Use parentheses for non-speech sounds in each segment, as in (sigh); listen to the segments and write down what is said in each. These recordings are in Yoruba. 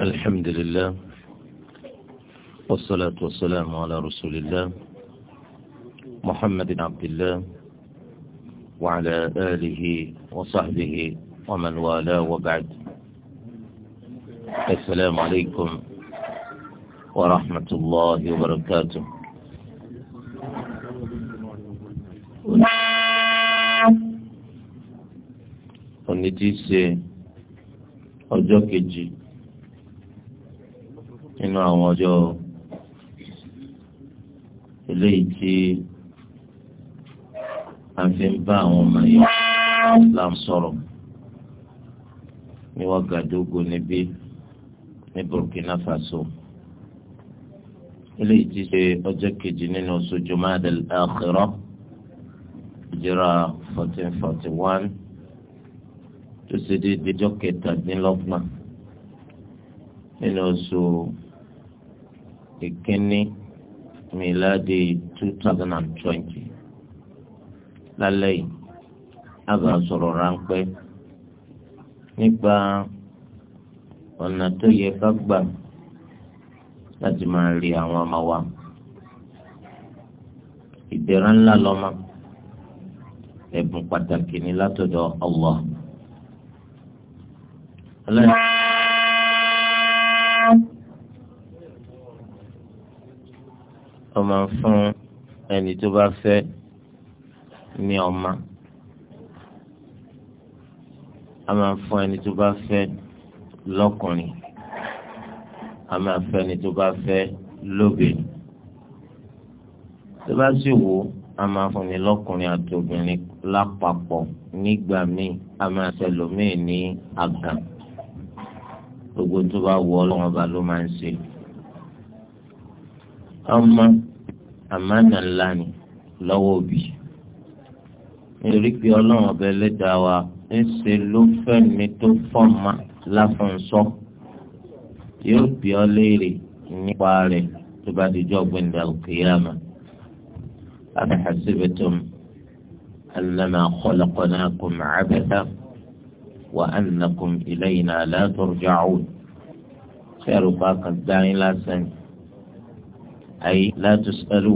الحمد لله والصلاة والسلام على رسول الله محمد بن عبد الله وعلى آله وصحبه ومن والاه وبعد السلام عليكم ورحمة الله وبركاته ونجيسي نعم. ọjọ́ kejì nínú àwọn ọjọ́ eléyìí tí a fi ń bá àwọn ọmọ yìí Islam sọ̀rọ̀ ní Wagadugu níbí ní Burkina Faso eléyìí ti ṣe ọjọ́ kejì nínú oṣù Jumada al-Akhirah ìjọra fourteen forty one tó ṣe déédéé ọjọ́ kẹtàdínlọ́gbọ̀n nínú oṣù. ìkíní miladi two thousand and twenty lálẹ́ yìí àbá sọ̀rọ̀ ráńpẹ́ nípa ọ̀nà tó yẹ ká gbà láti máa rí àwọn ọmọ wa ìdẹ̀ra ńlá lọ́mọ ẹ̀bùn pàtàkì ni látọ̀dọ̀ ó máa ń fún ẹni tó bá fẹ́ ní ọmọ a máa ń fún ẹni tó bá fẹ́ lọ́kùnrin a máa fẹ́ ẹni tó bá fẹ́ lóbìnrin tó bá sì wò a máa fún ni lọ́kùnrin àti obìnrin lápapọ̀ nígbà míì a máa ṣẹlòmíì ní àgàn gbogbo tó bá wù Ọlọ́run ọba ló máa ń ṣe ọmọ àmánà ńlá ni lọ́wọ́ òbí nítorí pé ọlọ́run ọbẹ̀ lẹ́dàá wa ńṣe ló fẹ́ ni tó fọ́ọ̀mà láfọ̀nsọ́ yóò bí ọ léèrè nípa rẹ̀ tó bá dijọ́ gbẹ̀ndà òkèèyàmà. أفحسبتم أنما خلقناكم عبثا وأنكم إلينا لا ترجعون خير باقة داعي لا سنه àyè látúnṣẹ́lù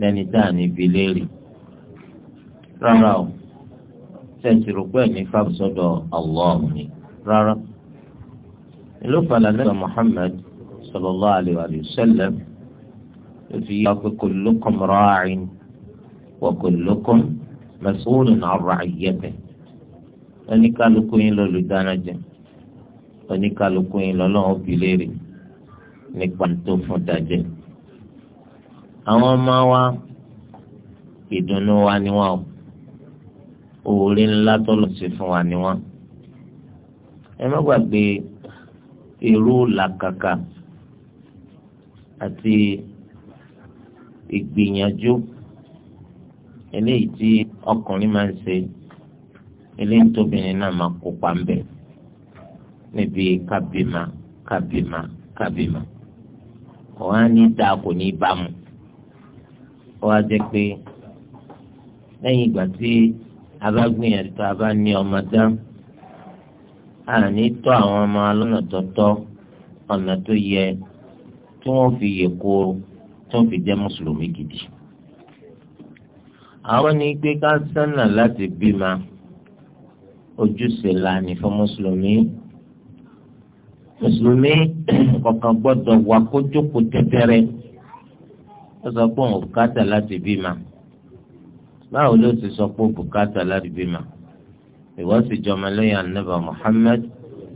lẹ́ni tá à ní ibi léèrè rárá o tẹ̀sí rò pé ẹ̀mí fáwọn sọ́dọ̀ Allah ni rárá. ìlú falalẹ́sọ̀ Muhammad sallallahu alayhi wa sallam ló fi yá pé kullukum ra'in wa kullukum mas'ulun 'an ra'iyyatihi. oníkálukú yín lọ́lùdáná jẹ oníkálukú yín lọ́lọ́wọ́ bi léèrè nípa tó fún dájẹ́ àwọn ọmọ wa ìdùnnú wa ni wọn o orí ńlá tó lọ sí fún wa ni wọn ẹ má gbàgbé irú làkàkà àti ìgbìyànjú eléyìí tí ọkùnrin máa ń ṣe eléyìí tóbìnrin náà máa kópa ń bẹ níbi kábìmá kábìmá kábìmá wọn á ní dáa kò ní bá mu wọn á jẹ pé lẹ́yìn ìgbà tí a bá gbìyànjú tó a bá ní ọmọ dán a ní tọ́ àwọn ọmọ lọ́nà tọ́tọ́ ọ̀nà tó yẹ tí wọ́n fi yè kóró tí wọ́n fi jẹ́ mùsùlùmí gidi. àwọn ní pé ká sánà láti bímọ ojúṣe la ní fún mùsùlùmí mùsùlùmí kọ̀ọ̀kan gbọ́dọ̀ wà kó jókòó tẹ́tẹ́rẹ́ ó sọ pé òun bùkátà láti bímọ báwo ló ti sọ pé bùkátà láti bímọ ìwọ sì jọmọ lẹ́yìn anábà Muhammad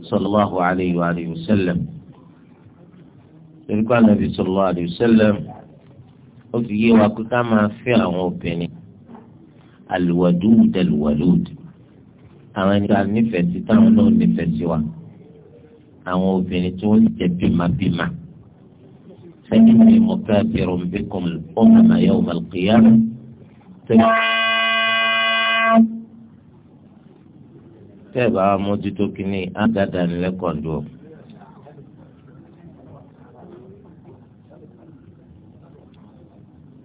sallallahu alayhi wa alihi wa sallam torí anábì sallallahu alayhi wa sallam ó fi yé wa pé ká máa fẹ́ àwọn obìnrin alùwàdúwùdàlùwàlúùdù àwọn ẹni tá nífẹ̀ẹ́ sí táwọn náà nífẹ̀ẹ́ sí wa àwọn obìnrin tí wọ́n jẹ́ bímabíma sẹ́ni ní mọ̀káfíìrún bí kòm ọmọ àmàyẹ òmàlùkìyàrá tẹ́lẹ̀. tẹ́ẹ̀bà wa mójútó kínní ágàdà nílẹ̀kọ̀ọ́dọ̀.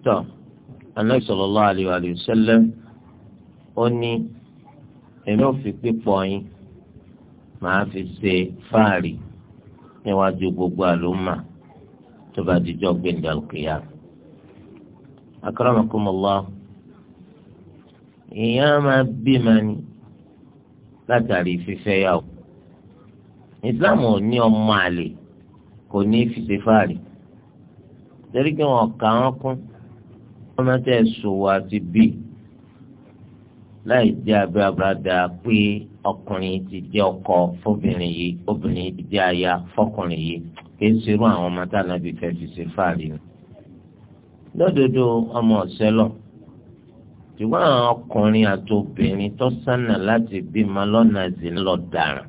tọ́ anabi sallallahu alaihi wa sallam ó ní èmi ò fi pípọ̀ yín màá fi ṣe fáàrí níwájú gbogbo àlùmà tó bá dijọ́ gbẹ̀ndàlùkìyà. akramakumullah ìyẹn máa bímọ ni látàrí fífẹ́ yàwó islam ò ní ọmọ àlè kò ní fìṣe fáàrí torí kí wọn kà wọn kún wọn máa tẹ sòwò àti bí láì jẹ abẹ abúládà pé ọkùnrin ti jẹ́ ọkọ fóbìnrin yìí obìnrin ti jẹ́ aya fọkùnrin yìí kìí ṣerú àwọn ọmọ tá nàbí fẹ́ fi ṣe fáàrí ni. lódodo ọmọ ọ̀sẹ́ lọ ṣùgbọ́n àwọn ọkùnrin àti obìnrin tó sànà láti bímọ lọ́nà ìsìn lọ dàrán.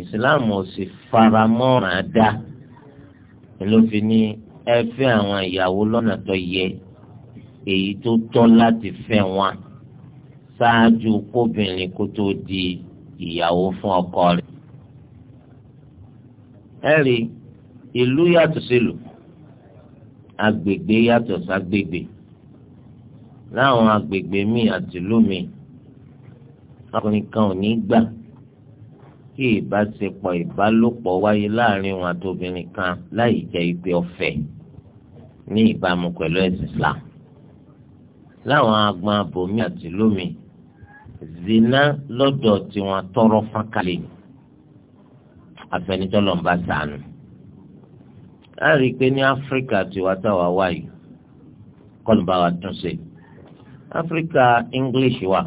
ìsìláàmù ò sì fara mọ́ràn dá ló fi ní ẹ fẹ́ àwọn ìyàwó lọ́nà tó yẹ èyí tó tọ́ láti fẹ́ wọn ṣáájú kóbìnrin kó tó di ìyàwó fún ọkọ rẹ̀. ẹ rí ìlú yàtọ̀ sílùú agbègbè yàtọ̀ ságbègbè láwọn agbègbè míì àtìlú míì ọkùnrin kan ò ní gbà kí ìbáṣepọ̀ ìbálòpọ̀ wáyé láàrin wọn àtòbìnrin kan láì jẹ́ ipe ọ̀fẹ́ ní ìbámu pẹ̀lú ẹ̀sìn Islam láwọn agbọn abòmí àtìlú míì zina lọ́dọ̀ tiwọn tọrọ fankalẹ̀ ni afẹnitọ́ lọ́nba sànù a rí i pé ní áfíríkà tiwa táwa wà yìí kọ́nù bá wa tún ṣe áfíríkà english wa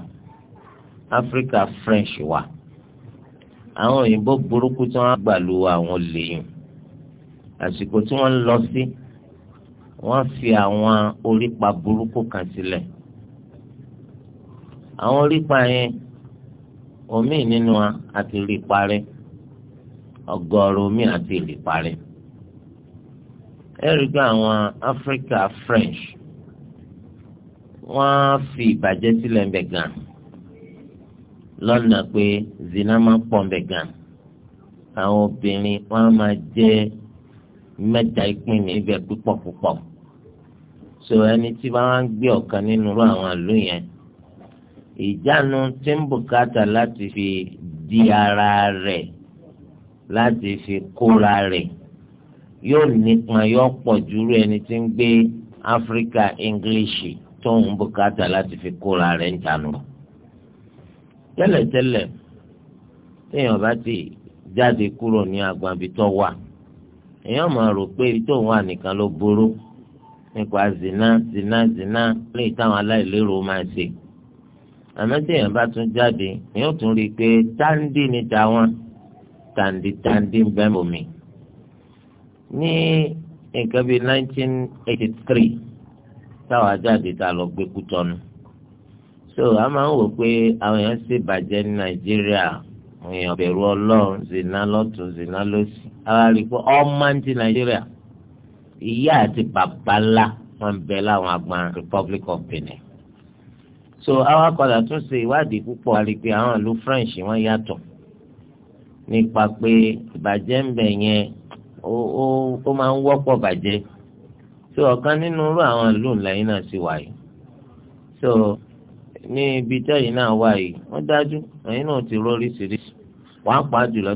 áfíríkà french wa àwọn òyìnbó burúkú tí wọ́n gbà lu àwọn lèyìn àsìkò tí wọ́n lọ sí wọ́n fi àwọn orípa burúkú kan sílẹ̀ àwọn orípa yẹn omi nínú wa àti rí parẹ́ ọgọ́rùn omi àti rí parẹ́ ẹ pé àwọn Africa French wọ́n fi ìbàjẹ́ sílẹ̀ ń bẹ̀ gan lọ́nà pé zina máa pọ̀ ń bẹ̀ gan àwọn obìnrin wọ́n máa jẹ́ mẹ́ta ìpín níbẹ̀ púpọ̀ púpọ̀ so ẹni tí wọ́n á gbé ọ̀kan nínú irú àwọn àlù yẹn ìjánu tí ń bùkátà láti fi di ara rẹ̀ láti fi kóra rẹ̀ yóò nípa yóò pọ̀ jùlọ ẹni tí ń gbé Africa English tó ń bùkátà láti fi kóra rẹ̀ ń jánu. tẹ́lẹ̀tẹ́lẹ̀ téèyàn bá ti jáde kúrò ní agbábi tó wà èèyàn máa rò pé ibi tó wà nìkan ló burú nípa zina zina zina lè táwọn aláìlérò máa ṣe àmọ́ téèyàn bá tún jáde ni ó tún rí i pé táǹdì ni tàwọn táǹdì táǹdì ń bẹ́ mọ̀ mi. ní nǹkan bíi nineteen eighty three jáde tá lọ gbé kútọ́nu. so a máa ń wò pé àwọn èèyàn ṣe bàjẹ́ ní nàìjíríà àwọn èèyàn bẹ̀rù ọlọ́run zina lọ́tún zina lọ́sì. ara rí i pé ọmọ ní ti nàìjíríà ìyá àti bàbá ńlá wọn bẹ láwọn agbọn Republic of Benin so àwa padà tún ṣe ìwádìí púpọ̀ àrí pé àwọn ìlú French wọ́n yàtọ̀ nípa pé ìbàjẹ́ ń bẹ̀ yẹn ó máa ń wọ́pọ̀ bàjẹ́ so ọ̀kan nínú irú àwọn ìlú lẹ́yìn náà sì wà yìí so ní ibi tẹ́yìn náà wà yìí wọ́n dájú ẹ̀yin náà ti róríṣiríṣi wàá pa jùlọ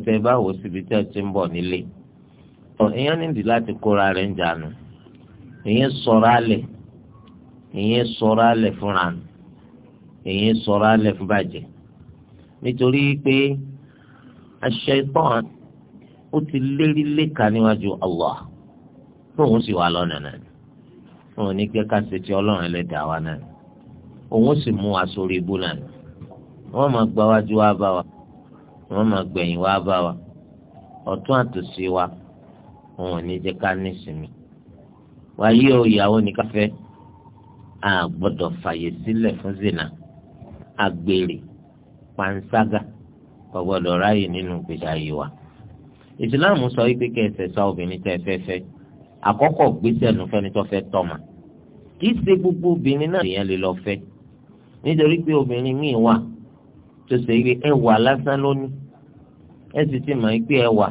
síbi ti ń bọ̀ nílé èèyàn nídìí láti kóra rẹ̀ ń jànú èèyàn sọ̀rọ̀ alẹ̀ sọ̀rọ̀ alẹ̀ fúnra nù èyí sọ̀rọ̀ alẹ́ fún bàjẹ́ nítorí pé aṣ-ṣaitan ó ti lérí léka níwájú Allah fóun sì wà lọ́nà náà fóun ní kí ká ṣe ti ọlọ́run ẹlẹ́dàá wa náà òun sì mú wa sórí ibú náà wọ́n máa gba wájú wa bá wa wọ́n máa gbẹ̀yìn wa bá wa ọ̀tún àtòsí wa òun ní jẹ́ ká ní ìsinmi wáyé o ìyàwó ni ká fẹ́ fàyè sílẹ̀ fún zina àgbèrè pansaga, kò gbọdọ̀ ráàyè nínú ìgbésí ayé wa. ìsìláàmù sọ wípé kí ẹ ṣẹ̀ṣà obìnrin tẹ́ fẹ́ fẹ́ àkọ́kọ́ gbésẹ̀ nù fẹ́ni tó fẹ́ tọ́mà kì í ṣe gbogbo obìnrin náà lèèyàn lè lọ fẹ́ nítorí pé obìnrin míì wà tó ṣe wípé ẹwà lásán lónìí ẹ sì ti mọ̀ wípé ẹwà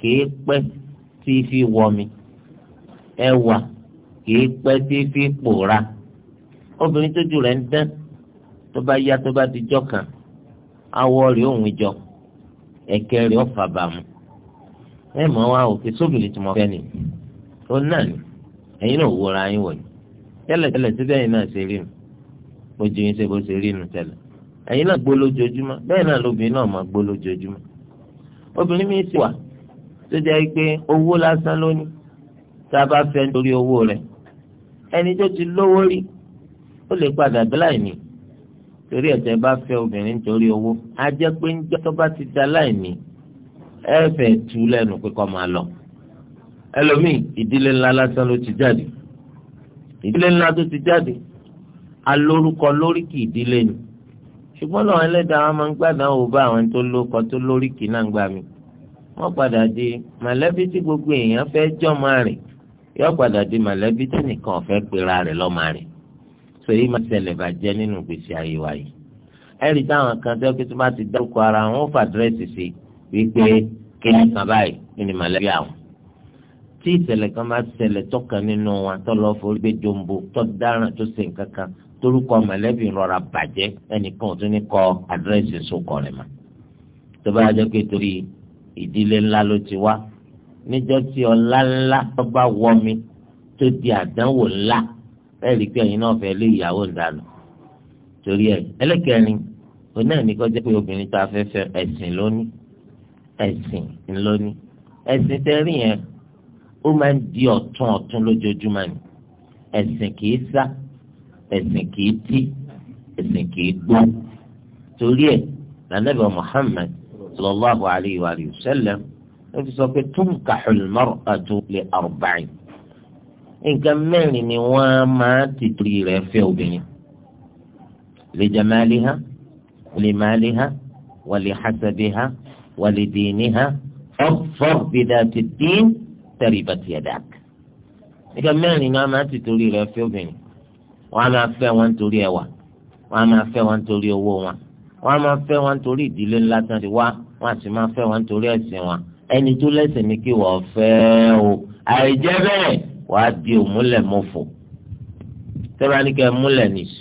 kìí pẹ́ tí fi wọmi ẹwà kìí pẹ́ tí fi pòórá obìnrin tójú rẹ̀ ń dán tó bá yá tó bá di jọ́ kan awọ rẹ̀ òun jọ ẹ̀kẹ́ rẹ̀ ọ̀fà bàmù ẹ mọ̀ wá òkè sóbìlì tí mo fẹ́ ni ó náà ni ẹ̀yin náà wúra yín wọ̀nyí tẹ́lẹ̀ tẹ́lẹ̀ síbẹ̀ ẹ̀yin náà ṣe rí nu ojú yín ṣe bó ṣe rí nu tẹ́lẹ̀ ẹ̀yin náà gbó lójoojúmọ́ bẹ́ẹ̀ náà lóbìnrin náà máa gbó lójoojúmọ́ obìnrin mi sì wà tó jẹ́ pé owó lásán lónìí tá a bá fẹ́ nítorí owó rẹ̀ ẹni tó ti lówó rí ó lè padà bẹ́láì nìyí torí ẹ̀jẹ̀ bá fẹ́ obìnrin nítorí owó á jẹ́ pé ń jẹ́ tó bá ti da láìní ẹ fẹ́ lẹ́nu pé máa lọ. ẹlòmíì ìdílé ńlá lásán ló ti jáde ìdílé ńlá tó ti jáde alórúkọ lóríkì ìdílé ni ṣùgbọ́n lọ́wọ́ ẹlẹ́dàá wọn máa ń gbàdán òwò bá àwọn tó lóko gbogbo èèyàn fẹ́ jọ́ máa rìn yọ́ padà di mọ̀lẹ́bí tí nìkan ọ̀fẹ́ pera rẹ̀ so èyí máa ṣẹlẹ̀ bàjẹ́ nínú ìgbésí ayé wa yìí ẹ̀rí táwọn kan tẹ́ pé tó bá ti dárúkọ ara wọn ó fà dírẹ́sì sí wípé kí ni kan báyìí ni mọ̀lẹ́bí àwọn tí ìṣẹ̀lẹ̀ kan bá ṣẹlẹ̀ tọ́kàn nínú wa tó lọ forí gbé jombo tó dáràn tó ṣe nǹkan kan torúkọ mọ̀lẹ́bí rọra bàjẹ́ ẹnìkan ò tún ní kọ àdírẹ́sì sókọ rẹ̀ mọ́ tó bá jẹ́ pé torí ìdílé ńlá ló ti wá níjọ́ tí ọlá ńlá tó bá wọ́ mi tó di àdánwò ńlá ẹ rí i pé ẹ̀yin náà fẹ́ lé ìyàwó ìdáná torí ẹ̀ ẹlẹ́kẹrin òun náà ní kọjá pé obìnrin tá a fẹ́ fẹ́ ẹ̀sìn lónìí ẹ̀sìn ńlónìí ẹ̀sìn tẹ́rí yẹn ó máa ń di ọ̀tún ọ̀tún lójoojúmọ́ ni ẹ̀sìn kìí sá ẹ̀sìn kìí tí ẹ̀sìn kìí gbó torí ẹ̀ lànàbẹ̀ Muhammad sallallahu alayhi wa sallam ó fi sọ pé túnkàhùn mọ́rọ̀ àtúnlẹ̀ arba'in nǹkan mẹ́rin ni wọ́n máa tìtìrì rẹ̀ fẹ́ obìnrin li jamaliha li maliha wa li hasabiha wa li diniha ọ̀fọ̀ bidhati din taribat yadak nǹkan mẹ́rin ni wọ́n máa tìtìrì rẹ̀ fẹ́ obìnrin wọ́n á máa fẹ́ wọn torí ẹwà wọ́n á máa fẹ́ wọn torí owó wọn wọ́n máa fẹ́ wọn torí ìdílé ńlá tán ti wá wọ́n á máa fẹ́ wọn torí ẹ̀sìn wọn ẹni tó lẹ́sìn ni kí wọ́n fẹ́ o àìjẹ́ bẹ́ẹ̀ wàá di òmúlẹ̀ mọ́fọ̀ tẹ́lá ní kẹ́ múlẹ̀ nìsí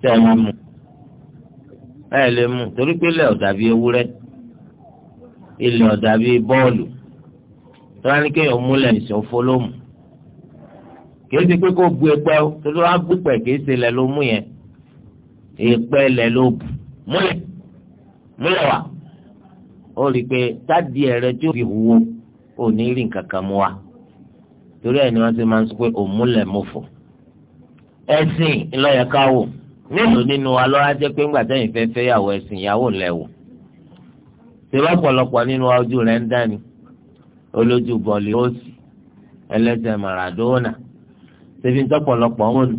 tẹ́ ẹ mú ẹ lè mú torí pé ilẹ̀ ọ̀dà bíi ewúrẹ́ ilẹ̀ ọ̀dà bíi bọ́ọ̀lù tẹ́lá ní kẹ́ yọ múlẹ̀ nìsí ọ̀fọ́lọ́mù kìí ṣe pé kó gbé pẹ́ o torí wàá gbé pẹ́ kìí ṣe lẹ̀ ló mú yẹn èèpẹ́ lẹ̀ ló bù múlẹ̀ múlẹ̀ wá ó rí i pé tádìí ẹ̀rẹ́ tí ó fi hu o ò ní rí wa torí ẹni wọn ti máa ń sọ pé òmùlẹ̀ mọ̀fọ̀ ẹ̀sìn ńlọ́yẹ̀káwò mélòó nínú wa lọ́wọ́ á jẹ́ pé ńgbà tẹ́yìn fẹ́ fẹ́ yàwó ẹ̀sìn ìyàwó lẹ́wò tẹ́lẹ̀ ọ̀pọ̀lọpọ̀ nínú wa rẹ̀ ń dání olójú bọ̀ọ̀lì òsì ẹlẹ́sẹ̀ Maradona tẹ́fi ń tọ́pọ̀lọpọ̀ wọn nù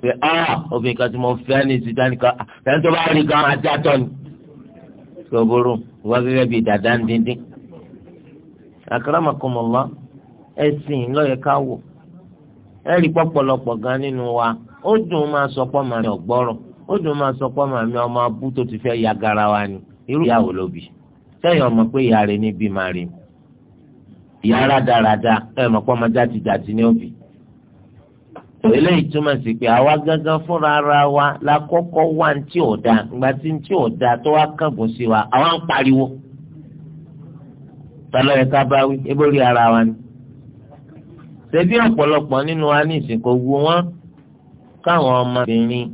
pé ah obìnrin kan tí mo fẹ́ ní ìsìtá nìkan ẹni tó bá rí gan ajá tọ́ ni sọ́bùrù wọ́n gẹ́gẹ́ bíi dàda ń díndín akramakumullah ẹ̀sìn lọ́yẹ̀ ká wò ẹ̀rí pọ̀pọ̀lọpọ̀ gan nínú wa ó dùn máa sọ pọ́ màmí ọ̀gbọ́rọ̀ ó dùn máa sọ pọ́ màmí ọmọ abú tó ti fẹ́ ya gara wa ni irú ìyàwó ló bì sẹ́yìn ọmọ pé ìyá rẹ̀ níbí máa rí ìyá rádaràda ẹ̀ mọ̀ pọ́ ọmọdé àti jàdí ní òbí. eléyìí túmọ̀ sí pé àwa gángan fúnra ara wa la kọ́kọ́ wá ní tí ò da ìgbà tí ní tí ò da tó wá kángun sí wa àwa ń pariwo. tọ́lọ́ yẹ ká bá wí ebórí ara wa ni ṣebí ọ̀pọ̀lọpọ̀ nínú wa ní ìsìnkú owó wọn káwọn ọmọbìnrin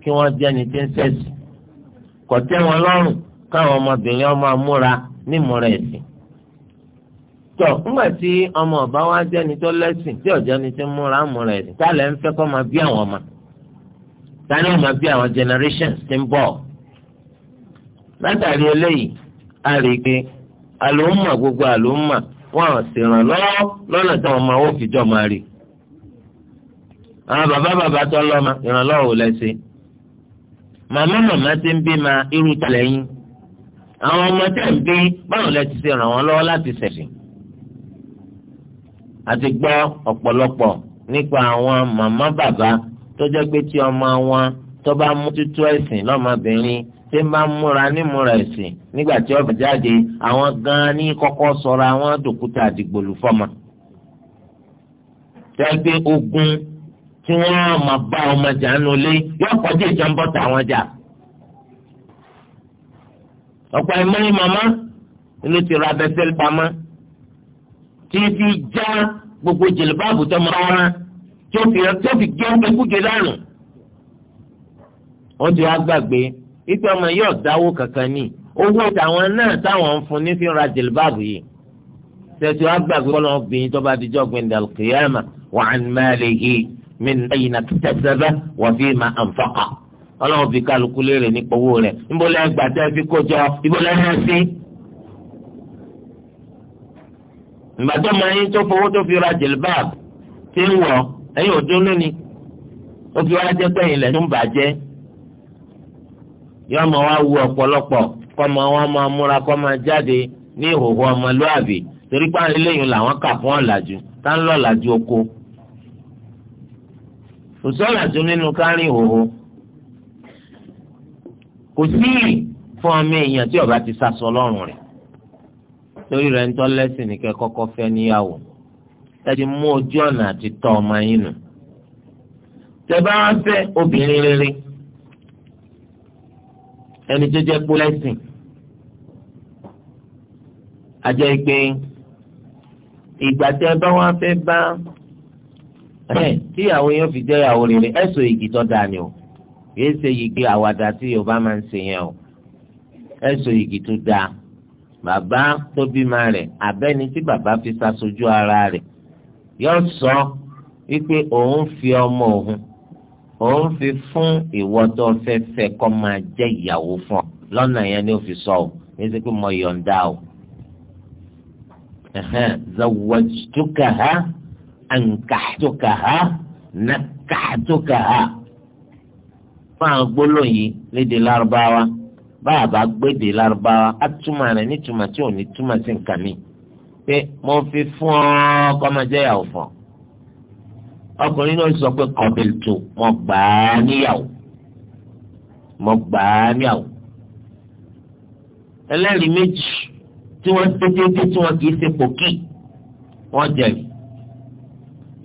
kí wọ́n jẹ́ni tí ń ṣẹ̀sì kò tẹ́ wọn lọ́rùn káwọn ọmọbìnrin ọmọ amúra nímúra ẹ̀sìn. tọ́ ńgbà tí ọmọ ọba wa jẹ́ni tó lẹ́sìn tí ọ̀jẹ́ni tí ń múra amúra ẹ̀sìn tálẹ̀ ń fẹ́ kọ́ máa bí àwọn ọmọ tani ọmọ bí àwọn generations ti ń bọ̀. látàrí eléyìí a rí pé àlòmọ̀ gbogbo àlòmọ̀ wọn à ṣèrànlọ́wọ́ lọ́nà tí àwọn ọmọ wọn fi jọ máa rí àwọn bàbá bàbá tó lọ́mọ ìrànlọ́wọ́ ò lẹ́sẹ̀ màmá màmá ti ń bí ma irú talẹ̀ yín àwọn ọmọ tẹ̀ ń bí báwo lẹ ti ṣe ràn wọ́n lọ́wọ́ láti ṣẹ̀sìn àti gbọ́ ọ̀pọ̀lọpọ̀ nípa àwọn màmá bàbá tó jẹ́ pé tí ọmọ wọn tó bá mú tútú ẹ̀sìn lọ́mọbìnrin ṣe máa ń múra nímúra ẹ̀sìn nígbà tí ọba jáde àwọn gan-an ní kọ́kọ́ sọ̀rọ̀ àwọn dòkúta àdìgbòlù fọ́mà. tẹ́gbẹ́ ogun tí wọ́n á máa bá ọmọ jà ń lé yóò kọjú ìjàmbá táwọn jà. ọ̀pọ̀ ẹ̀mọ́ ni màmá ló ti ra abẹ́sẹ̀ pamọ́ tí fi já gbogbo jìlìbáàbù tó máa wá tí ó fi gé ọ̀pẹ̀kújẹ lánàá. wọ́n ti wá gbàgbé ipe ọmọ yóò dáwó kankan ní owó tàwọn náà táwọn ń fún ní fi ra jìlbáàbù yìí tẹ̀sí wàá gbàgbé kọ́ lọ́wọ́ bìyín tó bá di jọ́gbìn dàlùkìyàmà wà á ní máa lè yí mí lẹ́yìn náà tẹ̀sẹ̀bẹ́ wà fi máa ànfọ́kà ọlọ́wọ́ fi kálukú léèrè nípa owó rẹ̀ níbo lẹ́yìn fi kó jọ ibo sí. ìgbàdọ́ máa yín tó fowó tó fi ra jìlbáàbù ti ń wọ̀ ẹ̀yìn òdúnú ni ó fi wá jẹ́ pẹ́yìn lẹ́nu bàjẹ́ yóò máa wá wu ọ̀pọ̀lọpọ̀ kọ́ máa wá máa múra kọ́ máa jáde ní ìhòòhò ọmọlúàbí torí pé àwọn eléyìí làwọn kà fún ọ̀làjú tá ń lọ làjú oko. kò sí ọ̀làjú nínú kárin ìhòòhò kò sí fún ọmọ èèyàn tí ọba ti sasọ lọ́rùn rẹ̀ torí rẹ̀ ń tọ́ lẹ́sìn ní kẹ́ kọ́kọ́ níyàwó ẹ mú ojú ọ̀nà àti tọ́ ọmọ yín nù. tẹ bá wá fẹ́ obìnrin rere ẹni tó jẹ́ pé lẹ́sìn ajẹ́ pé ìgbà tẹ bá wọn fẹ́ bá tíyàwó yẹn fi jẹ́ ìyàwó rere ẹ̀sọ́ igi tó dáa ni o kìí ṣe igi àwàdà tí Yorùbá máa ń ṣe yẹn o ẹ̀sọ́ igi tó dáa bàbá tó bímọ rẹ̀ abẹ́ni tí bàbá fi ṣàṣojú ara rẹ̀ yóò sọ wípé òun fi ọmọ òun ó ń fi fún ìwọ tó fẹ́ fẹ́ kó máa jẹ́ ìyàwó fún ọ lọ́nà yẹn ni ó fi sọ ọ ní sẹ́kì mọ yọ̀ǹda o. zawajtukaha ankahtukaha nakahtukaha fún àwọn gbólóhùn yìí lédè lárúbáwá báàbá gbédè lárúbáwá á túmọ̀ rẹ̀ nítumọ̀ tí ò ní túmọ̀ sí nǹkan mi pé mo fi fún ọ kó máa jẹ́ ìyàwó fún ọ ọkùnrin náà sọ pé kọ̀bìlìtò mo gbà á níyàwó mo gbà á níyàwó ẹlẹ́rìí méjì tí wọ́n tètè tí wọ́n kì í ṣe pòkì wọ́n jẹ̀rì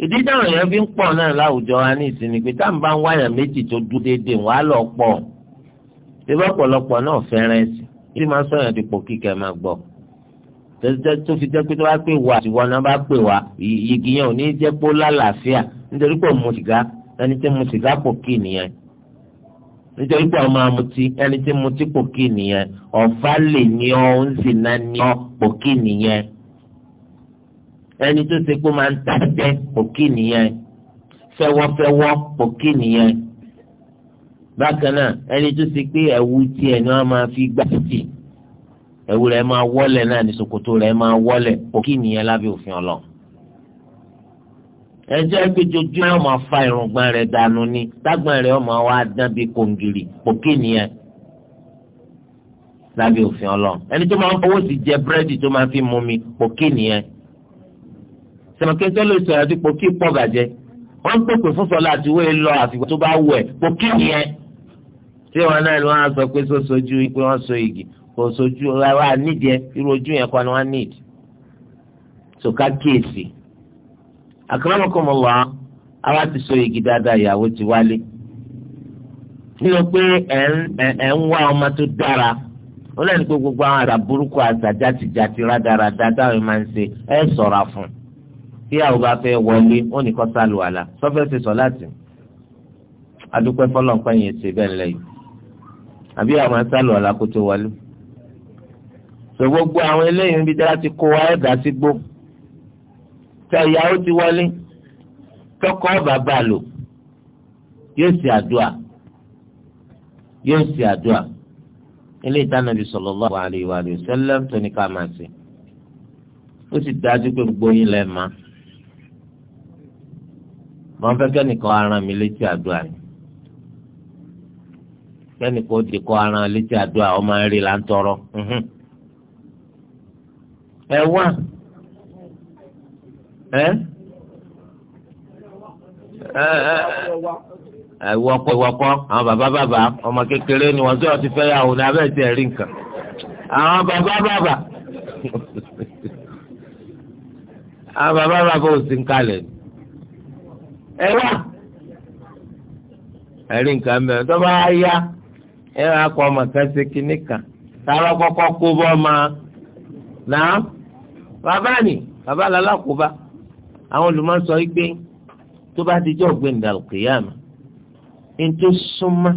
ìdí táwọn èèyàn fi ń pọ̀ náà láwùjọ wa ní ìsinmi pé táwọn bá ń wáyà méjì tó dúró déédéé wọ́n á lọ pọ̀ ìbá ọ̀pọ̀lọpọ̀ náà fẹ́ràn ẹ̀sìn ìdí máa ń sọ̀yàn di pòkì kẹ́ máa gbọ́ tó fi jẹ́ pé tó bá pè wá àtiwọ́n náà bá pè wá ìyígi ò ní jẹ́ pé ó lálàáfíà nítorí pé mu sìgá ẹni tí mu sìgá kò kí nìyẹn nítorí pé ọmọ amutí ẹni tí mutí kò kí nìyẹn ọ̀fà lè ní ọ ń sì ná ní ọ kò kí nìyẹn ẹni tó ṣe pé máa ń ta ẹgbẹ́ kò kí nìyẹn fẹ́wọ́fẹ́wọ́ kò kí nìyẹn bákan náà ẹni tó ṣe pé ẹ̀wù tiẹ̀ ni wọ́n máa fi gbá títì ẹ̀wù rẹ̀ máa wọ́lẹ̀ náà ní ṣòkòtò rẹ̀ máa wọ́lẹ̀ kò kí nìyẹn lábẹ́ òfin ọlọ́run ẹjọ́ ìgbẹ́jọ́jú ẹ̀ máa fa irùngbọ̀n rẹ̀ dànù ni tágbọ̀n rẹ̀ ọmọ wa dán bíi kòǹgìrì pòkì nìyẹn lábẹ́ òfin ọlọ́run ẹni tó máa ń fọwọ́ sí jẹ búrẹ́dì tó máa fi mú mi pòkì nìyẹn sẹ̀mọ̀kẹ́tọ́ lè sọ̀rọ̀ àti pòkì pọ̀ gàjẹ́ wọ́n ń pèpè fún sọ́lá àti wọ́n lọ àfìgbà tó bá wù ẹ̀ pòkì nìyẹn tí wọn náà ni wọn sọ pé sọ́sọ́jú pé wọ́n so igi kò wa nídìí irú ojú yẹn kọ́ ni wọ́n nídìí sọ̀ká kíyèsí. So, akramakumullah ara ti so igi dáadáa ìyàwó ti wálé nínú pé ẹ ń wá ọmọ tó dára ó lẹ́nu pé gbogbo àwọn àrà burúkú àṣà játijàti rádaràda táwọn máa ń ṣe ẹ ṣọ́ra fún un tí àwọn bá fẹ́ wọlé wọn ní kó sálùwàlá sọfẹ́ ti sọ láti adúpẹ́ fọlọ́npẹ́ yẹn ṣe bẹ́ẹ̀ lẹ́yìn àbí àwọn máa sálùwàlá kó tó wọlé sọ gbogbo àwọn eléyìí níbi tí wọ́n ti kó wa ẹ̀dá sí gbó tẹ ìyàwó ti wọlé tọkọ bàbá lò yóò ṣe àdúà yóò ṣe àdúà ilé ìtànàbí sallallahu alaihi wa sallam tó ní ká máa ṣe ó sì dájú pé gbogbo yín lẹ́ẹ̀ máa mọ fẹ́ kẹ́nìkan aran mi létí àdúrà ni kẹ́nìkan ó di kọ aran létí àdúrà ọmọ rẹ là ń tọrọ ẹ wá ìwọ́kọ́ àwọn bàbá bàbá ọmọ kékeré ni wọ́n tí wọ́n ti fẹ́ yàwó ní abẹ́ ti ẹ̀rí nǹkan àwọn bàbá bàbá àwọn bàbá bàbá ò sí ń kalẹ̀ ẹ wá ẹ̀rí nǹkan mẹ́rin tó bá yá ẹ wá kọ́ ọmọ kan ṣe kan tààrà kọ́kọ́ kó bọ́ ma náà bàbá ni bàbá làlákòóbá. La àwọn olùmọ̀sọ igbe tó bá ti jẹ́ ọ̀gbìn ìdàlùkìyàmù ní tó súnmọ́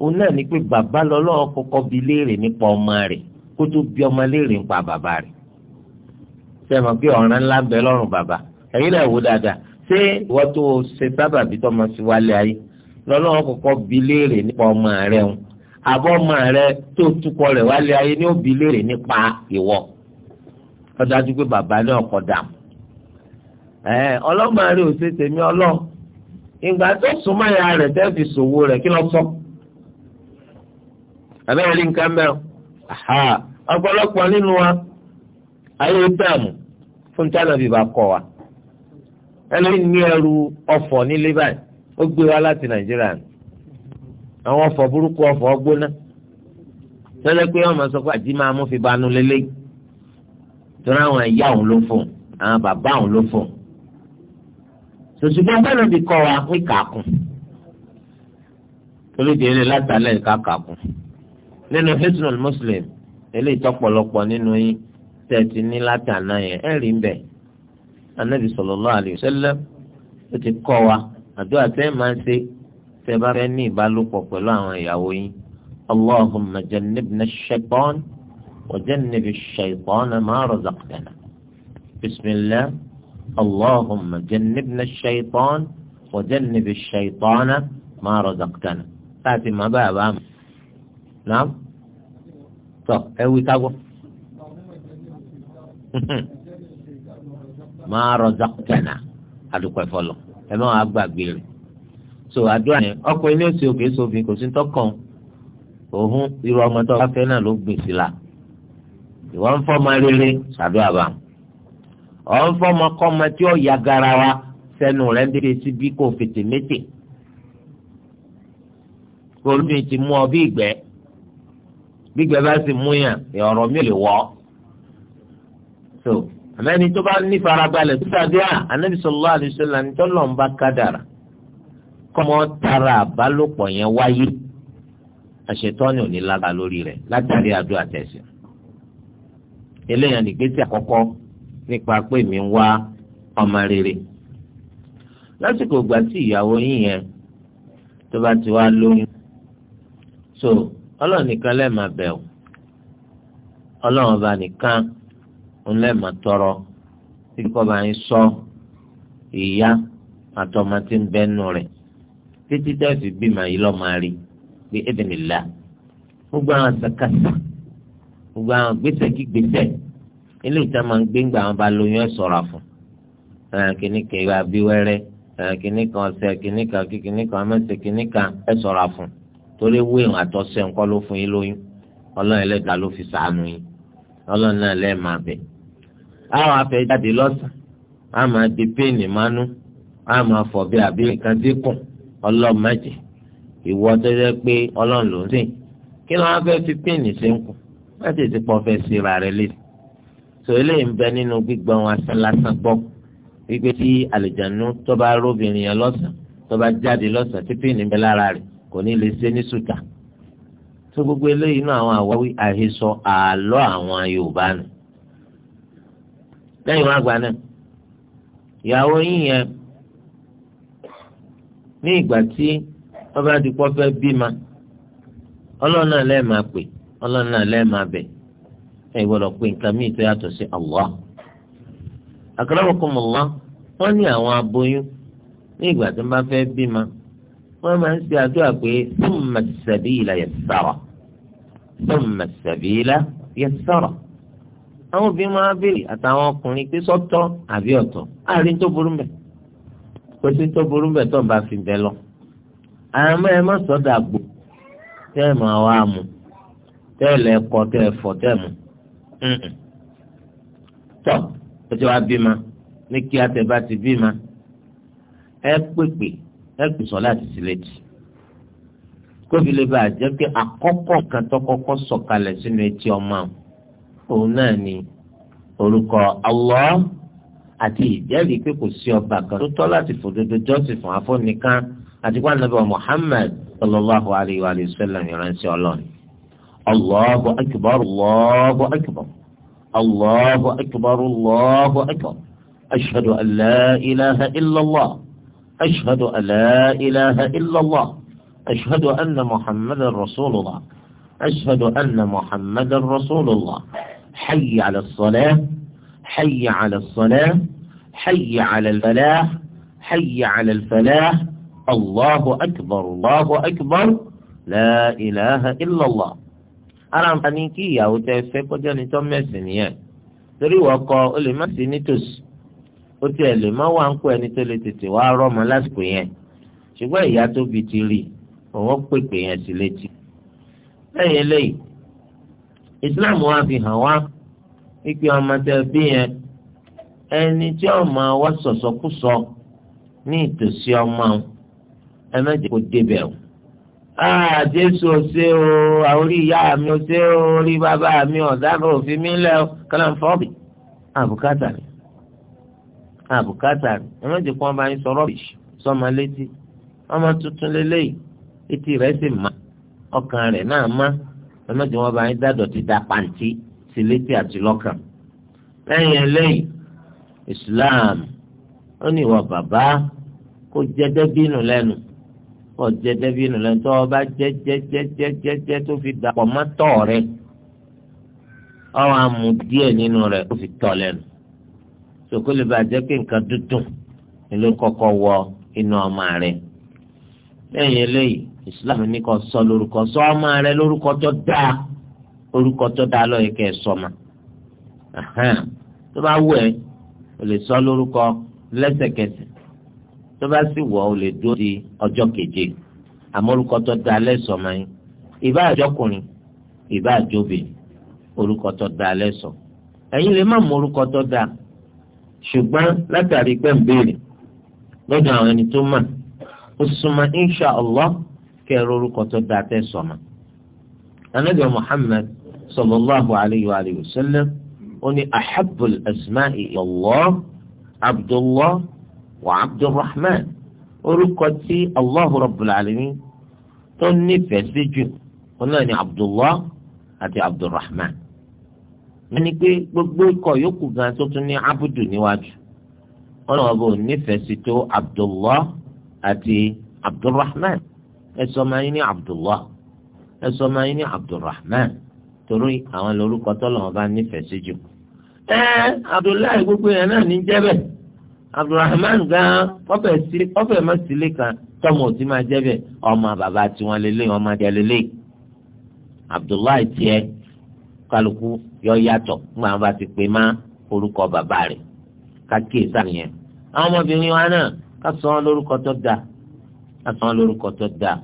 òun náà ni pé bàbá lọ́lọ́wọ́ kọ́kọ́ bi léèrè nípa ọmọ rẹ̀ kó tó bi ọmọ léèrè nípa bàbá rẹ̀ sẹ́mi pé ọ̀ràn ńlá ń bẹ lọ́rùn bàbá ẹ̀yin náà wò dáadáa ṣé ìwọ́n tó ṣe sábàbí tọ́mọ sí wálé ayé lọ́lọ́wọ́ kọ́kọ́ bi léèrè nípa ọmọ rẹ̀ ń àbọ̀ ọmọ rẹ̀ tó tukọ̀ rẹ̀ wálé ayé ni ó bi léèrè nípa ìwọ ọ̀dájú pé bàbá náà kọ̀ dàmú ọlọ́mọ rẹ̀ ò ṣe tèmi ọlọ́ ìgbà tó súnmọ́ ya rẹ̀ tẹ́fì ṣòwò rẹ̀ kí lọ sọ. abẹ́rẹ́ rí nǹkan mẹ́rin ọ̀pọ̀lọpọ̀ nínú wa ayé dààmú fún tánàbí bá kọ wa ẹlẹ́yìn ní ẹrù ọ̀fọ̀ ní lebanon ó gbé wa láti nàìjíríà ni àwọn ọ̀fọ̀ burúkú ọ̀fọ̀ gbóná tẹ́lẹ̀ pé wọ́n máa sọ pé àjí máa mú fi banú lélẹ́yìn tó náà àwọn ẹ̀yà òun ló fún àwọn bàbá òun ló fún ṣùgbọ́n bẹ́ẹ̀ bí kọ́ wa pé kàkùn torí di eré látàlẹ́ ìka kàkùn nínú hisnul muslim eléyìí tọ́pọ̀lọpọ̀ nínú yín tẹ̀tí ní látàná yẹn ẹ̀ rí bẹ́ẹ̀ anabi sallallahu alayhi wa sallam ó ti kọ́ wa àdúrà tẹ́ máa ń ṣe tẹ́ bá fẹ́ ní ìbálòpọ̀ pẹ̀lú àwọn ìyàwó yín allahumma jannibna ash wa jannib ash ma razaqtana bismillah. اللهم جنبنا الشيطان وجنب الشيطان ما رزقتنا láti máa bá àbá mi náà tọ ẹ wí ká gbọ́. máa rọjò tẹ̀nà àdùpẹ̀ fọlọ̀ ẹ máa gbàgbé rẹ̀ so àdúrà yẹn ọkùnrin ní oṣù òkè sófin kò sí tọkàn òun irú ọmọ tó bá fẹ́ náà ló gbèsè la ìwọ ń fọ́ máa rere ṣàdúrà bá wọn ọ̀n fọmọkọ́mọ tí ó ya wa sẹ́nu rẹ̀ ń dé síbi kò fètè méjì olùmí ti mú ọ bí ìgbẹ́ bí ìgbẹ́ bá sì mú yàn ọ̀rọ̀ mi ò lè wọ́ so àmẹ́ni tó bá ní farabalẹ̀ tó dàbí à anábì sallallahu alaihi wasallam tó lọ́n bá kádàrà kọ́mọ tara àbálòpọ̀ yẹn wáyé àṣetọ́ni ò ní lága lórí rẹ̀ látàrí àdúrà tẹ̀sí eléyàn nígbésí àkọ́kọ́ nípa pé mi ń wá ọmọ rere lásìkò ìgbà tí ìyàwó yín yẹn tó bá ti wá lóyún so ọlọ́run nìkan lẹ́ẹ̀ máa bẹ̀ ọ́ ọlọ́run ọba nìkan ń lẹ́ẹ̀ máa tọrọ tí kò bá yín sọ ìyá àtọmọ tí ń bẹ́nu rẹ̀ títí tẹ́sí bímọ yìí lọ́ọ́ rí bí ẹ̀dínlá gbogbo àwọn àtàkàtà gbogbo àwọn gbèsè kí gbèsè ilé ìta máa ń gbéǹgbà àwọn bá lóyún ẹ ṣọ́ra fún kìnnì kan ìwà bí wẹ́rẹ́ kìnnì kan ọsẹ kìnnì kan kìnnì kan amẹsẹ kìnnì kan ẹ ṣọ́ra fún torí ewé ìwọn àtọsẹ ńkọ́ ló fún yín lóyún Ọlọ́run Ẹlẹ́dàá ló fi ṣàánú yín Ọlọ́run náà lẹẹ máa bẹ. àwọn afẹ́ jáde lọ́sàn á máa di péènì mánú á máa fọ̀ bí àbí nǹkan dínkù Ọlọ́run má jẹ́ ìwọ tó yẹ pé Ọlọ́run ló ń sìn kí ló wá fẹ́ fi péènì sí ń kù láti ìsìnkú ọfẹ́ síra rẹ létí. tò eléyìí ń bẹ nínú gbígbọ́n asán lásán gbọ́ wípé tí àlìjánu tó bá róbìnrin yẹn lọ́sàn tó bá jáde lọ́sàn tí lára rẹ̀ kò ní lè ṣe ní gbogbo eléyìí inu àwọn àwáwí àhesọ àlọ́ àwọn Yorùbá nù lẹ́yìn wọn àgbà náà ìyàwó yín yẹn ní ìgbà tí wọ́n bá ti fẹ́ bímọ ọlọ́run náà lẹ́ẹ̀ máa pè ọlọ́run náà lẹ́ẹ̀ máa ẹ gbọ́dọ̀ pé nǹkan míì tó yàtọ̀ sí Allah akramakumullah wọ́n ní àwọn aboyún ní ìgbà tó bá fẹ́ bímọ wọ́n máa ń ṣe àdúrà pé thumma as-sabila yassara thumma as-sabila yassara àwọn obìnrin máa béèrè àtàwọn ọkùnrin pé sọ́tọ̀ àbí ọ̀tọ̀ àárín tó burú mbẹ̀ kò sí tó burú mbẹ̀ tó ń bá fi bẹ́ lọ. àmọ́ ẹ má sọ́dà gbò tẹ́ ẹ máa wá mu tẹ́ ẹ tọ́ ọjọ́ wa bímọ ní kí ti bímọ ẹ pèpè ẹ pè sọ láti sílẹ̀tì kófì lè bàa jẹ́ pé àkọ́kọ́ kan o. sọ̀kalẹ̀ sínú etí ọmọ òun náà ni orúkọ Allah àti ìjẹ́rìí pé kò sí ọba kan tó tọ́ láti fòdodo jọ́sìn fún afọ́nìkan àti pé ànábì Muhammad sallallahu alayhi الله أكبر الله أكبر الله أكبر الله أكبر أشهد أن لا إله إلا الله أشهد أن لا إله إلا الله أشهد أن محمد رسول الله أشهد أن محمد رسول الله حي على الصلاة حي على الصلاة حي على الفلاح حي على الفلاح الله أكبر الله أكبر لا إله إلا الله ara ń fani kí ìyàwó tẹ fẹ́ kọjá ní tọ́mẹ̀sì nìyẹn torí ìwọ kọ o lè má sí nítòsí o tiẹ̀ lè má wà ń kó ẹni tó lè tètè wá rọ́mọ lásìkò yẹn ṣùgbọ́n ìyá tó bi ti rí òun pèpè yẹn sí létí. lẹ́yìn eléyìí Islam wa fi hàn wá pípé ọmọ tẹ bí yẹn ẹni tí ọmọ wa sọ̀sọ̀kúsọ ní ìtòsí ọmọ ẹ má kó débẹ̀ o. Ah, jésù ọ̀sẹ̀ o àórí ìyá mi ọ̀sẹ̀ o orí bàbá mi ọ̀daràn òfin mi lẹ̀ ọ́ kàlàǹfọ́ọ̀bì àbùkátà ni àbùkátà ni ẹ má jẹ́ kó wọn bá yín sọ rọ́bìṣì sọ́mọ létí ọmọ tuntun lélẹ́yìí etí rẹ̀ sì má ọkàn rẹ̀ náà má ẹ má wọn bá yín dádọ̀tí da pàǹtí sí létí àti lọ́kàn lẹ́yìn eléyìí Islam ó ní ìwà bàbá kó jẹ́ dẹ́bínú lẹ́nu ọ̀jẹ̀ dẹ́bìnú lẹ́nu tó ọba jẹ́jẹ́jẹ́jẹ́jẹ́ tó fi dàpọ̀ mọ́tọ̀ rẹ ọ̀hún amú díẹ̀ nínú rẹ ó fi tọ̀ lẹ́nu sòkòlè bàjẹ́ pé nǹkan dúdùn ló wọ inú ọmọ eléyìí Islam ní kò sọ sọ ọmọ lórúkọ tó orúkọ tó sọ ma tó bá wù o tó bá sì wọ̀ ọ́ lè dúró di ọjọ́ keje àmọ́ orúkọ tó da alẹ́ sọ máa ń ìbá àjọkùnrin ìbá àjọbè orúkọ tó da alẹ́ sọ ẹ̀yin lè má mọ orúkọ tó da ṣùgbọ́n látàrí pẹ́ ń béèrè lọ́dọ̀ àwọn ẹni tó mọ̀ ó súnmọ́ insha allah kẹrọ orúkọ tó da tẹ́ sọ̀mọ́. anabi muhammad sallallahu alayhi wa sallam ó ahabul asma'i allah abdullah wa abdulrahman orúkọ tí allahu rabbul alamin tó nífẹ̀ẹ́ sí jù wọn náà ni abdullah àti abdulrahman wọ́n ní pé gbogbo ikọ̀ yòókù gan tó tún ní abudu níwájú wọn náà bò nífẹ̀ẹ́ sí tó abdullah àti abdulrahman ẹsọ máa ń ní abdullah ẹsọ máa ń ní abdulrahman torí àwọn lórúkọ tó lọ́wọ́ bá nífẹ̀ẹ́ sí jù. ẹ abdullahi gbogbo yẹn náà ní jẹ́ bẹ́ẹ̀ abdulrahman gan ọfẹ ma sílé kan tọmọ òtí máa jẹ bẹ ọmọ bàbá tiwọn lélẹ ọmọ jẹ lélẹ abdullahi tiẹ kálukú yọ yàtọ̀ fún àwọn bá ti pè má orúkọ bàbá rẹ̀ kákìí sàmìyẹn àwọn ọmọbìnrin wa náà ká sọ wọn lórúkọ tó dáa ká sọ wọn lórúkọ tó dáa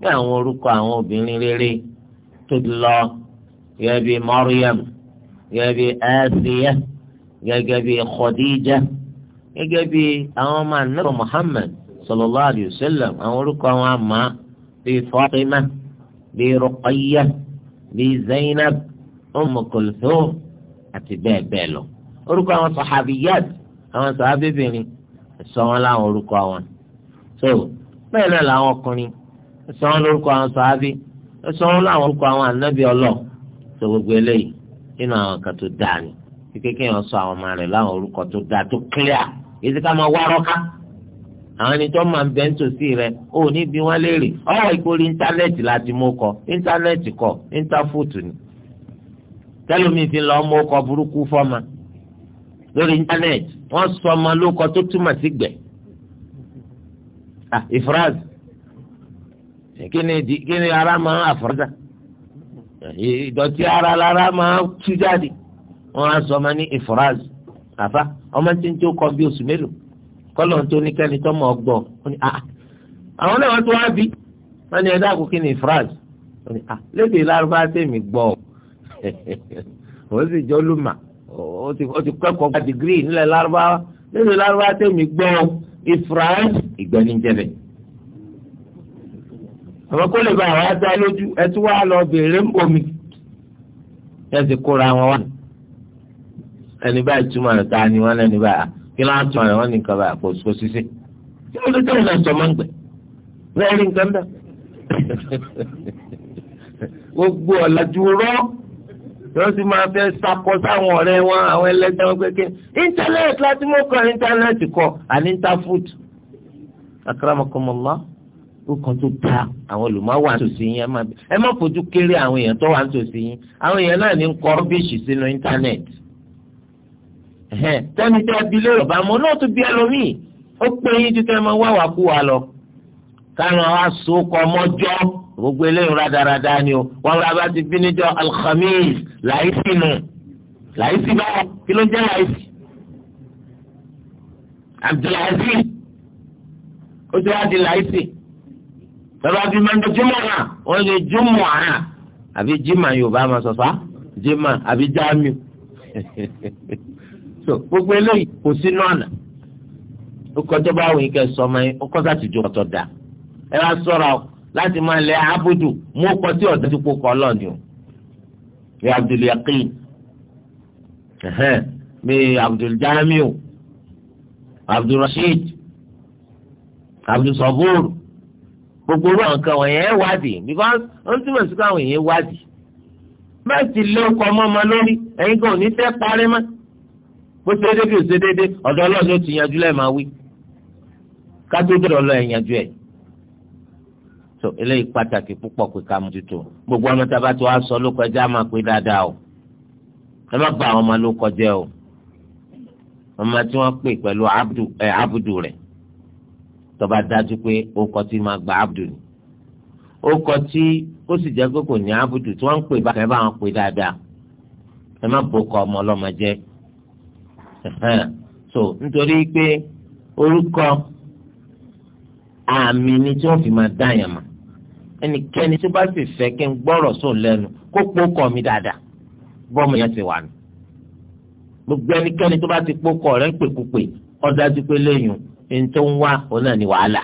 bí àwọn orúkọ àwọn obìnrin rere tó lọ gẹ́gẹ́ mariam gẹ́gẹ́ bí asiya gẹ́gẹ́ bí gẹ́gẹ́ bí àwọn ọmọ anabi Muhammad sallallahu alayhi wa sallam àwọn orúkọ àwọn àmà bíi Fatima bíi Ruqayya bíi Zainab Umm Kulthum àti bẹ́ẹ̀ bẹ́ẹ̀ lọ orúkọ àwọn sahabiyat àwọn sahabibìnrin sọ wọn láwọn orúkọ wọn so bẹ́ẹ̀ náà làwọn ọkùnrin sọ wọn lórúkọ àwọn sahabi sọ wọn láwọn orúkọ àwọn anabi ọlọ so gbogbo eléyìí nínú àwọn kan tó dáa ni kékeré yẹn sọ àwọn ọmọ rẹ láwọn orúkọ tó dáa tó clear. èsì ká máa wá rọ́ká àwọn ẹni tó máa ń bẹ́ nítòsí rẹ ò ní bí wọ́n léèrè ọ̀rọ̀ ìkórè íńtánẹ́ẹ̀tì láti mú kọ íńtánẹ́ẹ̀tì kọ íńtáfóòtù ni tẹ́lómi fi lọ mú kọ burúkú fọ́mà lórí íńtánẹ́ẹ̀tì wọ́n sọ ọmọ lóko tó túmọ̀ sí gbẹ̀ ah, ìfúráàzì kíni kíni ara máa àfúráàzà ìdọ̀tí ara lára máa tú jáde wọ́n á sọ ọmọ ní ìfúráàzì àfa ọmọ tí ń tó kọ bí oṣù mélòó kọlọ tó ní kẹni tó mọ ọgbọ ah, ah. àwọn náà wọn tó wá bí wọn ní ẹ̀dá àkókò ní ifraj ah, lédè lárúbá tèmi gbọ́ (laughs) ó sì jọ lùmà ó ti kẹ́kọ̀ọ́ gba dìgírì nílẹ̀ lárúbá lédè lárúbá tèmi gbọ́ ifraj ìgbẹnijẹbẹ àwọn kó bá àwọn ajá lójú ẹ tún wá lọ bèrè ń ẹ sì kóra wọn wá ẹni báyìí túmọ̀ rẹ̀ ta ni wọ́n lẹ́ni báyìí kí ló á túmọ̀ rẹ̀ wọ́n ní nǹkan báyìí kò kò sí sí. kí ló dé tẹ́lẹ̀ náà sọmọ́ ń gbẹ bẹ́ẹ̀ rí nǹkan bẹ́ẹ̀. gbogbo ọ̀làjú rọ́ yóò sì máa fẹ́ sakọ sáwọn ọ̀rẹ́ wọn àwọn ẹlẹ́gbẹ́ wọn kékeré íńtánẹ́ẹ̀tì láti mú kọ íńtánẹ́ẹ̀tì kọ àní íńtáfúdù. akramakumullah ó kàn tó ta àwọn olùmọ̀wá àtòsí yín ẹ má fojú kéré àwọn èèyàn tó wà àtòsí yín àwọn èèyàn náà ní tẹ́ni tẹ́ bi lórí ọ̀bá mo náà tún bí ẹlòmíì ó pé yín ju tẹ́ máa wá wà kú wa lọ. káwọn aṣọ kọ mọ́jọ́ gbogbo eléyìí rádaràda ni o wọn rà bá ti bí níjọ alhamis láìsí nù láìsí báyìí kí ló jẹ́ láìsí. abdulaziz ó ti wá di láìsí tọ́lá bí máa ń dọ̀ jùmọ̀ náà wọ́n lè jùmọ̀ náà àbí jimá yorùbá máa sọ fà jimá àbí jamiu. (laughs) so gbogbo eléyìí kò sínú àná ó kọjá bá àwọn ìkẹ́ sọmọ yín ó kọjá tìjú ọ̀tọ̀ dà ẹ wá sọ̀rọ̀ láti máa lẹ abudu mú ọkọ tí ọ̀dọ́ ti kókọ ọlọ́ọ̀ni o bí Abdul Yaqin bí Abdul Jamiu Rashid Abdul Sabur gbogbo orú àwọn kan wọ̀nyẹn wádìí because ó ń túmọ̀ sí káwọn èèyàn wádìí bẹ́ẹ̀ sì lé ọkọ̀ ọmọ ọmọ lórí ẹ̀yin kan ò ní fẹ́ parí mọ́ bó ṣe déédéé kì í ṣe déédéé ọ̀dọ̀ ọlọ́run ló ti yanjú lẹ́ẹ̀ máa wí kátó dọ̀dọ̀ ọlọ́run ẹ̀ yanjú ẹ̀ tó eléyìí pàtàkì púpọ̀ pé ká mójútó gbogbo ọmọ tá a bá tó wá sọ ló kọjá máa pé dáadáa o ẹ má gba àwọn ọmọ ló kọjá o ọmọ tí wọ́n pè pẹ̀lú abudu rẹ̀ tó bá dájú pé ó kọ tí máa gba abudu ni ó tí ó sì jẹ́ pé kò ní abudu tí wọ́n pè bákan ẹ bá wọn pè dáadáa ẹ má bò ọmọ ọlọ́mọ jẹ́ so nítorí pé orúkọ àmì ni tí wọ́n fi máa dá yàn ẹnikẹ́ni tó bá sì fẹ́ kí n gbọ́rọ̀ sùn lẹnu kó mi dáadáa bọ́ọ̀mù yẹn ti wà nù gbogbo ẹnikẹ́ni tó bá ti pókọ rẹ̀ pèkúpè ọ̀dájú pé ẹni tó ń wá òun náà wàhálà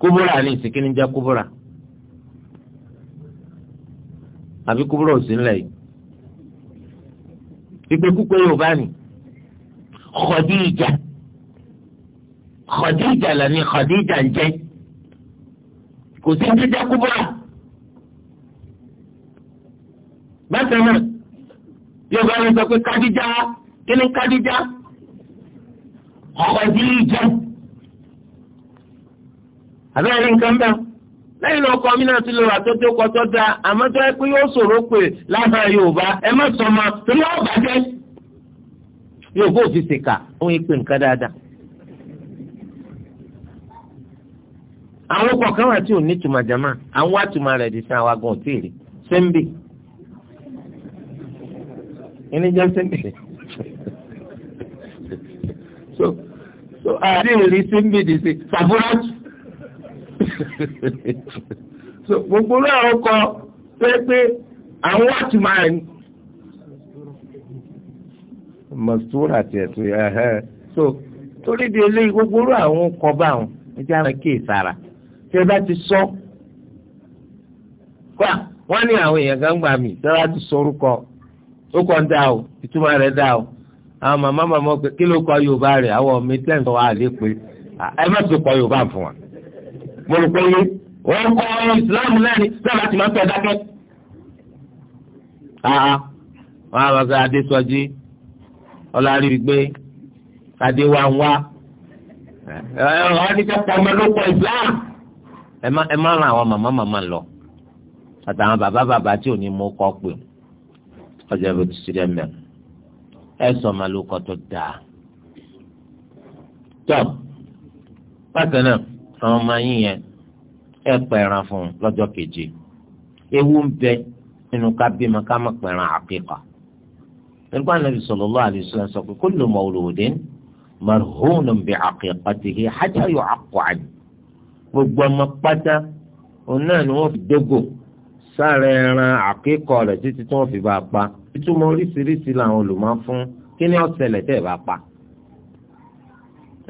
kúbúrà ìsìnkí ìpèkúpè yorùbá ni Khadija Khadija lẹni Khadija ń jẹ kò sí jíjẹ kúbọrà bákan náà yorùbá ni sọ pé Khadija kí ni Khadija Khadija abẹ́rẹ́ nǹkan bẹ́ẹ̀. lẹ́yìn náà ọkọ mi sí ti lọ àtọ́jú ọkọ tó da àmọ́ tó pé yóò ṣòro pé lábàá yorùbá ẹ má sọ ma torí wọn bàjẹ́. yorùbá ò fi sèkà òun yìí nǹkan dáadáa. àwọn kọ̀ọ̀kan wà tí ò ní tùmọ̀ àwọn wà tùmọ̀ rẹ̀ di sí àwọn òtí sẹ́ńbì. ẹni jẹ́ sẹ́ńbì. so so àdéhùn rí sẹ́ńbì di sí (laughs) so gbogbo ọkọ àwọn pé pé àwọn wáàtí máa ń. mọ̀sùtúrà so torí di eléyìí gbogbo orí àwọn kọ bá wọn àwọn kéè sára tí ẹ bá ti sọ kọ́ wọ́n ní àwọn èèyàn kan gbà mí tí sọ orúkọ ó kọ́ ń dá o ìtumọ̀ rẹ̀ dá o àwọn màmá màmá kí ló Yorùbá rẹ̀ àwọn ọmọ wa mo rò pé wọ́n kọ́ ìsìláàmù náà ni sábà ti máa ń fẹ́ dákẹ́. àá wọn àwọn ọ̀gá adésọjí ọlárí gbé adé wa ń wá eh, eh, ọ̀rọ̀ adékẹ́kọ̀ọ́ ọmọ ló kọ Islam ẹ má ran àwọn màmá màmá lọ àtàwọn bàbá bàbá tí ò ní mú kọ́ pé ọjà ìbò ti ṣe dẹ́mẹ̀ ẹ sọ ma ló kọ́ tó dáa. tọ́ bákan náà àwọn ọmọ yín yẹn ẹ pẹ̀ràn fún un lọ́jọ́ keje ewu ń bẹ nínú ká bímọ ká má pẹ̀ràn àkíkà nígbà Ànábì sallallahu alaihi wasallam sọ pé kullu mawludin marhunun bi aqiqatihi hatta yu'aqqu anhu gbogbo ọmọ pátá òun náà ni wọ́n fi dógò sáré ẹran àkíkọ rẹ̀ títí tí wọ́n fi bá a pa ìtumọ̀ oríṣiríṣi làwọn olùmọ̀ fún kí ni ó ṣẹlẹ̀ bá pa.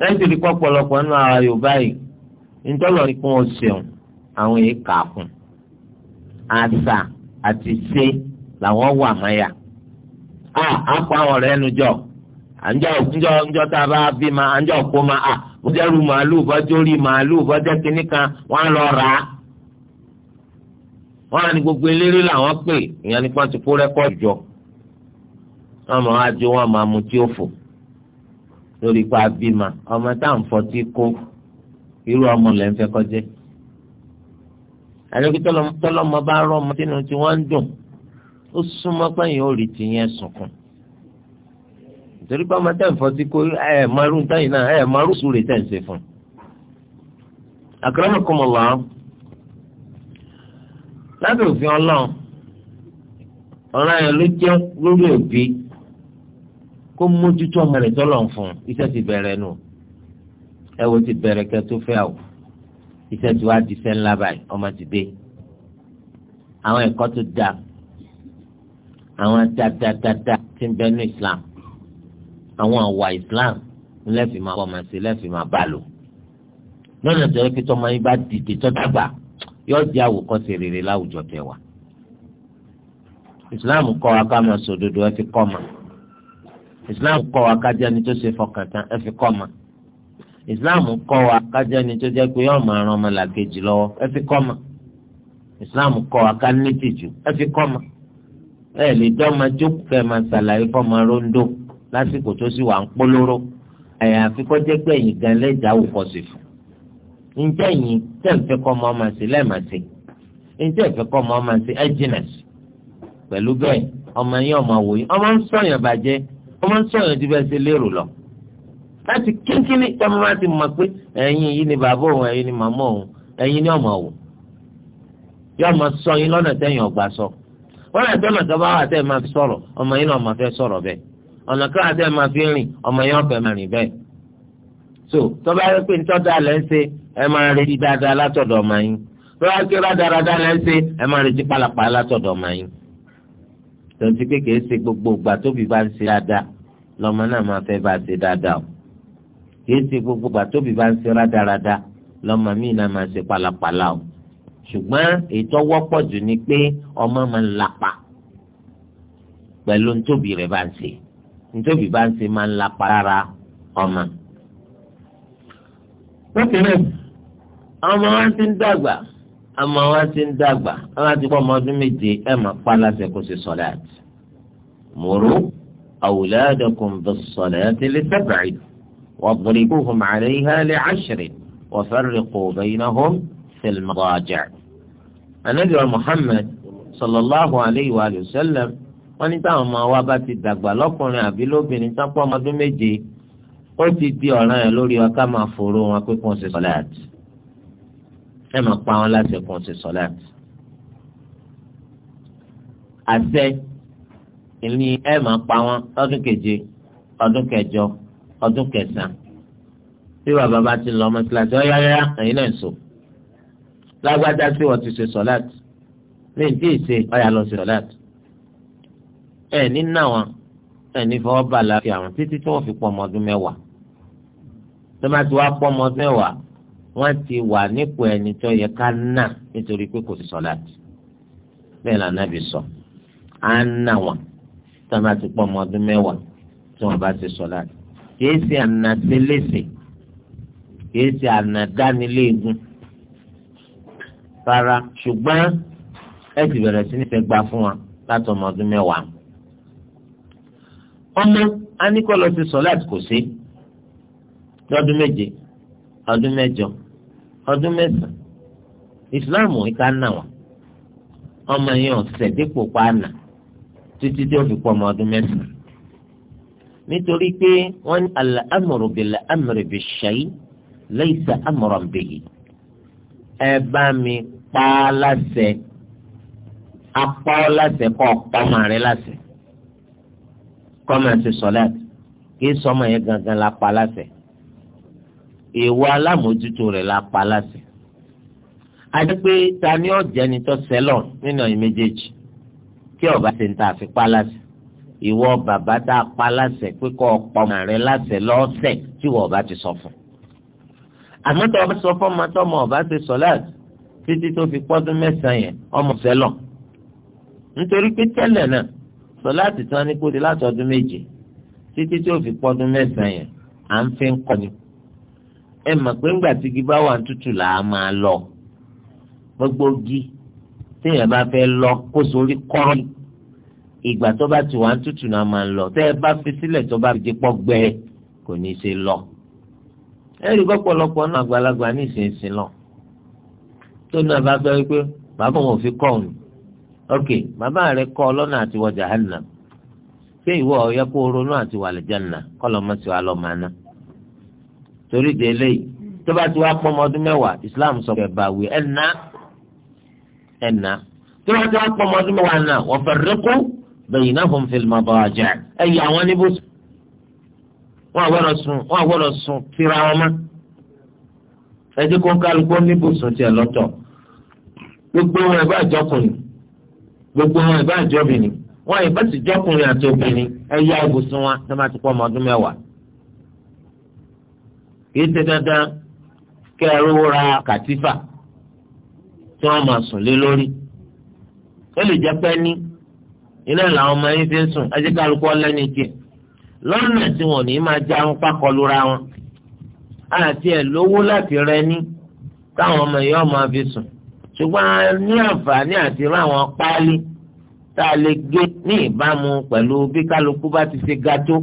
ẹ ń tìrí pọ̀pọ̀lọpọ̀ nínú ara Yorùbá yìí ntọ́lọ̀ ni kí wọ́n ṣeun àwọn èyí kà á kùn àṣà àti ṣe làwọn wà máyà a akọ àwọn ọ̀rẹ́ ẹnu jọ àǹjọ́ ǹjọ́ ǹjọ́ tá a bá bí ma àǹjọ́ kó ma a bọ́jẹ́ ru màálù bọ́jẹ́ orí màálù bọ́jẹ́ kínní kan wọ́n á lọ rà á wọ́n á ní gbogbo eléré làwọn pè ìyẹn nípa ti kó rẹ́kọ̀dì jọ wọ́n máa jó wọ́n máa mutí òfò lórí pa bímọ ọmọ táwọn fọtí kó. irú ọmọ lẹ ń fẹ́ kọjẹ àdókè tọlọmọ bá rọ ọmọ tí inú tí wọn ń dùn ó rí pé ọmọ ti kó ẹ̀ mọ́rú táyìn náà ẹ̀ mọ́rú sùúrè tẹ̀ ń ṣe fún un. àkàràmọ̀kọ́mọ̀lá lábẹ́ òfin ọlọ́run ọ̀ràn yẹn ló jẹ́ lórí òbí kó mójútó ọmọ rẹ̀ tọ́lọ̀ fún iṣẹ́ ti ẹ wo ti bẹ̀rẹ̀ kẹ́ tó fẹ́ o iṣẹ́ tí wàá di iṣẹ́ ńlá báyìí ọmọ ti dé àwọn ẹ̀kọ́ tó dáa àwọn dáadáa ti ń bẹnu Islam àwọn àwa Islam lẹ́fì máa bọ́ màá sí lẹ́fì máa bá lò lọ́nà tó yẹ kí tọ́mọ yín bá dìde tó dàgbà yóò di àwòkọ́ṣe rere láwùjọ tẹ̀wà Islam kọ́ wa ká máa sòdodo ẹ fi kọ́ ma Islam kọ́ wa ká jẹ́ ẹni tó ṣe fọkàn ẹ fi kọ́ ma. islam kọ́ wa kájẹ́ ni tó jẹ́ pé yóò máa ran lọ́wọ́ ẹ fi kọ́ ma islam kọ́ wa ká ẹ fi kọ́ ma ẹ lè dọ́mọ jókòó kẹ́ máa ṣàlàyé fọ́mọ rondo lásìkò tó sì wà ń jẹ́ pé ẹ̀yìn gan lẹ́jà sí fún njẹ́ ẹ̀yìn tẹ̀ ń sí lẹ́ẹ̀mọ̀sí njẹ́ ẹ̀fẹ́ kọ́ sí pẹ̀lú bẹ́ẹ̀ láti kínkínní tọ́mọ bá ti mọ̀ pé ẹ̀yin yìí ni bàbá òun ẹ̀yin ni màmá òun ẹ̀yin ni ọmọ òun yóò mọ sọ yín lọ́nà tẹ́yìn ọgbà sọ wọ́n lè tọ́nà tó bá wà tẹ́ ẹ máa fi sọ̀rọ̀ ọmọ yín náà máa fẹ́ sọ̀rọ̀ bẹ́ẹ̀ ọ̀nà kan àti ẹ máa fi rìn ọmọ yín ọ̀fẹ́ máa rìn bẹ́ẹ̀ so tó bá yẹ pé ń tọ́da lẹ́ ń ṣe ẹ máa retí dáadáa látọ̀dọ̀ ọmọ yín tó bá ké rádaràdá lẹ́ ń ṣe ẹ máa retí pálapàla látọ̀dọ̀ ọmọ yín tó ti ṣe gbogbo ìgbà tóbi bá ń ṣe dáadáa lọ́mọ náà máa fẹ́ bá ṣe dáadáa o kìí ṣe gbogbo gbàtóbi bá ń ṣe rádaràda lọ́mọ mi náà máa ṣe pàlàpàlà o ṣùgbọ́n ètò wọ́pọ̀ jù ni pé ọmọ máa ń lapa pẹ̀lú ntóbi rẹ̀ bá ń ṣe ntóbi bá ń ṣe máa ń lapa rárá ọmọ. lókè ọmọ wa ti ń dàgbà ọmọ wa ti ń dàgbà ọmọ àti ọmọ ọdún méje ẹ máa pa láṣẹ kó ṣe sọlá àti mòró àwùlẹ́ àdàkùn bẹ sọlá àti lè fẹ́ واضربوهم عليها لعشر وفرقوا بينهم في المضاجع النبي محمد صلى الله عليه وآله وسلم wọ́n ní táwọn ọmọ wa bá ti dàgbà lọ́kùnrin àbí lóbìnrin tán pọ́ ọmọdún méje ó ti di ọ̀ràn yẹn lórí wa ká máa fòrò wọn pé kún ṣe sọ́láàtì ẹ máa pa wọn láti kún ṣe sọ́láàtì. àṣẹ ìní ẹ máa pa wọn ọdún keje ọdún kẹjọ ọdún kẹsàn-án bí bàbá bá ti lọ mọ́sálásí ọ yáyá ẹ̀yin náà sọ lágbájá sí wọ́n ti ṣe sọ́láàtì ní ìdí ìṣe ọ̀yà lọ sí sọ́láàtì ẹ̀ ní náwọn ẹ̀ ní fọwọ́ bá láàfin àwọn títí tí wọ́n fi pọ̀ ọmọ ọdún mẹ́wàá tó bá ti wá pọ̀ ọmọ ọdún mẹ́wàá wọ́n ti wà nípò ẹni tó yẹ ká nà nítorí pé kò sí sọ́láàtì bẹ́ẹ̀ ni ànábì sọ á nà wọn tó bá ti pọ̀ ọmọ ọdún mẹ́wàá tí wọ́n bá ti sọ́láàtì kìí ṣe ànàtẹlẹsẹ kìí ṣe ànàdánilẹ́gùn rárá ṣùgbọ́n ẹ ti bẹ̀rẹ̀ sí ní fẹ́ gbà fún wa láti ọmọ ọdún mẹ́wàá. ọmọ aníkọ́lọ́ ti sọ láti kò sí lọ́dún méje ọdún mẹ́jọ ọdún mẹ́sàn-án ìsìláàmù ìka nà wọ́n ọmọ yẹn ọ̀sẹ̀ dípò pa àná títí tí ó fi pọ̀ ọmọ ọdún mẹ́sàn nítorí pé wọ́n ní al-amru bil-amri bish-shay laysa amran bihi ẹ bá mi pa á láṣẹ apá ọ láṣẹ kọ́ ọ̀pọ̀mọ rẹ láṣẹ kọ́mọ ti sọ̀láàtì kí sọmọ yẹn gangan la pa láṣẹ ìwọ alámòjútó rẹ la pa láṣẹ àti ta ni ọ̀jẹ̀ ni tó sẹ́lọ̀ nínú ẹ̀yìn méjèèjì kí ọba ṣe ń ta àfipá láṣẹ ìwọ bàbá tá a pa láṣẹ pé kọ́ ọ̀pọ̀ ọmọ rẹ láṣẹ lọ́sẹ̀ tí ìwọ ọba ti sọ fún. àmọ́ tó ọba sọ fọ́mọ tó ọmọ ọba ti sọ láti títí tó fi pọ́dún mẹ́sàn-án yẹn ọmọ sẹ́lọ̀ nítorí pé tẹ́lẹ̀ náà sọ láti tán ní kóde láti ọdún méje títí tó fi pọ́dún mẹ́sàn-án yẹn à ń fi ń kọ́ ni. ẹ mọ̀ pé ńgbà tí igi bá wà ń tútù là á máa lọ gbogbo igi téèyàn bá fẹ́ lọ kó sórí kọ́rin ìgbà tó bá ti wà ń tutù náà máa ń lọ tẹ́ ẹ bá fi sílẹ̀ tó bá fi di pọ́ gbẹ kò ní í ṣe lọ. ẹ̀rí gbọ́pọ̀lọpọ̀ náà àgbàlagbà ní ìsinsìn lọ tó náà bá gbẹ́ wípé bàbá òun ò fi kọ́ òun ok bàbá rẹ̀ kọ́ ọ lọ́nà àti wọ jahannam ṣé ìwọ ọ̀yẹ́ kó ronú àti wà lè jẹ́nà kọ́ lọ́mọ tí wà lọ́mọ aná. torí de eléyìí tó bá ti wá pọ́n ọmọ ọdún mẹ́wàá Islam sọ pé bàwí ẹ̀ná ẹ̀ná tó bá ti wá pọ́n ọmọ ọdún mẹ́wàá náà wọ́n fẹ́ rẹ́kọ̀ọ́ baynahum fil madaji' ẹ yà wọ́n níbó sùn wọ́n àgbọ́dọ̀ sùn wọ́n àgbọ́dọ̀ sùn tìra wọn mọ́ ẹ jẹ́ kó kálukú níbó sùn tiẹ̀ lọ́tọ̀ gbogbo wọn ìbá àjọkùnrin gbogbo wọn ìbá àjọbìnrin wọn ìbá sì jọkùnrin àti obìnrin ẹ yá ibùsùn wọn tó má ti pọ̀ mẹ́wàá kì í ṣe dandan kẹ́ ẹ rówó ra kàtífà tí wọ́n máa sùn lé lórí ó lè jẹ́ pẹ́ ní iná làwọn ọmọ yín ti ń sùn ẹjẹ kálukú ọlẹ́ni jẹ lọ́nà tí wọn ò ní máa já ń pákọlura wọn àti ẹ̀ lówó láti rẹ ní táwọn ọmọ yìí ọmọ fi sùn ṣùgbọ́n a ní àǹfààní àti rán àwọn páálí tá a lè gé ní ìbámu pẹ̀lú bí kálukú bá ti ṣe ga tó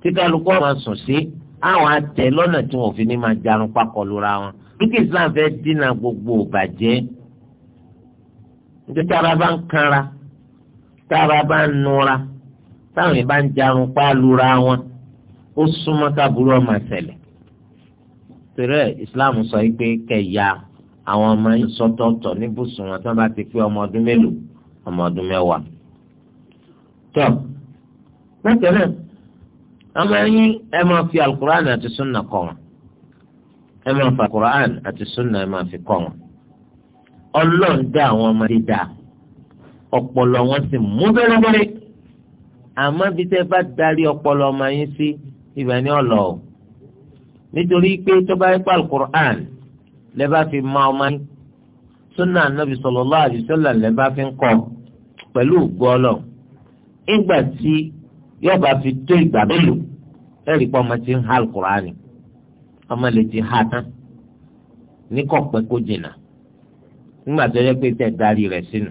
tí kálukú ọmọ sùn sí àwọn àtẹ lọ́nà tí wọn fi ní máa jarun pákọlura wọn dúkìá Islam fẹ́ dínà gbogbo ìbàjẹ́ nítorí ara bá ń kanra tára bá ń nura táwọn ìbá ń jarun pa lura wọn ó súnmọ́ káàbúrò ọmọ àtẹ̀lẹ̀ tẹ̀rẹ̀ ìsìláàmù sọ pé kẹ̀yà àwọn ọmọ yìí sọ́tọ̀ọ̀tọ̀ níbùsùn wọn tí wọ́n bá ti pé ọmọ ọdún mélòó ọmọ ọdún mẹ́wàá. tọ́ bákan náà ọmọ yín ẹ máa fi alukur'an àti sunna kọ́ wọn ẹ máa fi alukur'an àti sunna ẹ máa fi kọ́ wọn ọlọ́run dá àwọn ọmọdé dáa ọpọlọ wọn sì mú bẹ́rẹ́bẹ́rẹ́ àmọ́ bí tẹ́ bá darí ọpọlọ ọmọ yín sí ibà ní ọ̀lọ́ o nítorí pé tó bá alukur'an lẹ́ fi ma ọmọ yín súnà anábì sallallahu alaihi wasallam lẹ́ bá fi ń kọ́ pẹ̀lú gbọ́lọ̀ ìgbà tí yóò bá fi tó ìgbà mélòó ẹ̀rí pé ọmọ ti ń ha alukur'an ọmọ lè ti ha tán ní kọ̀pẹ́ kó jìnnà nígbà tó yẹ pé tẹ̀ darí rẹ̀ sínú.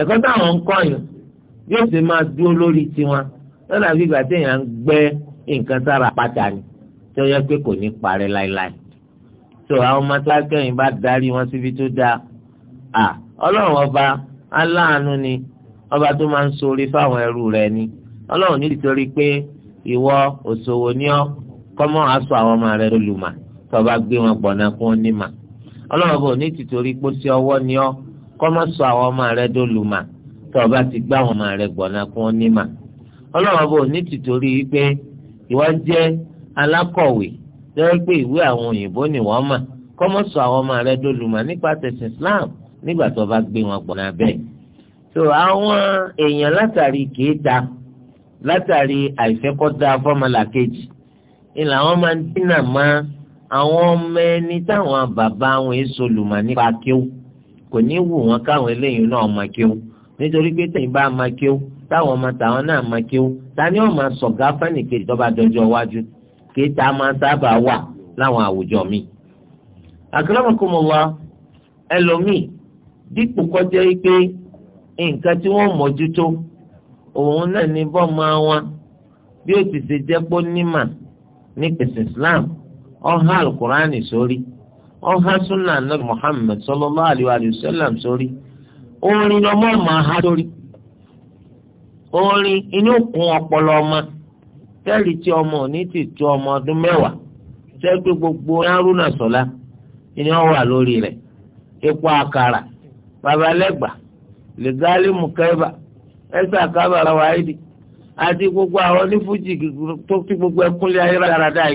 ẹ̀kọ́ táwọn ń kọ́ yìí yóò ṣe máa dúró lórí tiwọn lọ́nà bí ìgbà téèyàn ń gbẹ́ nǹkan sára pátá ni tí ó yẹ pé kò ní parẹ́ láéláé tó àwọn ọmọ tó akẹ́yìn bá darí wọn síbi tó dáa à ọlọ́run ọba aláàánú ni ọba tó máa ń sori fáwọn ẹrú rẹ̀ ni ọlọ́run ní ìtorí pé ìwọ òṣòwò ni ọ kọ́mọ́ aṣọ àwọn ọmọ rẹ lólùmọ̀ tó bá gbé wọn gbọ̀nà kún ní ọlọ́run ọba ò ní ìtìtorí pé ó sí ọwọ́ ni ọ kọ́ má sọ àwọn ọmọ rẹ dólùmà tó o bá ti gbá àwọn ọmọ rẹ gbọ̀nà kún ní mà ọlọ́run bò ní tìtorí pé ìwọ jẹ́ alákọ̀wé lẹ́yìn pé ìwé àwọn òyìnbó ni wọ́n mà kọ́ sọ àwọn ọmọ rẹ dólùmà nípa tẹ̀sán Islam nígbà tó o bá gbé wọn gbọ̀nà bẹ́ẹ̀ so àwọn èèyàn látàrí kéèta látàrí àìfẹ́kọ́dá fọ́mọlàkejì ni làwọn máa ń dínà máa àwọn ọmọ ẹni táwọn bàbá wọn èso lùmọ̀ nípa kíw kò ní wù wọn káwọn eléyìí náà máa kéwú nítorí pé tẹ̀yìn bá máa kéwú táwọn ọmọ tàwọn náà máa kéwú ta ni wọn máa sọ̀gá fẹ́nìkejì tó bá dọjọ́ iwájú kí ta máa sábà wà láwọn àwùjọ mi. akramakumullah ẹlòmíì dípò kọjá pé nǹkan tí wọ́n mójútó òun náà ní bọ́ọ̀mọ́ wọn bí ó ti ṣe jẹ́ pé ó nímà ní kẹsì Islam ọ̀hán alukurani sórí. So wọ́n há súnà nàbì Muhammad sallallahu alayhi wa sallam sórí orin lọ́mọ ọmọ há sórí orin inú ọpọlọ ọmọ tẹ́lì tí ọmọ òní ti tu ọmọ ọdún mẹ́wàá sẹ́gbẹ́ gbogbo Sọlá ni wọ́n wà lórí rẹ̀ àkàrà babalẹ́gbà mùkẹ́bà ẹ̀sẹ̀ àti gbogbo àwọn tó ti gbogbo ẹkúnlẹ̀ ayélujára dáì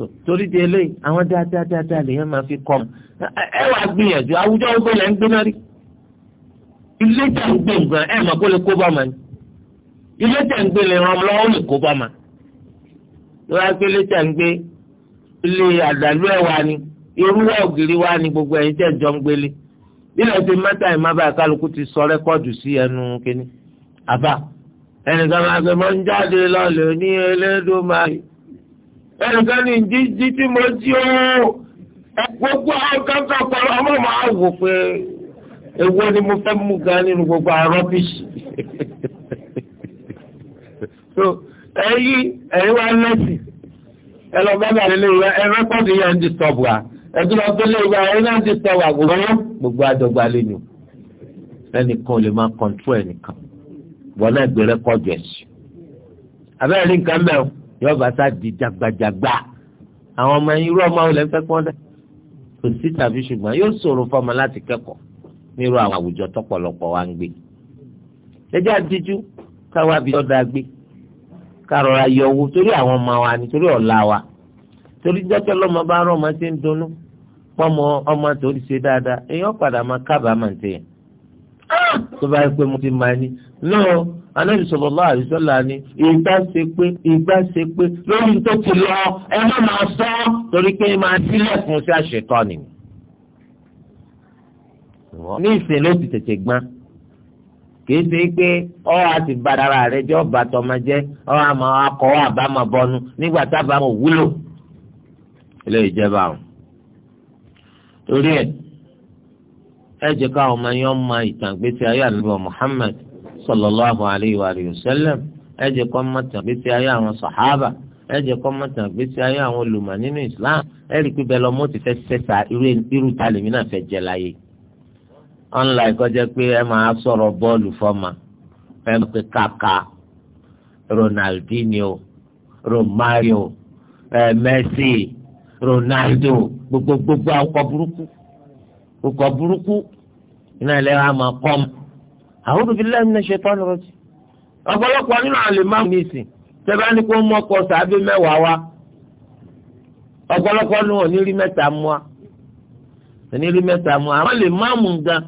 so torí di eléyìí àwọn dáadáa dáadáa lèyàn máa fi kọ́ ẹ wàá gbìyànjú àwùjọ ọgbẹ́ lẹ́ ń gbé náà rí ilé tẹ̀ ń gbé nǹkan ẹ̀ mọ̀ kó lè kó bá ma ni ilé tẹ̀ ń gbé lè ràn lọ́wọ́ lè kó bá ma lọ́wọ́ pé ilé tẹ̀ ń gbé ilé àdàlú ẹ̀ wá ni irú ògiri wá ni gbogbo ẹ̀yin tẹ̀ jọ ń gbélé ilé ọ̀sẹ̀ mẹ́ta ẹ̀ má báyìí kálukú ti sọ rẹ́kọ́ọ̀dù sí ẹnu kínní àbá ẹnìkan ẹnìkan ní jíjí tí mo jí ó gbogbo àwọn kan tó ọpọlọ ọmọ máa wò pé èwo ni mo fẹ́ mú gan nínú gbogbo arọ́bìṣì (laughs) so èyí èyí wá lẹ́sìn ẹ lọ bábà lé léwu ẹ rẹ́pọ̀tì yẹn ń di sọ̀bù à ẹtú lọ tó léwu à ẹ náà ń di sọ̀bù à gbogbo gbogbo àdọ́gba lẹ́nu ẹnìkan ò lè máa kọ̀ntró ẹnìkan wọn náà gbé rẹ́kọ̀dù ẹ̀sìn abẹ́rẹ́ nǹkan mẹ́rin yóò bá sá di jagbajagba àwọn ọmọ yín irú ọmọ olè ń fẹ́ pọ́n dẹ́ kò sí tàbí ṣùgbọ́n yóò ṣòro fọmọ láti kẹ́kọ̀ọ́ nírú àwọn àwùjọ tọ́pọ̀lọpọ̀ wa ń gbé ẹjẹ́ àtijú káwa bí ọ̀dà gbé kárọ̀ra yọ owó torí àwọn ọmọ wa nítorí ọ̀la wa torí jẹ́jẹ́ lọ́mọ bá rán ọmọ tí ń dunnú pọ́mọ ọmọ torí ṣe dáadáa èèyàn padà máa kábàámọ̀ tẹ̀yẹ̀ ah! tó bá yẹ pé mo ti máa ní náà anabi sallallahu alaihi wasallam ni ìgbà ṣe pé ìgbà ṣe pé lórí tó ti lọ ẹ má máa sọ torí pé máa sílẹ̀kùn sí ni. ní ìsìn ló ti tètè gbọ́n kìí ṣe pé ọ àti badara rẹ jẹ́ ọba tọmọjẹ ọ àmọ́ akọ àbámọ̀ bọnu nígbà tábàámọ̀ wúlò ilé ìjẹba o torí ẹ ẹ jẹ́ káwọn ọmọ yẹn ọmọ ìtàn gbèsè sallallahu alayhi wa sallam ẹ jẹ́ kó mọ̀ tàn gbèsè ayé àwọn sàhábà ẹ jẹ́ kó mọ̀ tàn gbèsè ayé àwọn olùmọ̀ nínú islam ẹ rí i pé bẹ́ẹ̀ lọ́mọ́ ti fẹ́ sẹ́sà irú ta lèmi náà fẹ́ jẹ láyé. unlike kó jẹ́ pé ẹ máa sọ̀rọ̀ bọ́ọ̀lù fọ́ọ̀mà ẹ máa pe kàkà ronaldinho romario ẹ messi ronaldo gbogbo gbogbo àwọn ọkọ̀ burúkú ọkọ̀ burúkú iná ilé wa máa kọ́ mọ́ a'udhu billahi minash shaitani rajim. ọ̀pọ̀lọpọ̀ nínú àlè máa ń sìn tẹ́lá ní kó mú ọkọ̀ sàbí mẹ́wàá wá ọ̀pọ̀lọpọ̀ ní wọn nírí mẹ́ta mú wa nírí mẹ́ta mú wa àwọn lè má mú gan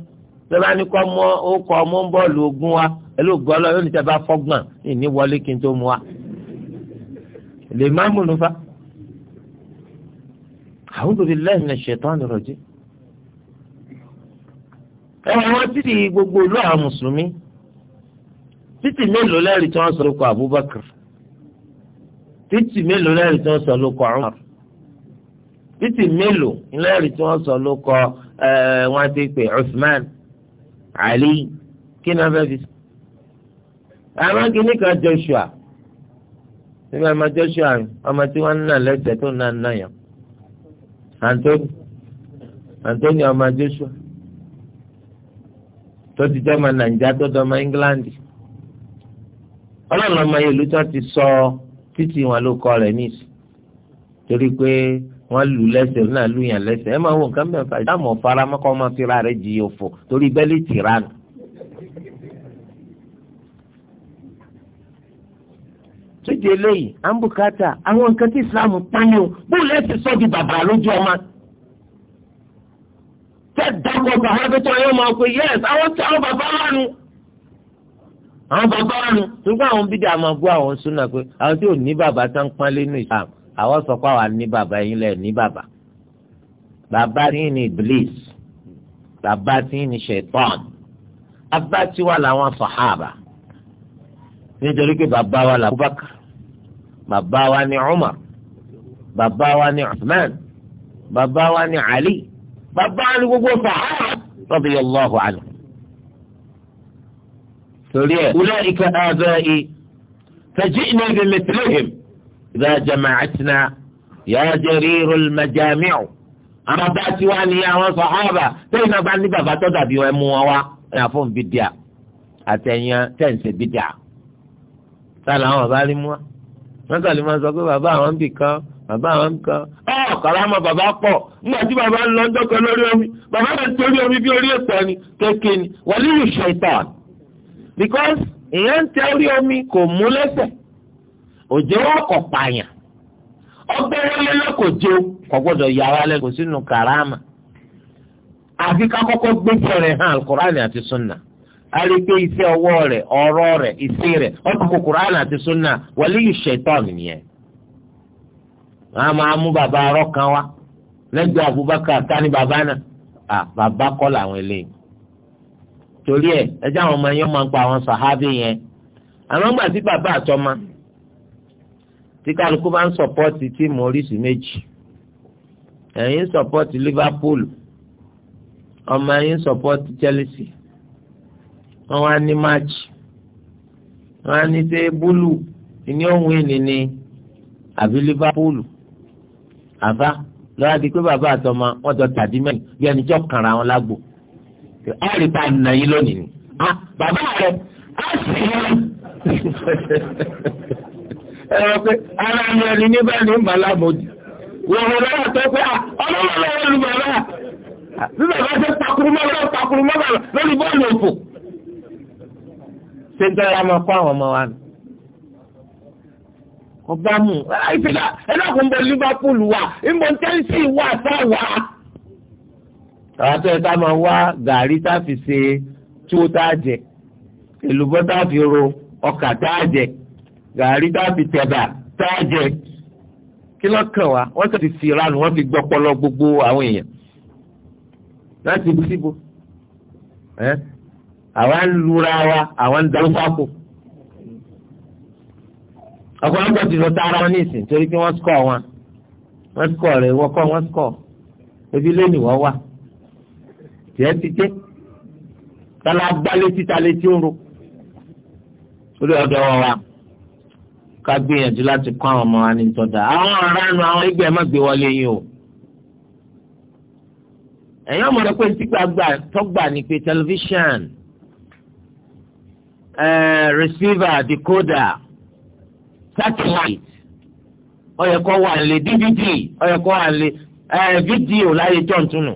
tẹ́lá ní kó mú ọkọ̀ mú bọ́ọ̀lù ogun wa ẹlò gbọ́lọ́ yóò ní tẹ́ bá fọ́gbọ̀n ìní wọlé kí n tó mú wa lè má mú nufa. a'udhu billahi minash shaitani rajim ẹ̀wọ̀n wọn títí gbogbo ìlú àwọn mùsùlùmí títí mélòó lẹ́rìí tí wọ́n sọ lóko Abubakar títí mélòó lẹ́rìí tí wọ́n sọ lóko Umar títí mélòó lẹ́rìí tí wọ́n sọ lóko wọ́n ti pè Usman Ali kí ni fẹ́ fi. àwọn kìíní kan Joshua níbi àmà Joshua ọmọ tí wọ́n ń nà lẹ́sẹ̀ tó ń nà ń yàn Anthony Anthony ọmọ Joshua. tó ti Naija ọmọ nàìjíríà tó dọ́ ọmọ england ọlọ́run ti sọ títí wọn ló kọ rẹ̀ níìsì torí pé wọ́n lù lẹ́sẹ̀ náà lù yàn lẹ́sẹ̀ ẹ máa wo nǹkan mẹ́fà dáàmú ọ̀fara mọ́kọ́ máa fi rẹ̀ jì torí bẹ́lí tó àwọn nǹkan tí islam ti sọ́ di bàbá lójú ọmọ. tẹ́ dákọ̀ sàhábí tó yẹ máa pé yẹ́sì àwọn tí àwọn bàbá wà nù. àwọn bàbá wà nù. nígbà àwọn bídìí àmọ́ bú àwọn súnà pé àwọn tí ò ní bàbá tán pán lẹ́nu ìsàm àwọn sọ pé àwọn ní bàbá yín lẹ̀ ní bàbá. bàbá yín ni iblis bàbá yín ni ṣẹ̀tán bàbá tiwa làwọn sàhábà nítorí pé bàbá wa là Abubakar bàbá wa ni Umar bàbá wa ni Uthman bàbá wa ni Ali bàbá ní gbogbo sàhárà radiyallahu anhu. torí ẹ̀ ulaika aba'i faji'na bimithlihim idha jama'atna ya jarirul majami'u àwọn bá ti wá ní àwọn sàhárà tẹ́yìn náà bá ní bàbá tó dàbí ẹ mú wọn wá ẹ̀ fún bídíà àtẹ̀yìn tẹ̀sí bídíà. sálà àwọn bàbá rí mú wa wọ́n sàlẹ̀ máa sọ pé bàbá àwọn bì kan bàbá àwọn kan ọ karama bàbá pọ̀ nígbà bàbá ń lọ ńdọkọ lórí omi bàbá rẹ torí omi bí orí ètò ẹni kéèké ni wàlí yìí ṣẹtàn because ìyẹn ń tẹ orí omi kò mú lẹ́sẹ̀ òjò wọn kọ pààyàn ọgbẹ wọlé kò yàrá sínú àfi hàn àti sunna ari wọn a máa mú bàbá arọ kan wá lẹ́gbẹ̀ẹ́ Abubakar ká ní bàbá náà à bàbá kọ́ làwọn eléyìí torí ẹ ẹjẹ àwọn ọmọ yẹn máa ń pa àwọn sàhábì yẹn àmọ́ ńgbà tí bàbá àtọ́mọ tí kálukú bá ń sọ̀pọ́tì tíìmù oríṣi méjì ẹ̀yin ń sọ̀pọ́tì Liverpool ọmọ yín sọpọ́tì Chelsea wọ́n wá ní match wọ́n á ní sẹ́ búlù ní òun ìní ni àbí Liverpool àbá lọ́wọ́ di pé bàbá àtọmọ wọn jọ tàdí mẹ́rin bí ẹni jọ kàrà wọn lágbo á rí bá nà lónìí ni á bàbá rẹ á sì yín ẹ wọ pé ara mi ẹni ní bá ní mbàlá mọ́jú wọ́n wọ́n lọ́wọ́ tó pé ọlọ́wọ́ lọ́wọ́ lu bàbá bí bàbá ṣe takuru mọ́ lọ́wọ́ takuru mọ́ bàbá lórí bọ́ọ̀lù òfò ṣé ń ọmọ kọ́ àwọn ọmọ wa nù ọba mu ìfìlà ẹlẹ́kùn bọ Liverpool wa ìmọ̀ tẹ́ǹsì wà sáwà. àwọn tó yẹ ká máa wá gàrí tá a fi ṣe tuwo tá a jẹ èlùbọ́ tá a fi ro ọkà tá a jẹ gàrí tá a fi tẹ̀bà tá a jẹ kí ló kàn wá wọ́n ti fi ìranù wọ́n fi gbọ́pọlọ gbogbo àwọn èèyàn láti ibi síbo àwa ń lura wa àwa ń darúgbà kù ọ̀pọ̀lọpọ̀ ti lọ tara wọn nísìn torí pé wọ́n score wọn wọ́n score rẹ̀ wọ́n kọ́ wọ́n score ebi lónìí wọ́n wà tiẹ́ ti dé tala gbá létí ta létí ń ro olú ọ̀dọ̀ wọn wa ká gbìyànjú láti kọ́ àwọn ọmọ wa ní ìtọ́jà àwọn aráàlú àwọn ẹgbẹ́ má gbé wọlé yín o ẹ̀yin ọmọ rẹ pé tígbàgbà tọ́gbà ni pé tẹlifíṣàn ẹ̀ẹ́d eh, receiver decoder satellite ọyẹ kọ wà lé dvd ọyẹ kọ wà lé ẹ fídíò láyé jọ̀ǹtúnù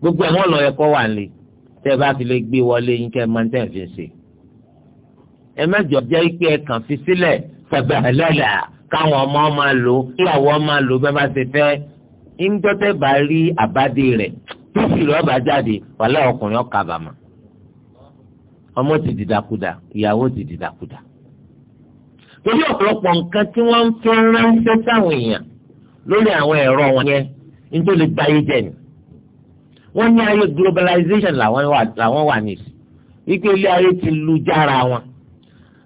gbogbo ẹ̀ wọ́n lọ ọyẹ kọ wà lé tẹ́ bá fi lè gbé wọlé yín kẹ́ máa ń tẹ̀ fi ṣe ẹ mẹ́jọ jẹ́ pé ẹ kàn fi sílẹ̀ fẹ̀gbẹ̀ lẹ́lẹ̀ káwọn ọmọ máa lò kíyàwó máa lò bẹ́ẹ̀ bá ṣe fẹ́ ńjọ́tẹ́ bá rí àbádé rẹ̀ tó sì lọ́ọ́ bá jáde wàhálà ọkùnrin ọkà bàmà ọmọ ti dìdàkudà ìyàwó ti dìdàkudà torí ọ̀pọ̀lọpọ̀ nǹkan tí wọ́n ń fẹ́ ránṣẹ́ sáwọn èèyàn lórí àwọn ẹ̀rọ wọn yẹn nítorí lè gba ayé jẹ ni wọ́n ní ayé globalization làwọn wà ní wípé ilé ayé ti lu jára wọn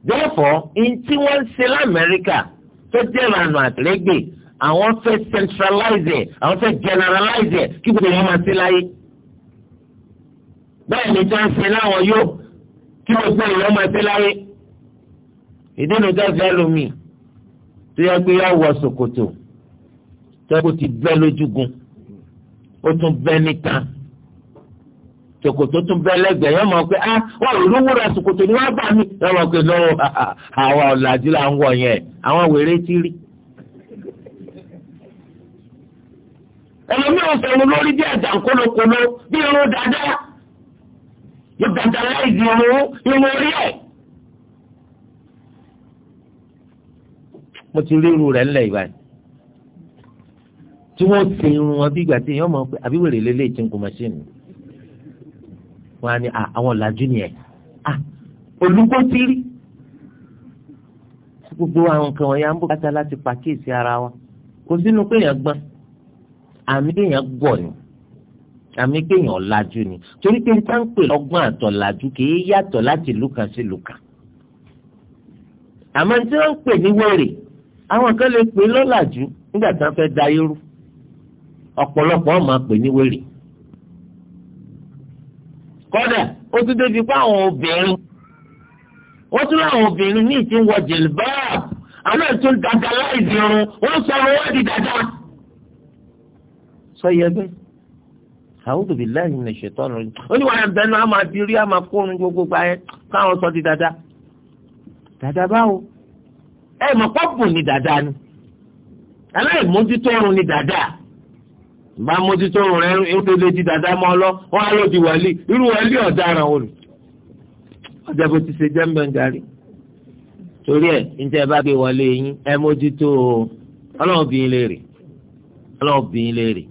therefore in tí wọ́n ń ṣe lamẹ́ríkà tó jẹ́ ìlànà àtìlẹ́gbẹ̀ àwọn fẹ́ centralize ẹ̀ àwọn fẹ́ generalize ẹ̀ kí gbogbo wọn máa ṣe láyé bẹ́ẹ̀ ni tí wọ́n ń ṣe láwọn yóò kí gbogbo ìlú máa ṣe láyé ìdínà jáde lómi tó yẹ pé yà wọ ṣòkòtò tó yẹ kó ti bẹ́ lójúgun ó tún bẹ́ níta ṣòkòtò tún bẹ́ lẹ́gbẹ̀ẹ́ yọ mọ̀ pé ah wọ́n olówó ra ṣòkòtò ni wọ́n bá mi yọ mọ̀ pé lọ́wọ́ àwọn ọ̀làjú là ń wọ̀ yẹn àwọn wèrè ti rí. ẹlòmí ọ̀sẹ̀ ló lórí bí ẹ̀dà kólókóló bí irun dáadáa yóò dáadáa láì di irun irun orí ẹ̀. mo ti rí irú rẹ̀ ńlẹ̀ ìbáyìí tí wọ́n ti irun wọn bí ìgbà tí èèyàn mọ̀ pé àbí wèrè lélẹ̀ tí ń kun mọ́ṣíìnì wọn á ní àwọn làjú nìyẹn olùkọ́ ti rí gbogbo àwọn nǹkan wọ̀nyí à ń bùkátà láti pàkíyèsí ara wa kò sínú pé èèyàn gbọ́n àmì kéèyàn gbọ̀ ni àmì kéèyàn làjú ni torí pé níta pè lọ́gbọ́n àtọ̀ làjú kì í yàtọ̀ láti ìlú sí ìlú kan àmọ́ tí wọ́n ń pè ní wèrè àwọn kan lè pè lọ́làjú nígbà tí wọ́n fẹ́ da irú ọ̀pọ̀lọpọ̀ ọ̀ máa pè ní wèrè. kọ́dà ó tún débi pé àwọn obìnrin wọ́n tún láwọn obìnrin ní ìtí wọ jìlbáàb àwọn náà tún dada láìsí irun wọ́n sọ wọn wá di dada. sọ yẹ bẹ́ẹ̀ àwùjọ bíi lẹ́yìn ní ṣètò ọ̀nà rẹ̀ ó ní wàá bẹnu àmà dirí àmà kórun gbogbo gbà yẹn káwọn sọ di dada. dada báwo ẹ mọ̀ pọ́pùn ni dáadáa ni aláìmójútó oorun ni dáadáa bá mójútó oorun rẹ ńlọlẹ di dáadáa mọ́ ọ lọ wọn á lọ di wàlí irú wàlí ọ̀daràn olù ọjà bó ti ṣe jẹ́ mbẹ́ngàrí torí ẹ̀ njẹ́ bá gbé wọlé yín ẹ mójútó ọlọ́run bìín léèrè ọlọ́run bìín léèrè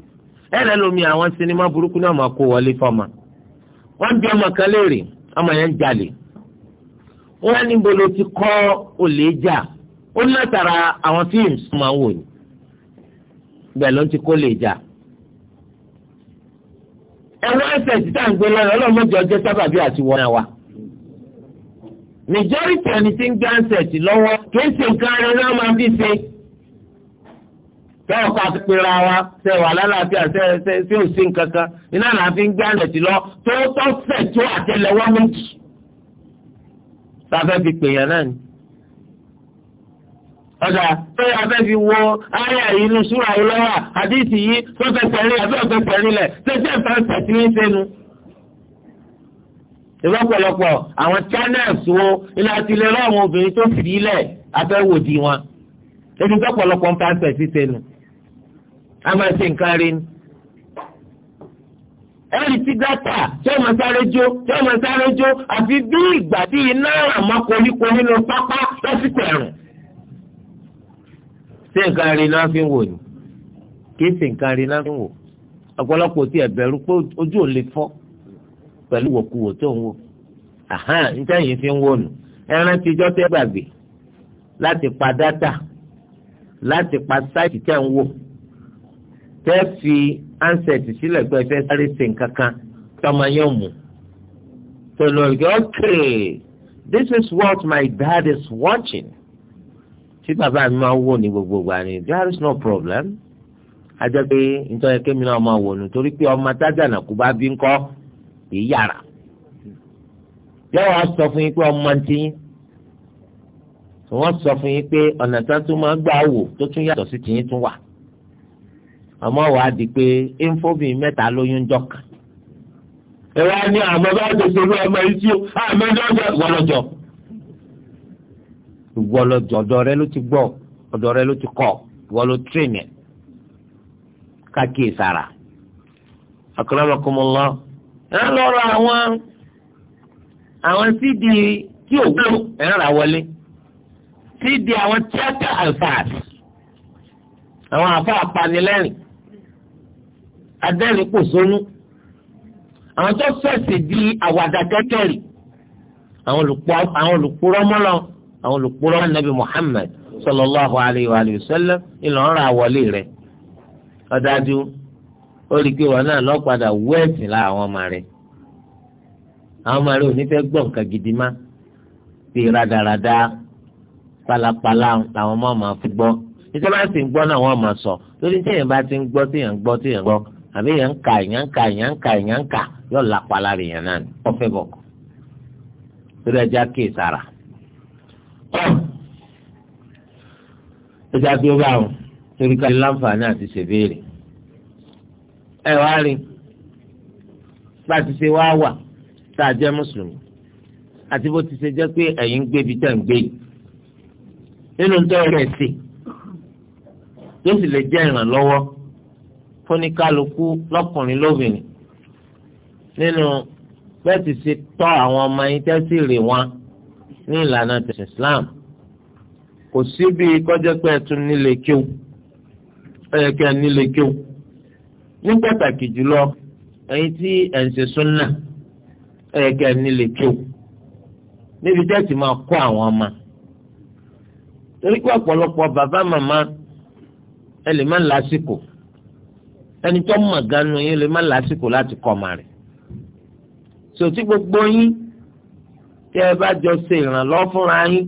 ẹ rẹ lómi àwọn sinimá burúkú náà máa kó wọlé fọmọ wọn bí ọmọ kan léèrè ọmọ yẹn ń jalè wọn níbo ló ti kọ́ olè jà ó ní látara àwọn fíìmù tó máa ń wò ní bẹ́ẹ̀ ló ń ti kó lè jà ẹ̀wọ́n ẹ̀sẹ̀ títà ń gbé lọ́yọ̀ ọlọ́mọdé ọjọ́ sábàbí àti wọ́n náà wa majority ẹni tí ń gbé ansẹ̀tì lọ́wọ́ kìí ṣe nǹkan ara náà máa fi ṣe bẹ́ẹ̀ kọ́ àtúpẹ́ra wa ṣe wà lálàáfíà ṣe ṣe ṣe ò sí nǹkan kan iná là ń fi ń gbé ansẹ̀tì lọ tó tó fẹ̀ tó àtẹlẹwọ́ méjì sáfẹ́ fi pèèyàn náà ni ọ̀dà pé abẹ́ fi wo ayé inú súra ìlọ́wà àdìsí yìí tó fẹsẹ̀ rí abẹ́ òfẹsẹ̀ rílẹ̀ tẹ́tí ẹ̀fẹ́ tẹ̀sí ní sẹ́nu. ìrọ́pọ̀lọpọ̀ àwọn channels wo ilé àti ilé lọ́wọ́ obìnrin tó fi ilẹ̀ abẹ́ wò di wọn. ebi tọ́pọ̀lọpọ̀ ń pàṣẹ sí sẹ́nu. a máa ṣe nǹkan rí ni. ẹ̀rì ti dátà tí ọmọ sáré jó tí ọmọ sáré jó àfi bí ìgbà tí iná àmọ́ koríko ṣé nǹkan rí náà fi ń wò ni kì ṣe nǹkan rí náà fi ń wò ọ̀pọ̀lọpọ̀ tí ẹ̀ pé ojú ò lè fọ́ pẹ̀lú wòkuwò tó ń wò níta yìí fi ń wò nù ẹran tijọ́ tẹ́ gbàgbé láti pa dátà láti pa sáìtì tẹ́ ń wò tẹ́ fi ansẹ̀tì sílẹ̀ pé ẹ fẹ́ sáré ṣe nǹkan kan tọ́mọ yẹn mú tọ́lọ́ọ̀gì okay this is what my dad is watching tí bàbá mi máa wò ní gbogbo ìgbà ni there is no problem ajẹ́ pé nítorí kémi náà máa wò nù torí pé ọmọ tájànà kú bá bí ń kọ́ kì í yàrá yẹ́wọ́ sọ fún yín pé ọmọ ti yín wọ́n sọ fún yín pé ọ̀nà tó tún máa gbà wò tó tún yàtọ̀ sí tiyín tún wà ọmọ wa di pé éńfóbì mẹ́ta lóyún jọ̀kan ẹ wá ní àmọ́ bá ti ṣe fún ọmọ yìí tí ó àmọ́ ẹjọ́ gbọ́dọ̀ jọ ìwọ lọ́jọ́ ọ̀dọ̀ rẹ ló ti gbọ́ ọ̀dọ̀ rẹ ló ti kọ́ ìwọ ló tírèmì káàkiri sára. akramakumullah ẹ lọ́rọ̀ àwọn àwọn sídi tí ò gbó ẹ rà wọlé sídi àwọn tíátà alfaas àwọn àfa apanilẹ́rìn adẹ́rìn pòṣónú àwọn tó fẹ̀sì di àwàdà kẹ́kẹ́rì àwọn olùpọ̀ àwọn olùpọ̀ rọ́mọ́lọ́ọ́ àwọn olùkpọ́rọ́ anabi Muhammad sallallahu alayhi wa sallam ìlànà àwọlé rẹ̀ ọ̀dájú ó rí i pé wọn náà lọ́padà wẹ́ẹ̀sì la àwọn ọmọ rẹ̀ àwọn ọmọ rẹ̀ ò ní fẹ́ gbọ́ nǹkan gidi má bí radarada palapala làwọn ọmọ máa fi gbọ́ nítorí bá ti ń gbọ́ náà wọ́n máa sọ lórí téèyàn bá ti ń gbọ́ téèyàn ń gbọ́ téèyàn ń gbọ́ àbí èèyàn ń ka èèyàn ń ka èèyàn ń ka èèyàn ń ka yóò lápá lára èèyàn náà ni wọ́n fẹ́ bọ̀ ó já bí ó bá wọn torí ká láǹfààní àti ṣèbéèrè ẹ wá rí bá a ti ṣe wá wà tá a jẹ́ mùsùlùmí àti bó ti ṣe jẹ́ pé ẹ̀yin ń gbébi tá à ń gbé yìí nínú tó rẹ̀ sí tó sì lè jẹ́ ìrànlọ́wọ́ fúnikálukú lọ́kùnrin lóbìnrin nínú bẹ́ẹ̀ ti ṣe tọ́ àwọn ọmọ yín tẹ́sí rè wọn ní ìlànà tẹ̀sán Islam kò sí bí kọjá pé ẹ tún nílé kíw ẹ yẹ kí ẹ nílé kíw ní pàtàkì jùlọ ẹ̀yin tí ẹ ń ṣe súnà ẹ yẹ kí ẹ nílé kíw níbi tẹ́tì máa kọ́ àwọn ọmọ torí pé ọ̀pọ̀lọpọ̀ bàbá màmá ẹ lè má lásìkò ẹni tó mọ̀ ganu yín lè má lásìkò láti kọ́ ọmọ rẹ̀ sòtí gbogbo yín. So, tẹ́ ẹ bá jọ ṣe ìrànlọ́wọ́ fúnra yín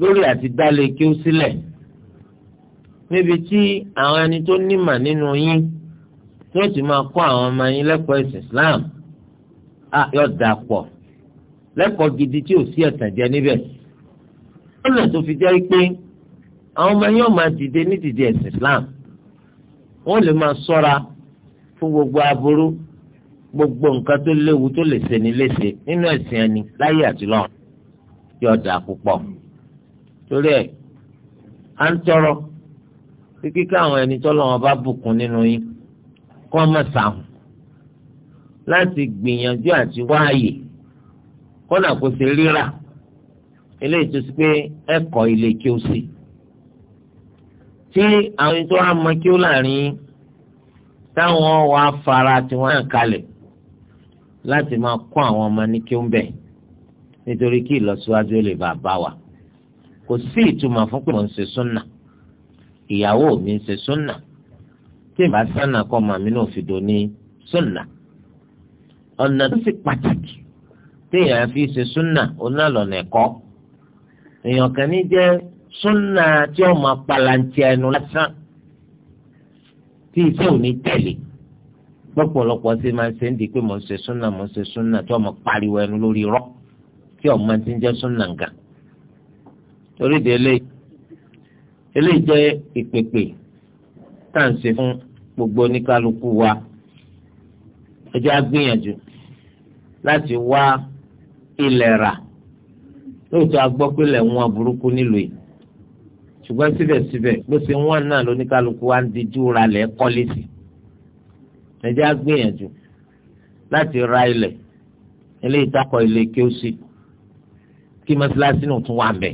lórí àti dálé kí ó sílẹ̀ níbi tí àwọn ẹni tó nímà nínú yín tó ti máa kọ́ àwọn ọmọ yín lẹ́kọ̀ọ́ ẹ̀sìn Islam á yọ dà pọ̀ lẹ́kọ̀ọ́ gidi tí ò sí ẹ̀tàn jẹ níbẹ̀ lọ́nà tó fi jẹ́ pé àwọn ọmọ yín ó máa dìde ní dìde ẹ̀sìn Islam wọ́n lè máa ṣọ́ra fún gbogbo aburú gbogbo nǹkan tó léwu tó lè ṣeni léṣe nínú ẹ̀sìn ẹni láyé àtìlọ́ yóò dà púpọ̀ torí ẹ̀ à ń tọrọ kíkí káwọn ẹni tọ́lọ́ wọn bá bùkún nínú yín kọ́ mọ̀ sàhùn láti gbìyànjú àti wáàyè kọ́nà kò sí rírà eléyìí tó pé ẹ̀kọ́ ilé kí ó sì tí àwọn ẹni tó wá mọ kí ó láàrin táwọn wàá fara tiwọn kalẹ̀ láti máa kọ́ àwọn ọmọ ní kí ó ń bẹ̀ nítorí kí ìlọsíwájú lè bá a bá wa kò sí ìtumọ̀ fún pé mo ń ṣe súnà ìyàwó mi ń ṣe súnà tí ìbá sánà kọ́ ọmọ mi náà fi dò ní súnà ọ̀nà tó sì pàtàkì téèyàn fi ṣe súnà onálọ̀nà ẹ̀kọ́ èèyàn kan ní jẹ́ súnà tí ó máa ẹnu lásán tí iṣẹ́ ò ní tẹ̀lé lọ́pọ̀lọpọ̀ ṣe máa ń ṣe ń di pé mò ń ṣe súnà mò ń ṣe súnà tí ọmọ pariwo ẹnu lórí rọ tí ọmọ ti ń jẹ́ súnà nga torí de eléyìí eléyìí jẹ́ ìpèpè tá à ń ṣe fún gbogbo oníkálukú wa ẹ jẹ́ á gbìyànjú láti wá ilẹ̀ rà lóòótọ́ a gbọ́ pé ilẹ̀ wọn burúkú nílùú yìí ṣùgbọ́n síbẹ̀síbẹ̀ bó ṣe náà lóníkálukú wa ń dijú ra lẹ̀ ẹjẹ́ á gbìyànjú láti ra ilẹ̀ eléyìí tá a kọ ilé kí ó sì kí mọ́sálásí náà tún wà mẹ́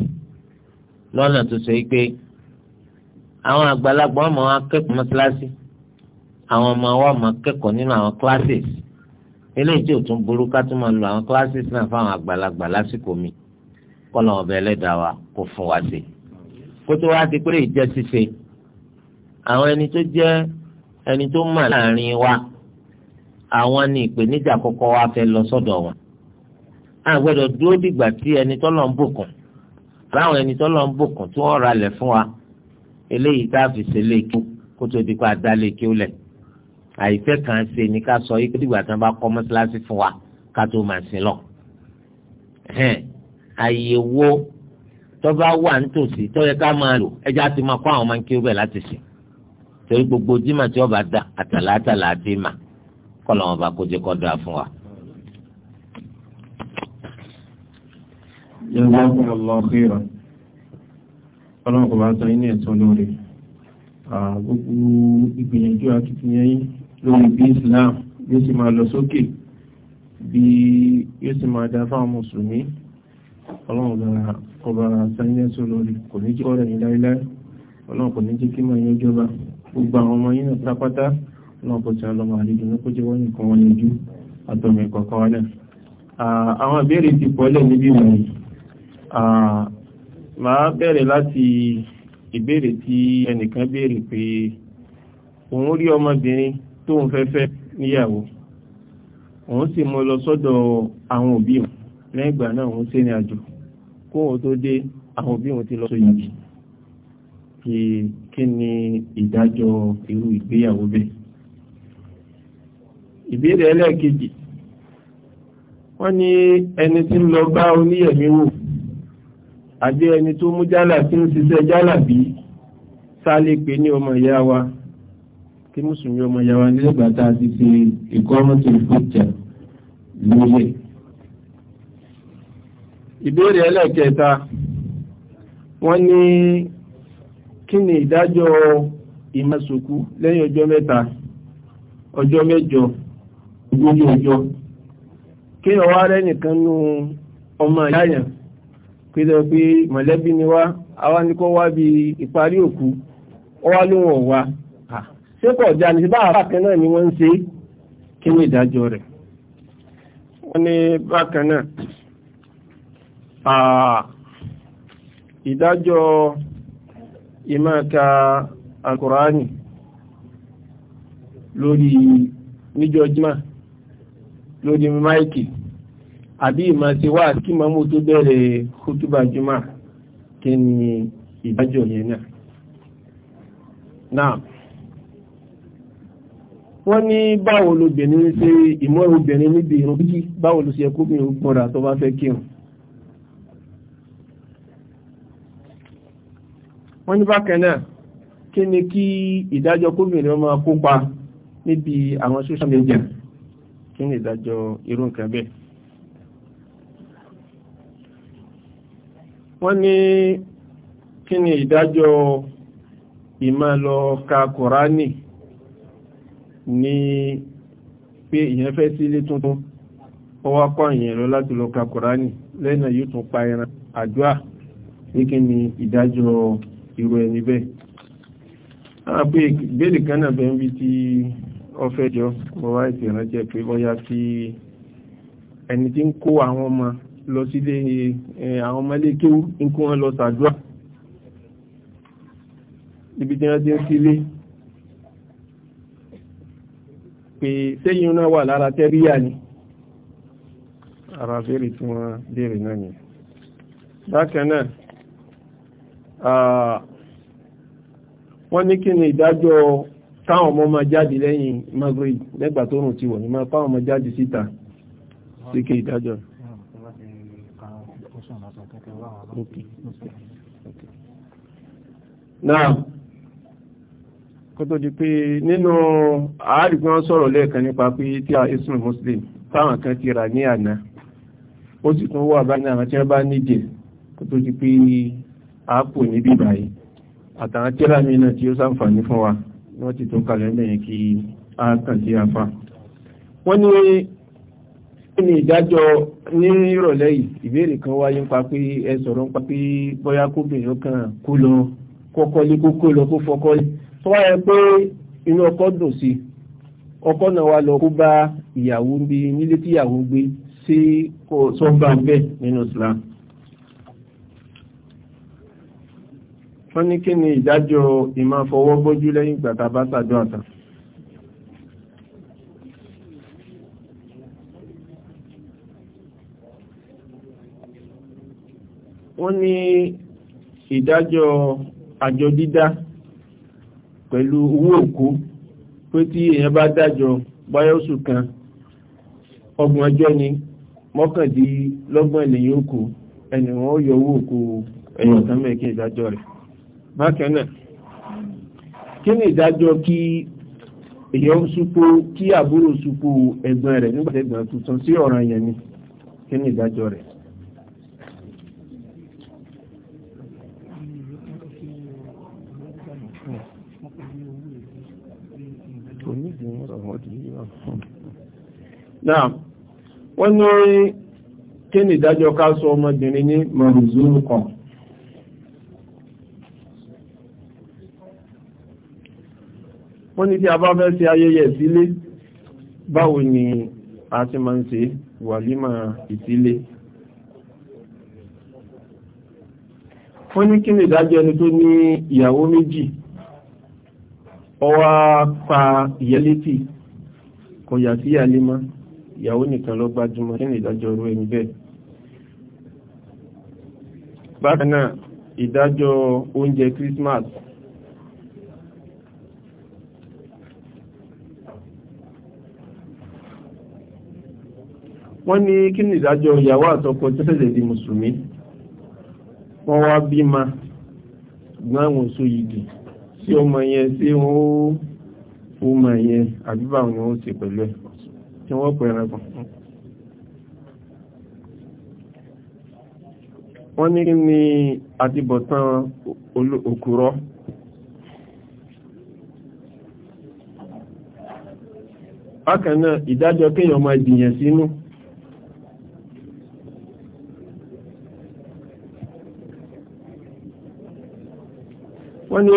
lọ́nà tó ṣe pé àwọn àgbàlagbà ọmọ wa kẹ́kọ̀ọ́ mọ́sálásí àwọn ọmọ wa máa kẹ́kọ̀ọ́ nínú àwọn classes eléyìí tí ò tún burú ká tún máa lo àwọn classes náà fáwọn àgbàlagbà lásìkò mi kọ́ lọ́wọ́ bẹ́ẹ̀ wa kó fún wa sí kótó wa ti pé ìjẹ́ àwọn ẹni tó jẹ́ ẹni tó mà láàrin wa àwọn ni ìpèníjà kọ́kọ́ wa fẹ́ lọ sọ́dọ̀ wọn a gbọ́dọ̀ dúró dìgbà tí ẹni tọ́lọ̀ ń bùkún àbáwọn ẹni tọ́lọ̀ ń bùkún tí wọ́n ralẹ̀ fún wa eléyìí tá a fi ṣe léèkó kó tó di pa dá léèkó lẹ̀ àìfẹ́ kan ṣe ni ká sọ yìí dìgbà tí wọ́n bá kọ́ mọ́ṣáláṣí fún wa ká tó máa sin lọ. àyè wo tó bá wà nítòsí tó yẹ ká máa lò ẹja ti máa kó àwọn máa ń kí ó bẹ̀ láti sìn torí gbogbo jimá tí ọba da àtàlátà là á dìímà kọlọ wọn bá kójú kọ da fún wa. yàrá fún ọlọ xírà Ọlọ́run kò bá sọ yín ní ẹ̀tọ́ lórí gbogbo ìgbìyànjú akitiyan yín lórí bí Islam yóò sì máa lọ sókè bí yóò sì máa da fáwọn mùsùlùmí Ọlọ́run kò bá sọ yín ní lórí kò ní jẹ ọ̀rẹ́ yín láéláé Ọlọ́run kò ní jẹ kí máa yọjọba gbogbo àwọn ọmọ yìí náà pátápátá náà kò tí a lọ́mọ àlejò ní kó jẹ́ wọ́n nìkan wọn lójú àtọ̀mọ̀ ìkọ̀kọ̀ wálẹ̀ àwọn ìbéèrè ti pọ̀lẹ̀ níbí wọ̀nyí màá bẹ̀rẹ̀ láti ìbéèrè tí ẹnìkan béèrè pé òun rí ọmọbìnrin tóun fẹ́ fẹ́ níyàwó òun sì mọ lọ sọ́dọ̀ àwọn òbí òun lẹ́yìn náà òun ṣe ní àjò kóun tó dé àwọn òbí òun ti lọ sóyìnbí kí ni ìdájọ́ irú ìgbéyàwó bẹ́ẹ̀ ìbéèrè ẹlẹ́ẹ̀kejì wọ́n ni ẹni tí ń lọ bá oníyẹ̀mí wò àbí ẹni tó mú jálà tí ń ṣiṣẹ́ jálà bí sálé pé ní ọmọ ìyá wa kí mùsùlùmí ọmọ ìyá wa nílẹ̀gbà tá ìbéèrè ẹlẹ́ẹ̀kẹta wọ́n ní kí ni ìdájọ́ ìmọ̀sòkú lẹ́yìn ọjọ́ mẹ́ta ọjọ́ mẹ́jọ ogójì ọjọ́ kí ọwá nìkan ní ọmọ ìyáyàn pẹ́lẹ̀ pé mọ̀lẹ́bí ni wá àwa ní kọ́ wá bí ìparí òkú ọwá lóhun ọ̀wá ṣé kọ̀ já ní bá náà ni wọ́n ń ṣe kí ni ìdájọ́ rẹ̀ wọ́n ní bákan náà ìdájọ́ ìmáka alkùránì lórí níjọjúmá lórí máìkì àbí ìmá ti wá kí mọ́mú tó bẹ̀rẹ̀ kútúbà jùmá kí ni ìdájọ́ yẹn náà náà wọ́n ní báwo lobìnrin ṣe ìmọ̀ obìnrin níbi ìrun kíkí báwo ló ṣe kó mi ò gbọ́ra tó bá fẹ́ kírun wọ́n ní bákan náà kí ni kí ìdájọ́ kóbìnrin ọmọ kópa níbi àwọn social media kí ni ìdájọ́ irú nǹkan bẹ́ẹ̀ wọ́n ní kí ni ìdájọ́ ìmá lọ ka kòránì ní pé ìyẹn fẹ́ sí ilé tuntun ó wá ìyẹn lọ láti lọ ka kòránì lẹ́nà yóò tún pa ẹran àdúrà ní kí ni ìdájọ́ irú ẹni bẹ́ẹ̀ àpé ìbéèrè kan náà bẹ́ẹ̀ ń bí tí ọ fẹ́ jọ mo wá ìtì ránṣẹ́ pé bóyá kí ẹni tí ń kó àwọn ọmọ lọ sílé àwọn ọmọ ilé kéwú ń kó wọn lọ sàdúrà níbi tí wọ́n ti ń sílé pé sẹ́yìn náà wà lára tẹ́ríyà ni ara fèrè tí wọ́n béèrè náà ni bákan náà Ah, wọ́n ní kí ni ìdájọ́ káwọn ọmọ máa jáde lẹ́yìn Maghrib lẹ́gbà tó rùn ti wọ̀ ní máa káwọn ọmọ jáde síta sí kí ìdájọ́ náà kó tó di pé nínú àárígbé wọn sọ̀rọ̀ lẹ́ẹ̀kan nípa pé tí a islam muslim táwọn kan ti rà ní àná ó sì tún wà bá àwọn tí wọ́n bá nídìí kó tó di pé àápù níbí báyìí àtàwọn tíra mi náà tí ó ṣàǹfààní fún wa wọ́n ti tó kalẹ̀ mẹ́yìn kí a kàn sí afá wọ́n ní ní ìdájọ́ ní ìrọ̀lẹ́ yìí ìbéèrè kan wáyé ń pa pé ẹ sọ̀rọ̀ ń pa pé bóyá kóbìnrin ó kàn kó lọ kọ́kọ́lé kó kó lọ kó fọkọ́lé tó wọ́n ní kí ni ìdájọ́ ìmá fọwọ́ bójú lẹ́yìn ìgbàta bá sàdọ́ àtà wọ́n ní ìdájọ́ àjọ dídá pẹ̀lú owó òkú pé tí èèyàn bá dájọ́ báyọ́sù kan ọgbọ̀n ọjọ́ ni mọ́kàndínlọ́gbọ̀n ènìyàn òkú ẹni wọ́n yọ owó òkú ẹ̀yọ̀ kan mẹ́kẹ́ ìdájọ́ rẹ̀ bákan kí ni ìdájọ́ kí èèyàn súpó kí àbúrò súpó ẹ̀gbọ́n rẹ̀ nígbàtí tuntun sí ọ̀ràn yẹn ni kí ni ìdájọ́ rẹ̀ náà wọ́n ní kí ni ìdájọ́ ká sọ ní mọ̀rùzú kan wọ́n ní tí a bá fẹ́ ṣe ayẹyẹ ìsílé báwo ni a ti máa ń ṣe wàlímà ìsílé wọ́n ní kí ni ìdájọ́ ẹni tó ní ìyàwó méjì ó pa ìyẹ́létì kò yà sí àlímà ìyàwó nìkan ló gbájúmọ́ kí ni ìdájọ́ orú ẹni bẹ́ẹ̀ bákan ìdájọ́ oúnjẹ Christmas wọ́n ní kí ni ìdájọ́ ìyàwó àtọkọ tó ṣẹ̀ṣẹ̀ di mùsùlùmí wọ́n wá bímọ gbọ́n àwọn oṣù yìí sí ọmọ yẹn sí wọ́n ó mọ yẹn àbíbà wọn ó sì pẹ̀lú ẹ̀ tí wọ́n pẹ̀ ẹranko wọ́n ní kí ni àtibọ̀tán òkúrọ́ bákan náà ìdájọ́ kéèyàn máa jìyàn sínú si wọ́n ní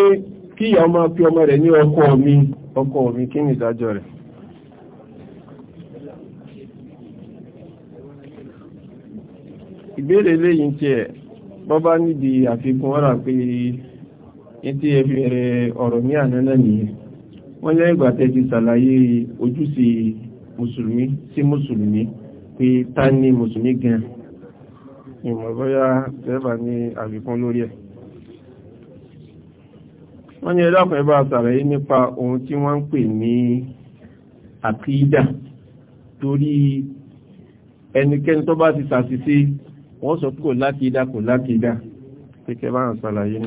kí ìyá ọmọ pí ọmọ rẹ̀ ní ọkọ mi ọkọ mi kí ni ìdájọ́ rẹ̀ ìbéèrè lẹ́yìn tí ẹ̀ bọ́ bá níbi àfikún ọ̀rà pé ní tí ẹ fi rẹ̀ ọ̀rọ̀ ní ànánà nìyẹn wọ́n yẹ́ ti sàlàyé ojúṣe mùsùlùmí sí mùsùlùmí pé ta ni mùsùlùmí gan ìmọ̀ bóyá tẹ́bà ní àfikún lórí ẹ̀ wọ́n ní ẹ̀dọ́kùn ẹbá sàrẹ̀ nípa ohun tí wọ́n ń pè ní àkídà torí ẹnikẹ́ni tó bá ti sàṣìṣe wọ́n sọ kò lákìídà kò lákìídà pẹ́kẹ́ bá ń sàlàyé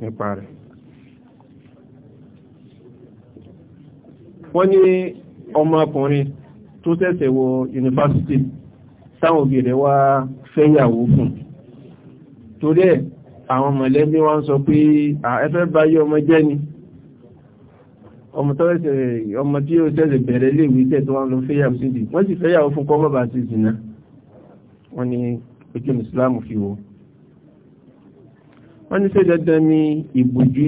nípa rẹ̀ wọ́n ní ọmọkùnrin tó ṣẹ̀ṣẹ̀ wọ yunifásitì táwọn òbí rẹ̀ wá fẹ́yàwó fún torí ẹ̀ àwọn mọ̀lẹ́bí wọ́n sọ pé ẹfẹ́ báyé ọmọ jẹ́ ni ọmọ tí ó tẹ́lẹ̀ bẹ̀rẹ̀ léèwé tẹ́ tó wọ́n lọ fẹ́yàwó sí ìdí wọ́n sì fẹ́yàwó fún kọ́ bàbá sí ìdìnà wọ́n ní wọ́n ni ìbòjú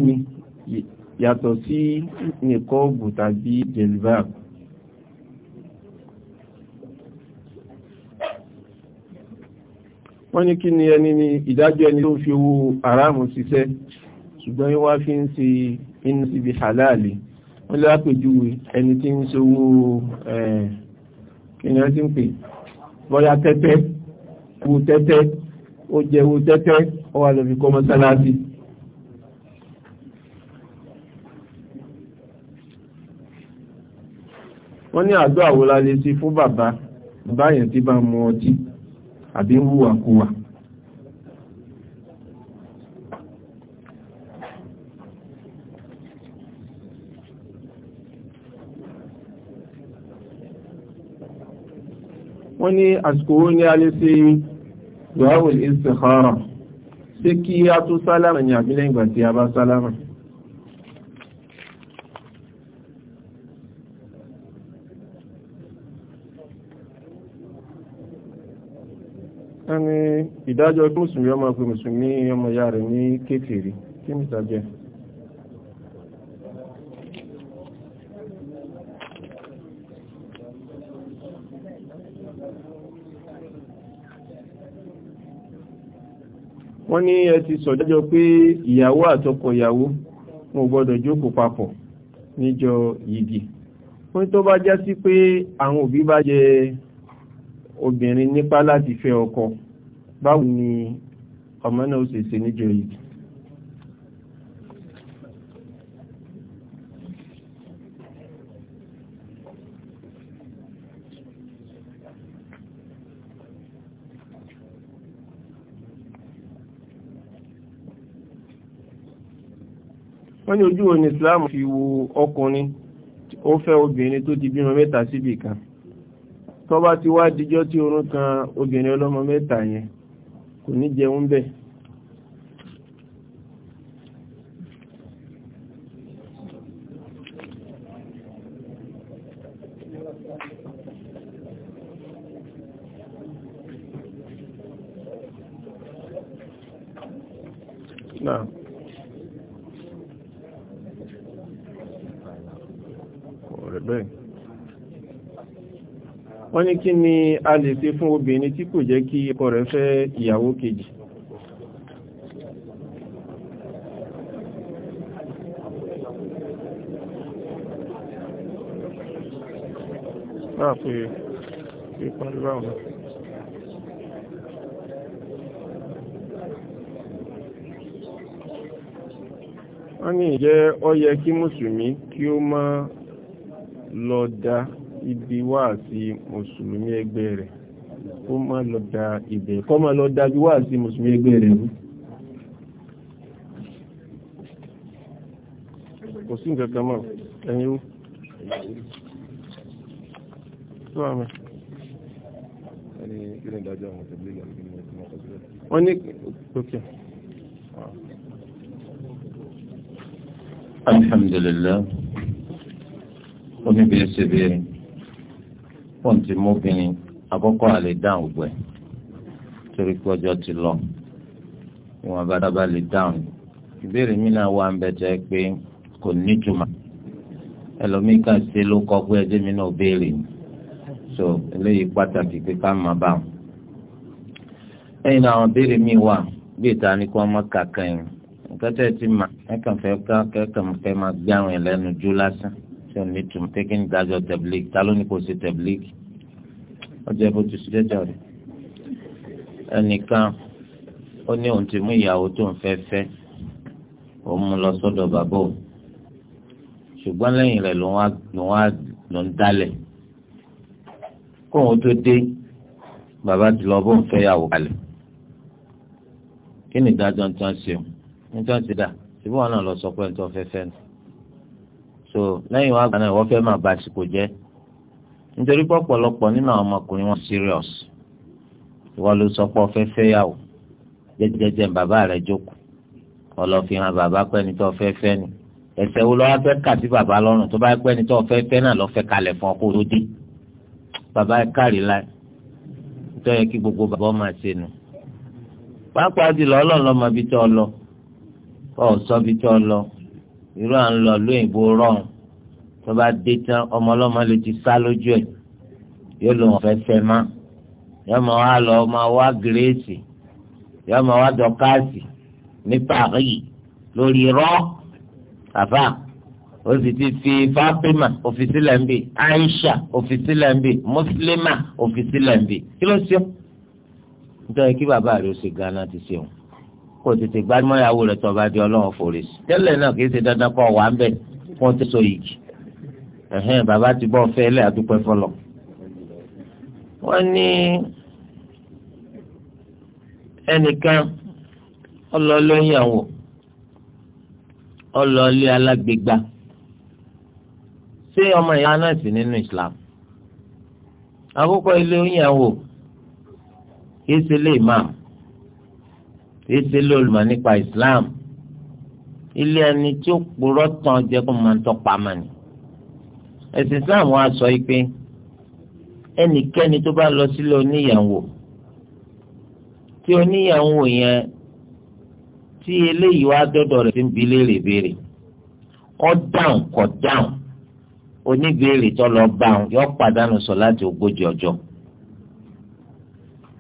wọ́n ní kí ni ẹni ni ìdájọ́ ẹni tó ń fi owó aráàmù ṣiṣẹ́ ṣùgbọ́n yíwá fi ń ṣe inú síbi halali wọ́n lè lápèjúwe ẹni tí ń ṣe owó kìnìyàn tí ń pè bọ́yá tẹ́tẹ́ wọ́n ní àdó àwòlálẹ́sí fún bàbá bàbá tí bá mu ọtí àbí ń hùwà kúwà wọ́n ní àsìkò ó ní alẹ́ sí du'a al-istikhara sí kí a tó sálámà ní àbílẹ̀ ìgbà tí a bá sálámà wọ́n ní ìdájọ́ kí mùsùlùmí ọmọ pé mùsùlùmí ọmọ ìyá rẹ̀ ní kékeré kí ni ìdájọ́ wọ́n ní ẹ ti sọ̀dájọ́ pé ìyàwó àtọkọ ìyàwó wọn gbọ́dọ̀ jókòó papọ̀ níjọ́ yìgì wọ́n tó bá já sí pé àwọn òbí bá jẹ́ obìnrin nípa láti fẹ́ ọkọ báwo ni ọmọ náà ó ṣèṣe níjọ yìí wọ́n ní ojú wo ni Islam fi wo ọkùnrin ó fẹ́ obìnrin tó ti bímọ mẹ́ta síbì kan tó bá ti wá dijọ́ tí oorun kan obìnrin ọlọ́mọ mẹ́ta yẹn kò ní jẹun bẹ́ẹ̀ wọ́n ní kí ni a lè ṣe fún obìnrin tí kò jẹ́ kí ọkọ rẹ̀ fẹ́ ìyàwó kejì ah, wọ́n ní ìjẹ́ ó kí mùsùlùmí kí ó máa lọ dáa ibi wáàsí mùsùlùmí ẹgbẹ́ rẹ̀ kó má lọ da ibẹ̀ kó má lọ da bí wáàsí mùsùlùmí ẹgbẹ́ rẹ̀ rú kò sí nǹkan kan mọ́ ẹ̀yìn ó tó àmì wọ́n ní òkè Alhamdulillah, oníbi ẹsẹ̀ bẹ́ẹ̀. fóun ti mú àkọ́kọ́ àlè dáhùn gbẹ torí pé ọjọ́ ti lọ ìwọ̀n bàdàbà lè dáhùn ìbéèrè mi náà wà ń bẹ jẹ́ pé kò nítumọ̀ ẹlòmíì kà sí ló kọ́ so eléyìí pàtàkì pé ká má bà wọn. lẹ́yìn náà àwọn béèrè mi wà bí ìta ni kí wọ́n má kà nǹkan ti mà kàn fẹ́ kàn fẹ́ tí ò ní tùm pé kí ni dájọ́ tẹ̀blík ta ló ní kò sí tẹ̀blík ọjọ́ ìbò tó ṣiṣẹ́ jà rẹ̀ ẹnìkan ó ní òun ti mú ìyàwó tó ń fẹ́ fẹ́ òun mú lọ sọ́dọ̀ bàbá òun ṣùgbọ́n lẹ́yìn rẹ̀ ló wá ló ń dálẹ̀ kó òun tó dé bàbá ti lọ bóun fẹ́ yàwó kalẹ̀ kí ni dájọ́ ń tán ṣe ń tán ti dà síbí wọn náà lọ sọ pé ń tán fẹ́ fẹ́ ni so lẹ́yìn wàá gbàná ìwọ́n fẹ́ máa ba àsìkò jẹ́ nítorí pọ̀pọ̀lọpọ̀ nínú àwọn ọmọkùnrin wọn serious ìwọ ló sọ pé ọfẹ́ fẹ́yàwó jẹ́jẹ́jẹ́ bàbá rẹ̀ jókòó ọlọ́fi hàn bàbá pẹ́ni tó fẹ́ fẹ́ ni ẹsẹ̀ wo lọ́wọ́ fẹ́ kà sí bàbá lọ́rùn tó bá pẹ́ni tó fẹ́ fẹ́ náà lọ́fẹ́ kalẹ̀ fún ọkọ tó dé bàbá kárì láì tó yẹ kí gbogbo bàbá máa ṣe nu pápá jùlọ ọlọ́ọ̀lọ́ mọ ibi irú à ń lọ lóyìnbó rọrùn tó bá dé tán ọmọ ọlọ́mọ lè ti sá lójú ẹ̀ yóò lò wọ́n fẹ́ fẹ́ má yóò máa wá lọ máa wá gírèsì yóò máa wá dọ́kásì ní Paris lórí rọ́ àfà ó sì ti fi Fatima òfìsí lẹ́ńbì Aisha òfìsí lẹ́ńbì Muslima òfìsí lẹ́ńbì kí ló ṣe nítorí kí bàbá rẹ̀ ó ṣe gánà ti ṣe wọn kó o tètè gbájúmọ́ ìyàwó rẹ̀ tó bá di ọlọ́run forí sí tẹ́lẹ̀ náà kì í ṣe dandan kọ́ wà ń bẹ̀ kó o ti so yìí ẹ̀hẹ́n bàbá ti bọ́ fẹ́ lẹ́ àdúpẹ́ fọlọ́ wọ́n ní ẹnìkan ọlọ́lọ́yàwó ọlọ́lé alágbègbà ṣé ọmọ ìyá náà sì nínú Islam àkókò ilé oyin àwò kìí ṣe lè máa èsè lólùmọ̀ nípa Islam ilé ẹni tí ó purọ́ tán jẹ́ kó máa ń tọ́pa mà ní. ẹ̀sìn Islam wa sọ pé ẹnikẹ́ni tó bá lọ sílé oníyàwó tí oníyàwó yẹn tí eléyìí wá dọ́dọ̀ rẹ̀ ti ń bi léèrè béèrè ọ dáhùn kọ dáhùn oníbèrè tó lọ bá òun yọ pàdánù sọ láti ogójì ọjọ́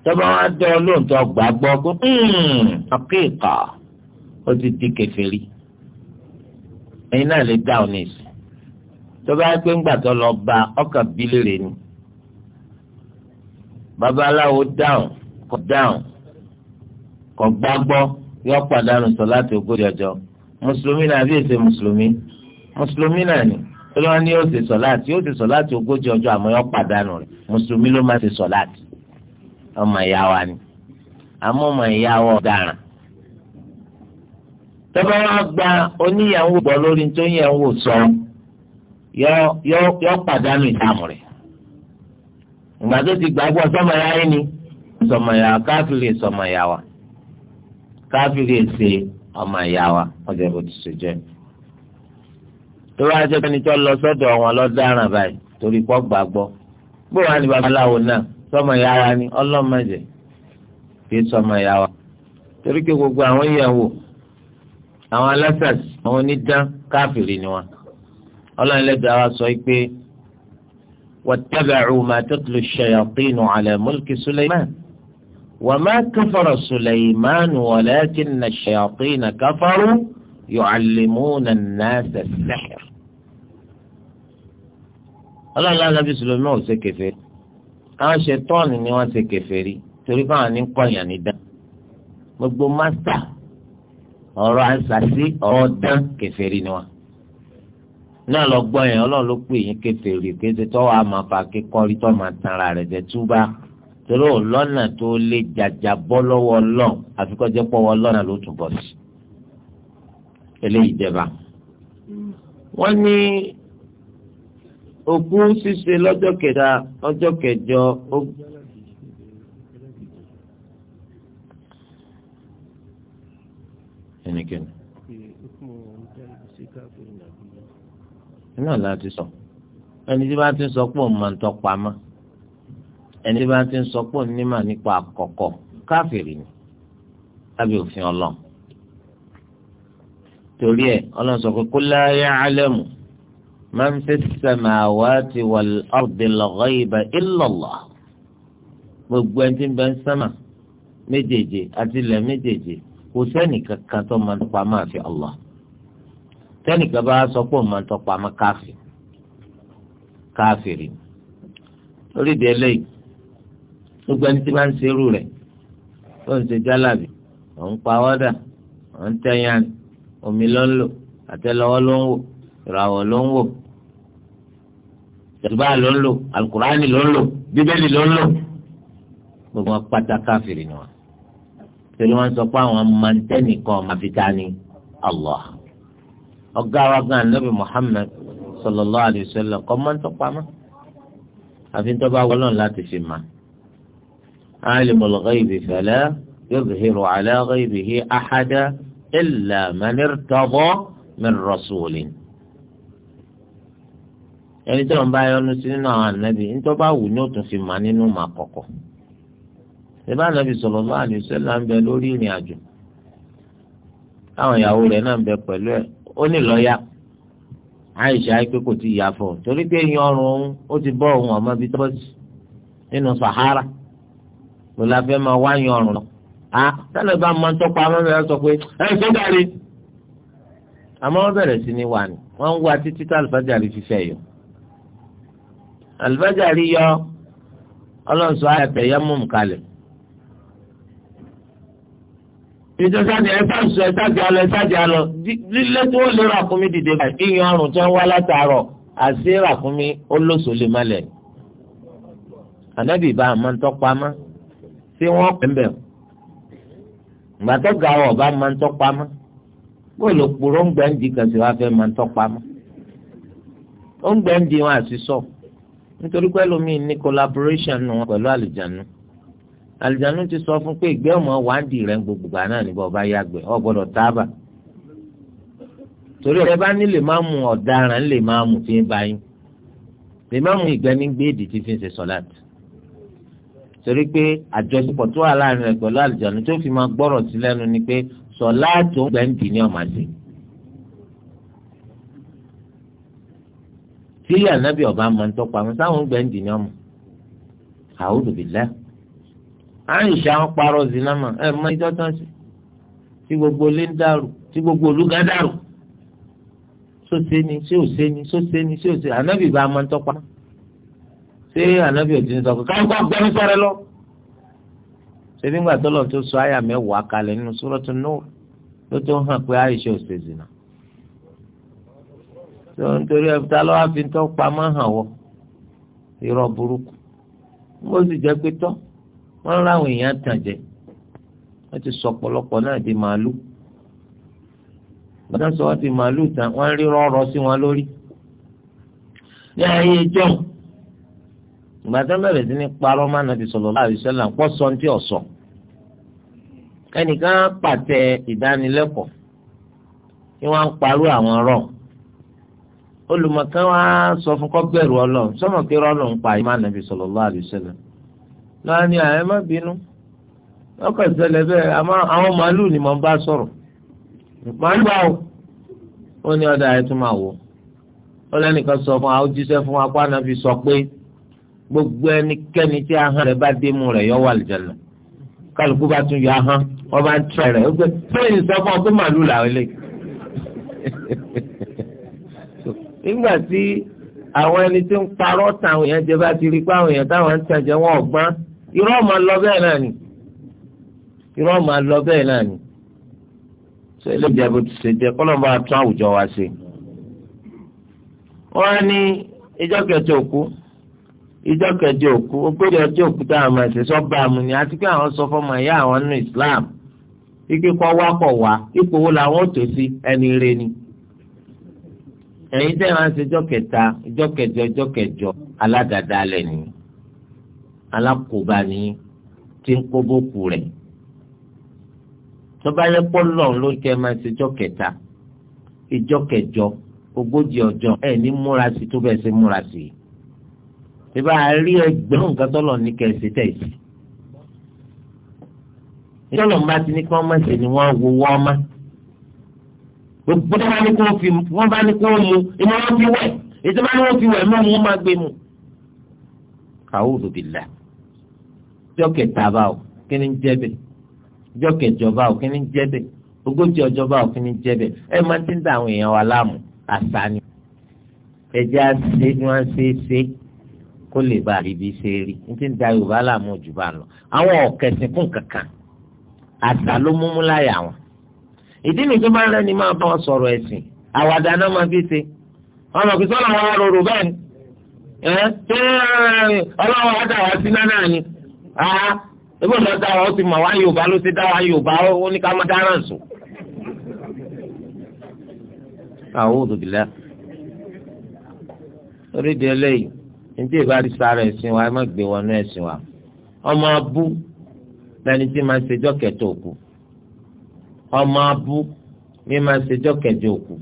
tọba wa dọ́ lóòótọ́ gbàgbọ́ hmm, kó àkíkà ó ti di kèfèrí ẹ̀yin náà lè dá òní sí tọ́ba wa pé ńgbà tó lọ bá ni babaláwo dáhùn kò dáhùn kò gbàgbọ́ yọ pàdánù sọ láti ogójì mùsùlùmí náà èsè mùsùlùmí mùsùlùmí náà ni ni yóò sọ láti yóò ọmọ ìyá wa ni àmọ́ ọmọ ìyá wa ọ̀daràn tọ́ba wa gba oníyàwó bọ̀ lórí tó yẹ̀wò sọ yọ yọ yọ pàdánù ìdààmú rẹ̀ ìgbà tó ti gbàgbọ́ sọmọya yín ni sọmọya káfíìrì sọmọya wa káfíìrì ṣe ọmọ ìyá wa ọjọ́ bó ti ṣe jẹ́ tó wá jẹ́ pẹ́ni tó lọ sọ́dọ̀ wọn lọ́dọ̀ àràn báyìí torí pọ́ gbàgbọ́ bó wà ní babaláwo náà sọmọ ìyá wa ni ọlọ́mọdé kì í sọmọ ìyá wa torí pé gbogbo àwọn ìyàwó àwọn alásàs àwọn onídán káfìrí ni wọn ọlọ́run lẹ́dàá wa sọ pé واتبعوا ما تتلو الشياطين على ملك سليمان وما كفر سليمان ولكن الشياطين كفروا يعلمون الناس السحر ọlọ́run lẹ́dàá bí sùlẹ́mán ò ṣe kẹfẹ́ àwọn ṣetọ́ọ̀nù ni wọ́n ṣe kèfèrí torí báwọn ní kọ̀yàn ní dán gbogbo mástà ọ̀rọ̀ àṣàṣì ọ̀rọ̀ dán kèfèrí ni wọ́n náà lọ gbọ́ yẹn ọlọ́run ló pè yín kèfèrí kété tọ́wọ́ àmọ́ bá kíkọ́rí tọ́ máa tanra rẹ̀ jẹ́ túbá torí ò lọ́nà tó lè jàjà bọ́ lọ́wọ́ lọ́n àfikọ́jẹ́ pọ̀ wọ́ lọ́nà ló tún bọ̀ sí eléyìí jẹba wọ́n ní òkú ṣíṣe lọ́jọ́ kẹta ọjọ́ kẹjọ ẹnikẹ́ni. náà láti sọ ẹni tí bá ti sọ pọ̀ máa ń tọpa mọ́ ẹni tí bá ti sọ pọ̀ nímọ̀ nípa àkọ́kọ́ káfíìrì ni lábẹ́ òfin ọlọ́run torí ẹ̀ ọlọ́run sọ pé kó láyé alẹ́ mu man fi samawati wal ardi al-ghayba illa Allah gbogbo ẹni tí ń bẹ ń sánmà méjèèjì àti ilẹ̀ méjèèjì kò sẹ́nìkan kan tó máa ń tọpa máa fi Allah sẹ́nìkan bá sọ pé òun máa ń tọpa máa káfì káfìrì lórí ìdí eléyìí gbogbo ẹni tí máa ń serú rẹ̀ tó ń ṣe jálàbì òun pa ọ́dà òun tẹ̀yàn omi ló ń lò àtẹlẹwọ́ ló ń wò ìràwọ̀ ló ń wò yorùbá ló ń lò alukurani ló ń lò bíbélì ló ń lò gbogbo wọn pátá káfíìrì ni wọn torí wọn sọ pé àwọn mantẹni kan mafitani allah ọgá wa gan anabi muhammed sallallahu alayhi wa sallam kọ́ máa ń tọpamọ́ àfi ń tọ́ba wọlọ́n láti fi mà alimul ghaybi fala yuzhiru ala ghaybihi ahada illa man irtada min rasulin. ẹni tó ń bá yọnu sí nínú àwọn ànábì ní tó bá wù ní òtún fi mà nínú mà kọ̀kọ̀ ìbá ànábì sallallahu alaihi wasallam ń bẹ lórí ìrìn àjò táwọn ìyàwó rẹ̀ náà ń bẹ pẹ̀lú ẹ̀ ó ní lọ́ọ́yà kò ti yà fọ torí pé yan ọrùn òun ó ti bọ́ òun ọmọ bíi tọ́sí nínú Sahara ló la fẹ́ a tẹ́lẹ̀ bá Al-Bajali yọ ọlọ́sọ ayàtẹ̀ yẹ mú kalẹ̀. ìjọba ni ẹ̀ka sọ ẹ̀sájà lọ ẹ̀sájà lọ lílé tí wọ́n lè ràkúnmí dìde báyìí ìyàn ọrùn tí wọ́n wá látàárọ̀ àti ràkúnmí olóṣò lè má lẹ̀. ànábì bá a máa ń tọ́pọ̀ amá tí wọ́n pẹ̀ ń bẹ̀. ọ̀ bá máa ń tọ́pọ̀ amá bóòlù òpùrọ̀ ń gbẹ̀ǹdì kan wá fẹ́ máa ń tọ́pọ̀ amá. ó ń gbẹ̀ǹdì wọn àti sọ̀rọ̀ nítorí pé ẹlòmíì ní collaboration nù wọn pẹ̀lú àlìjánu àlìjánu ti sọ fún pé ìgbẹ́ ọmọ wáńdì rẹ̀ gbogbo gbà náà níbo ọba yàgbẹ́ ọ gbọ́dọ̀ tábà torí ọ̀rẹ́ bá ní lè má mu ọ̀daràn lè má mu fi ń ba yín lè má mu ìgbẹ́ ní gbéèdì tí fi ń ṣe sọ̀láàtì torí pé àjọṣepọ̀ tó wà láàrin rẹ̀ pẹ̀lú àlìjánu tó fi máa gbọ́rọ̀ sí lẹ́nu ni pé sọ̀láàtì sílẹ̀ ànábì ọba máa ń tọ́pa àwọn sáwọn gbẹ̀ǹdì ni ọmọ àwùjọ bìlẹ̀ àyìnṣà wọn parọ́ zina mà ẹ mọ ìjọ tán sí tí gbogbo ilé ń dàrú tí gbogbo olúga dàrú sóse ni sí òse ni sóse ni sí òse ànábì bá máa ń tọ́pa ṣé ànábì òjì ní sọ̀kọ̀ káńkọ́ gbẹ́mí sọ̀rọ̀ lọ. ṣé nígbà tó lọ tó sọ àyà mẹ́wàá kalẹ̀ nínú Suratul Nur ló tó hàn pé àyìnṣà òsè zina tó nítorí ẹ̀fúta àfi ń tọ́ pamọ́ hàn wọ́ irọ́ burúkú ó sì jẹ́ pé tọ́ wọn ráwọn èèyàn tàn jẹ ti sọ ọpọlọpọ náà di màálù wọ́n sọ wọ́n di màálù tán wọ́n rí sí wọn lórí ní ayé jọ ìgbà tó bẹ̀rẹ̀ sí ní parọ́ máa sọ̀rọ̀ pọ́ ọ̀sọ̀ ẹnìkan pàtẹ ìdánilẹ́kọ̀ọ́ wọ́n ń parú àwọn olùmọ̀kan wá sọ fún kó bẹ̀rù ọlọ́run sọmọ pé rọ́ọ̀lù ń pa ìmọ̀ ànàbì sallallahu alaihi wasallam lọ́wọ́ ni àyẹ̀ má bínú ọkọ̀ ìṣẹ̀lẹ̀ bẹ́ẹ̀ àwọn màálù ni mo bá sọ̀rọ̀ màálù àwọn ó ní ọ̀dà ẹ̀ tún máa wò ó lẹ́nìkan sọ fún àwọn jíṣẹ́ fún apá ànàbì sọ pé gbogbo ẹnikẹ́ni tí ahọ́n rẹ̀ bá dé mu rẹ̀ yọ wà lìjẹ̀nà (laughs) nígbà tí àwọn ẹni tí ń parọ́ táwọn èèyàn jẹ bá ti rí pé àwọn èèyàn táwọn ń tẹ̀jẹ̀ wọn ọ̀gbọ́n irọ́ máa lọ bẹ́ẹ̀ náà ni irọ́ máa lọ bẹ́ẹ̀ náà ni ṣé eléjẹ bó ti ṣe jẹ kọ́lọ́ bá tún àwùjọ wa ṣe. wọ́n á ní ìjọ kẹjọ òkú ìjọ kẹjọ òkú ogójì ọjọ́ òkú táwọn máa ṣe sọ́ba mu ni àti pé àwọn sọ fọmọ ìyá àwọn nínú Islam ike kọ́ wá kọ̀ wá ipò wo làwọn ò tó ẹ̀yin tẹ́ máa ń ṣe ọjọ́ kẹta ọjọ́ kẹjọ ọjọ́ kẹjọ aládàáda alẹ́ ni alákòóbá ni tí ń kó bókù rẹ̀ tọ́ba yẹ pọ́lọ́ ló ń kẹ́ máa ṣe ọjọ́ kẹta ọjọ́ kẹjọ ogójì ọjọ́ ẹ̀ ní múra sí tó bẹ́ẹ̀ ṣe múra sí i ìbá rí ẹgbẹ̀rún nǹkan tọ́lọ̀ ní kẹsì tẹ̀sí ìtọ́lọ̀ ń ti ní kí wọ́n má ṣe ni wọ́n wo wọ́n má gbogbo tó bá ní kó fi wọn bá ní kó mu inú wọn fi wẹ̀ ètò bá wọn fi wẹ̀ mọ wọn máa gbé mu. a'udhu billah jọ kẹta bá o kí ni jẹ́ bẹ́ẹ̀ jọ kẹjọba o kí ni jẹ́ bẹ́ẹ̀ ogójì ọjọba o kí ni jẹ́ bẹ́ẹ̀ ẹ máa ti ń da àwọn èèyàn wa láàmú àṣà ni. ẹ jẹ́ àṣẹ ni wọ́n ṣe é ṣe kó lè bá ibi ṣe rí ní ti ń da yorùbá láàmú jù bá lọ àwọn ọ̀kẹ́sìnkún kankan àṣà ló mú mú láyà wọn ìdí nìyí máa ń rẹ́ni máa bá ọ sọ̀rọ̀ ẹ̀sìn àwàdà náà máa fi ṣe ọmọ kìí sọ́nà wa rọrùn bẹ́ẹ̀ ni ẹ ọlọ́wọ́ wa wá sí náà náà ni àá ebó lọ dá ó ti mọ̀ wá Yorùbá ló ti wa Yorùbá ó ní ká má dáràn sùn. àwọn orí di eléyìí rí sára wa ẹ má gbé wọnú wa ọmọ abú lẹni ọmọ abú ní máa ṣe jọ́kẹ̀jọ òkú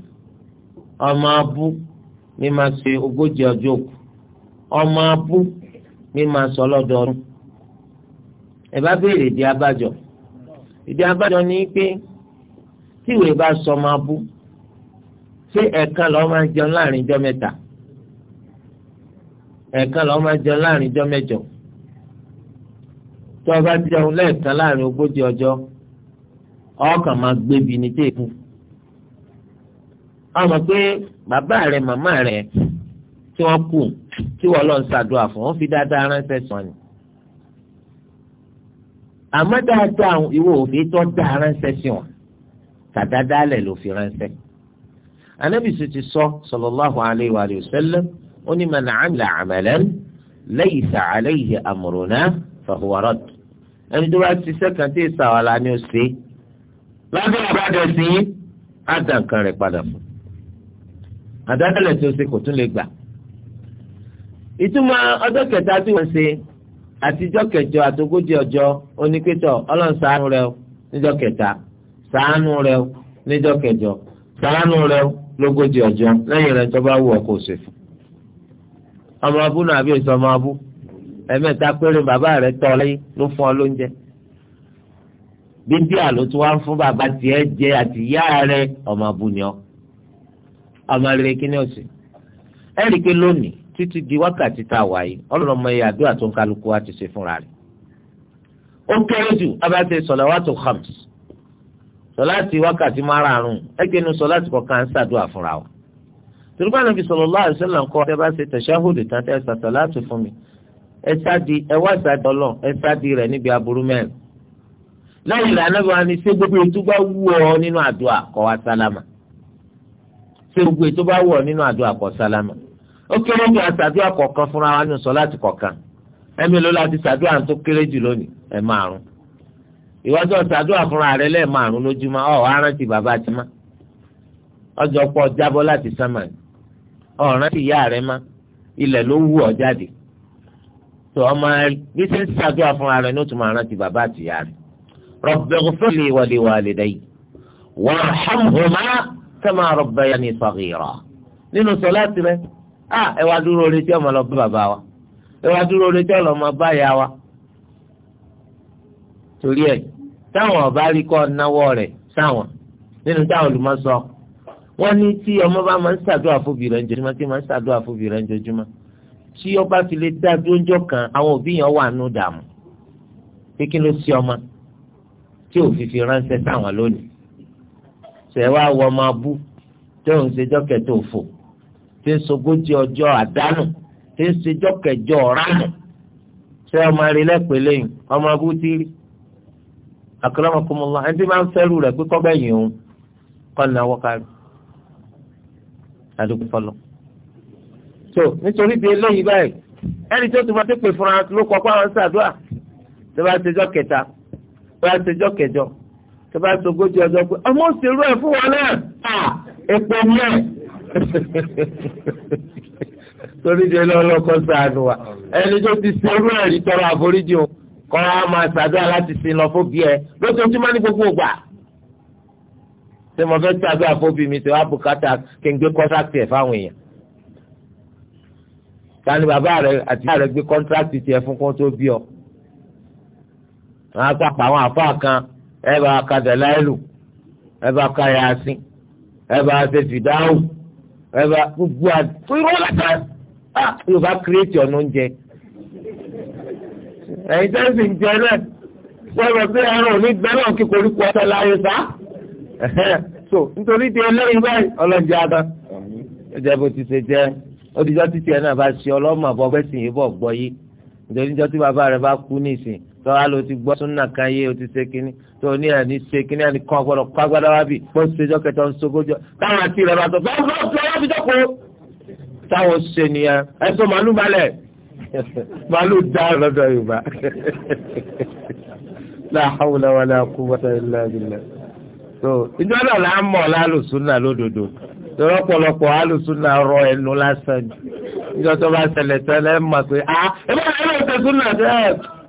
ọmọ abú ní máa ṣe ogójì ọjọ́ òkú ọmọ abú ní máa sọ lọ́dọọdún ẹ bá béèrè ìdí abájọ ìdí abájọ ni pé tí ìwé bá sọ ọmọ abú ṣé ẹ̀ẹ̀kan lọ́ọ́ máa jẹun láàrin ijọ́ mẹ́ta ẹ̀ẹ̀kan lọ́ọ́ máa jẹun láàrin ijọ́ mẹ́jọ tí wọ́n bá jẹun lẹ́ẹ̀kan láàrin ogójì ọjọ́ ọkàn máa gbébi ní téèpù ọmọ pé bàbá rẹ màmá rẹ tí wọ́n kù tí wọ́n lọ ń ṣàdúrà fún wọn fi dáadáa ránṣẹ́ sàn ni àmọ́ dáadáa ìwọ òfin tó dáa ránṣẹ́ sí wọn tàdádálẹ̀ ló fi ránṣẹ́. anábìsí ti sọ sallallahu alayhi wa sallam ó ní man amila amalan laysa alayhi amruna fahuwa radd. ẹni tó bá ti sẹ́kàn tí ìsàwálà ni ó ṣe lábẹ́ àbádẹ sí àdá nǹkan rẹ̀ padà fún àdádálẹ̀ tó ṣe kò tún lè gbà. ìtumọ̀ ọjọ́ kẹta tí wọ́n ṣe àtijọ́ kẹjọ àtogójì ọjọ́ onípẹ́tọ̀ ọlọ́run ṣàánú rẹ o níjọ́ kẹta ṣàánú rẹ o níjọ́ kẹjọ ṣàánú rẹ o lógójì ọjọ́ lẹ́yìn rẹ̀ tó bá wù ọ́ kó ṣe fún. ọmọ abú àbí ìsọmọ abú ẹ̀mẹ́ta péré bàbá rẹ̀ bíbí àlò tí wọ́n fún bàbá tiẹ̀ jẹ àti ìyá rẹ ọmọ abúnyọ́ ọmọ rere kíní ọ̀sẹ̀ ẹ rí i pé lónìí títí di wákàtí tá a wà yìí ọlọ́run ọmọ yẹn àdúrà tó ń kálukú wa ti ṣe fúnra rẹ̀ ó kéré jù abáṣe sọ̀làwátò hams sọ̀láàtì wákàtí márààrún ẹ̀kẹ́nu sọ̀láàtì kọ̀ọ̀kan ń ṣàdúrà fúnra o tìrúbà náà fi sallallahu alaihi wasallam ńkọ́ ẹ bá ṣe tẹ̀síáhùdù tán tẹ́ ẹ sàtọ̀ láti fún mi ẹ sádi ẹ wá sádi ọlọ́run ẹ sádi rẹ̀ níbi aburú mẹ́rin lẹ́yìn rẹ̀ anábìá ni ṣé gbogbo ètò bá wù ọ nínú àdúrà kọ́ wa sálámà ṣé gbogbo ètò bá wù ọ nínú àdúrà kọ́ ó kéré jù kọ̀ọ̀kan fúnra wa ní ẹ̀mí ló láti ṣàdúrà tó kéré jù lónìí ẹ̀ márùn rẹ̀ márùn lójúmọ́ ọ̀ bàbá ti má ọjọ́ pọ̀ jábọ́ láti sánmà yá rẹ̀ ní ó tún máa rántí رب اغفر لي ولوالدي وارحمهما كما ربياني صغيرا nínú sọláàtì rẹ a ẹ wá dúró orí tí ọmọ lọ bá bàbá wa ẹ wá dúró orí tí ọlọmọ bá yá wa torí ẹ táwọn ọba rí kọ náwó rẹ sáwọn nínú táwọn olùmọ̀sọ wọn ní tí ọmọ bá máa ń ṣàdúrà fóbi rẹ njojúmọ́ tí máa ń ṣàdúrà fóbi rẹ njojúmọ́ tí ọba fi lè dá dúnjọ kan àwọn òbí yẹn wà nù dààmú pé kí ló sí ọmọ tí òfin fi ránṣẹ́ sáwọn lónìí ṣe wá wọ ọmọ abú tí òun ṣe jọkẹtọ òfò tí ń sogójì ọjọ́ àdánù tí ń ṣe jọkẹjọ ọránù ṣe ọmọ arílẹ pẹlẹ yìí ọmọ abú ti rí akọlọmọkọmọlá ẹni tí máa ń fẹrù rẹ pé kọgbẹyìn òun kọ ní awọ kárí àdúgbò fọlọ. tó nítorí bí eléyìí báyìí ẹni tó ti máa tẹ́pẹ̀ fúnra ló kọ́ pé àwọn ń ṣàdúrà tó bá ṣe jọkẹta bóyá ṣèjọ́ kẹjọ tó bá ṣogójì ọjọ́ pé ọmọ òṣèlú ẹ̀ fún wọn náà èpè mẹ́ (laughs) torí de lọ́lọ́kọ́ sànù wa ẹni tó ti ṣerú ẹ̀ rí tọrọ àforíjì o kọ́ ọ máa ṣàdúrà láti sin lọ fóbi ẹ lójoojúmọ́ ní gbogbo ìgbà ṣé mo fẹ́ ṣàdúrà fóbi mi ṣe wá bùkátà kí n gbé kọ́ńtàkì ẹ̀ fáwọn èèyàn ta ni bàbá rẹ àti ìyá rẹ gbé kọ́ńtàkì tiẹ̀ fún kó tó bí ọ àwọn apapa àwọn afa kan ẹ bá ka dẹ̀láìlù ẹ bá ka yasin ẹ bá ṣe fìdáhù ẹ bá gbogbo àti irọ́ lẹ́tà ah, yóò bá kírètì ọ̀nà oúnjẹ ẹ̀yin tẹ́ sì ń jẹ náà sọ̀rọ̀ pé ẹran ò ní gbẹ́ náà kí koríko ọ̀tẹ̀ láyé sá so nítorí di ẹlẹ́yìn báyìí ọlọ́jà dán ẹ̀jẹ̀ bó ti ṣe jẹ́ odijọ́ títí ẹ̀ náà bá ṣe ọlọ́mọ àbọ̀ bẹ́sìn yìí bọ̀ gbọ́ yìí nítorí níjọ́ tí bàbá rẹ̀ bá kú nísìn tọ́wá ló ti gbọ́ súnà kan yé o ti ṣe kínní tó ní àní ṣe kínní àní kan gbọ́dọ̀ kó agbada wá bì bó ṣe jọ́ kẹtọ́ ń sogójọ́ táwọn àti rẹ̀ bá tọ́ bá bá bá wá bí dọ́kọ̀ táwọn ṣe nìyẹn ẹ̀sọ́ màálù balẹ̀ (laughs) màálù dá lọ́dọ̀ yorùbá (laughs) la hawla wala quwwata illa billah tó ìjọ náà là ń mọ̀ lálùsúnà lódodo lọ́pọ̀lọpọ̀ alùsùnà rọ ẹnu lásán ni ìjọ tó bá ṣẹlẹ̀ ṣẹlẹ̀ ń mọ̀ pé ah ẹ bá ẹ bá ṣe súnà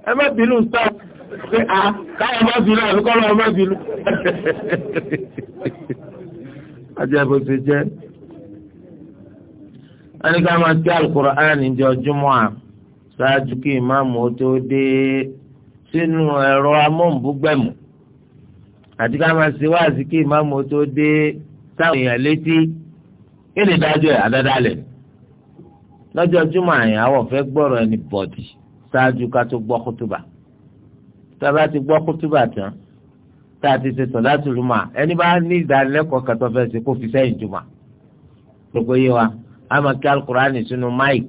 ẹ má bínú pé a káwọn ọmọ bínú àbí kọ́lọ́ má bínú. ajẹ́bó ti jẹ ẹni ká máa kí Al-Kùránì a júmọ́ à ṣáájú kí ìmáàmù ó tó dé sínú ẹrọ amóhùnbúgbẹ̀mù àti ká máa ṣe wáàsí kí ìmáàmù ó tó dé táwọn èèyàn létí kí ni ẹni ṣáájú ká tó gbọ́ kútùbà tá a bá ti gbọ́ kútùbà tán tá a ti ṣe sọ láti rúmà ẹni bá ní ìdánilẹ́kọ̀ọ́ kẹtọ́ fẹ́ ṣe kó fi sẹ́yìn jùmọ̀ gbogbo yé wa a máa kí alukur'ani sínú máìk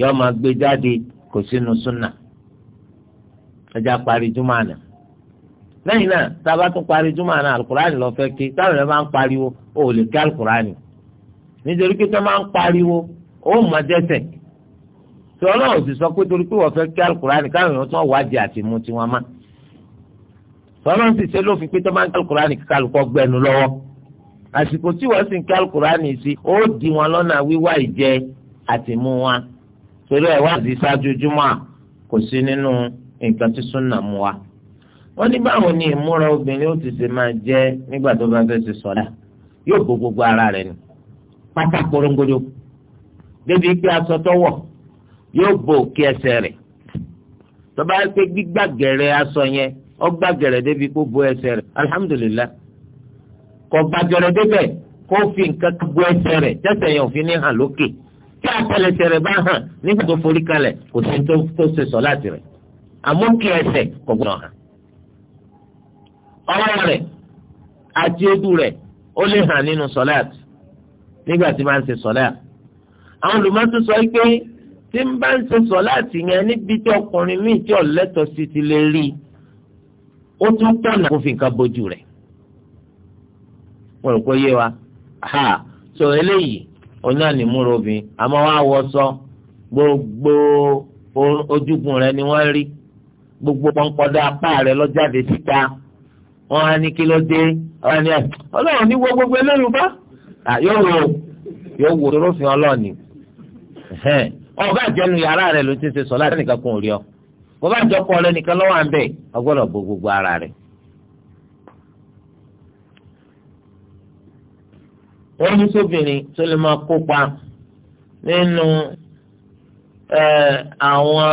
yóò máa gbé jáde kò sínú súnà ẹja parí jùmọ̀ àná lẹ́yìn náà tá a bá tún parí jùmọ̀ àná alukur'ani lọ fẹ́ ké táwọn ẹ̀ máa ń pariwo ó lè kí alukur'ani nítorí pé tó máa ń pariwo ó mọ̀ jẹ́sẹ̀ tí ọlọ́run sì sọ pé torí pé wọ́n fẹ́ kí alukurani káwọn èèyàn tún wádìí àti mú tiwọn má ọlọ́run sì ṣe lófin pé tó máa ń kí alukurani kálukọ́ gbẹnu lọ́wọ́ àsìkò tí wọ́n sì ń kí alukurani sí ó di wọn lọ́nà wíwá ìjẹ àti mú wọn torí ẹ̀ wáàzì ṣáájú júmọ́ kò sí nínú nǹkan tí súnà mú wa wọ́n ní báwo ni ìmúra obìnrin ó ti ṣe máa jẹ́ nígbà tó bá fẹ́ ṣe sọ́dà yóò bo òkè ẹsẹ̀ rẹ̀ tó bá pé gbígbà gẹ̀rẹ́ aṣọ yẹn ó gbà gẹ̀rẹ́ débi kó bo ẹsẹ̀ rẹ̀ alihamudulilayi kò gbà gẹ̀rẹ́ débẹ̀ kó fi nǹkan bo ẹsẹ̀ rẹ̀ tẹ́sẹ̀ yẹn ò fi ní hàn lókè tí àtẹ́lẹsẹ̀ rẹ̀ bá hàn nígbà tó forí kalẹ̀ kò sí tó ṣe sọ láti rẹ̀ àmókè ẹsẹ̀ kò gbọ́dọ̀ hàn ọwọ́ rẹ̀ àti ojú rẹ̀ ó lè hàn nínú sọláàtì nígbà tí máa ń ṣe sọláàtì àwọn olùmọ̀tò sọ pé tí ń bá ń ṣe sọ láti yẹn níbi tí ọkùnrin míì tí ọ̀lẹ́tọ̀ sí ti lè rí i ó tún tọ̀nà kó fi bójú rẹ̀ wọ́n rò pé yé wa ha sọ eléyìí òun náà ní múra obìnrin àmọ́ wọ́n á wọ sọ gbogbo ojúgun rẹ̀ ni wọ́n rí gbogbo pọ́npọ́dọ́ apá rẹ̀ lọ́jáde síta wọ́n á ní kí ló dé wọ́n á ní ah, ọlọ́run ní wo gbogbo eléyìí bá ah, yóò wò yóò wò tó rọ́fin ọlọ́ọ̀ni ọba àjẹnu yàrá rẹ ló ti ṣe sọ láti nìkan kún òrí ọ bọba àjọpọ̀ rẹ nìkan lọ́wọ́ à ń bẹ̀ ọgbọ́dọ̀ bo gbogbo ara rẹ. wọ́n ní sóbìnrin tó lè máa kópa nínú àwọn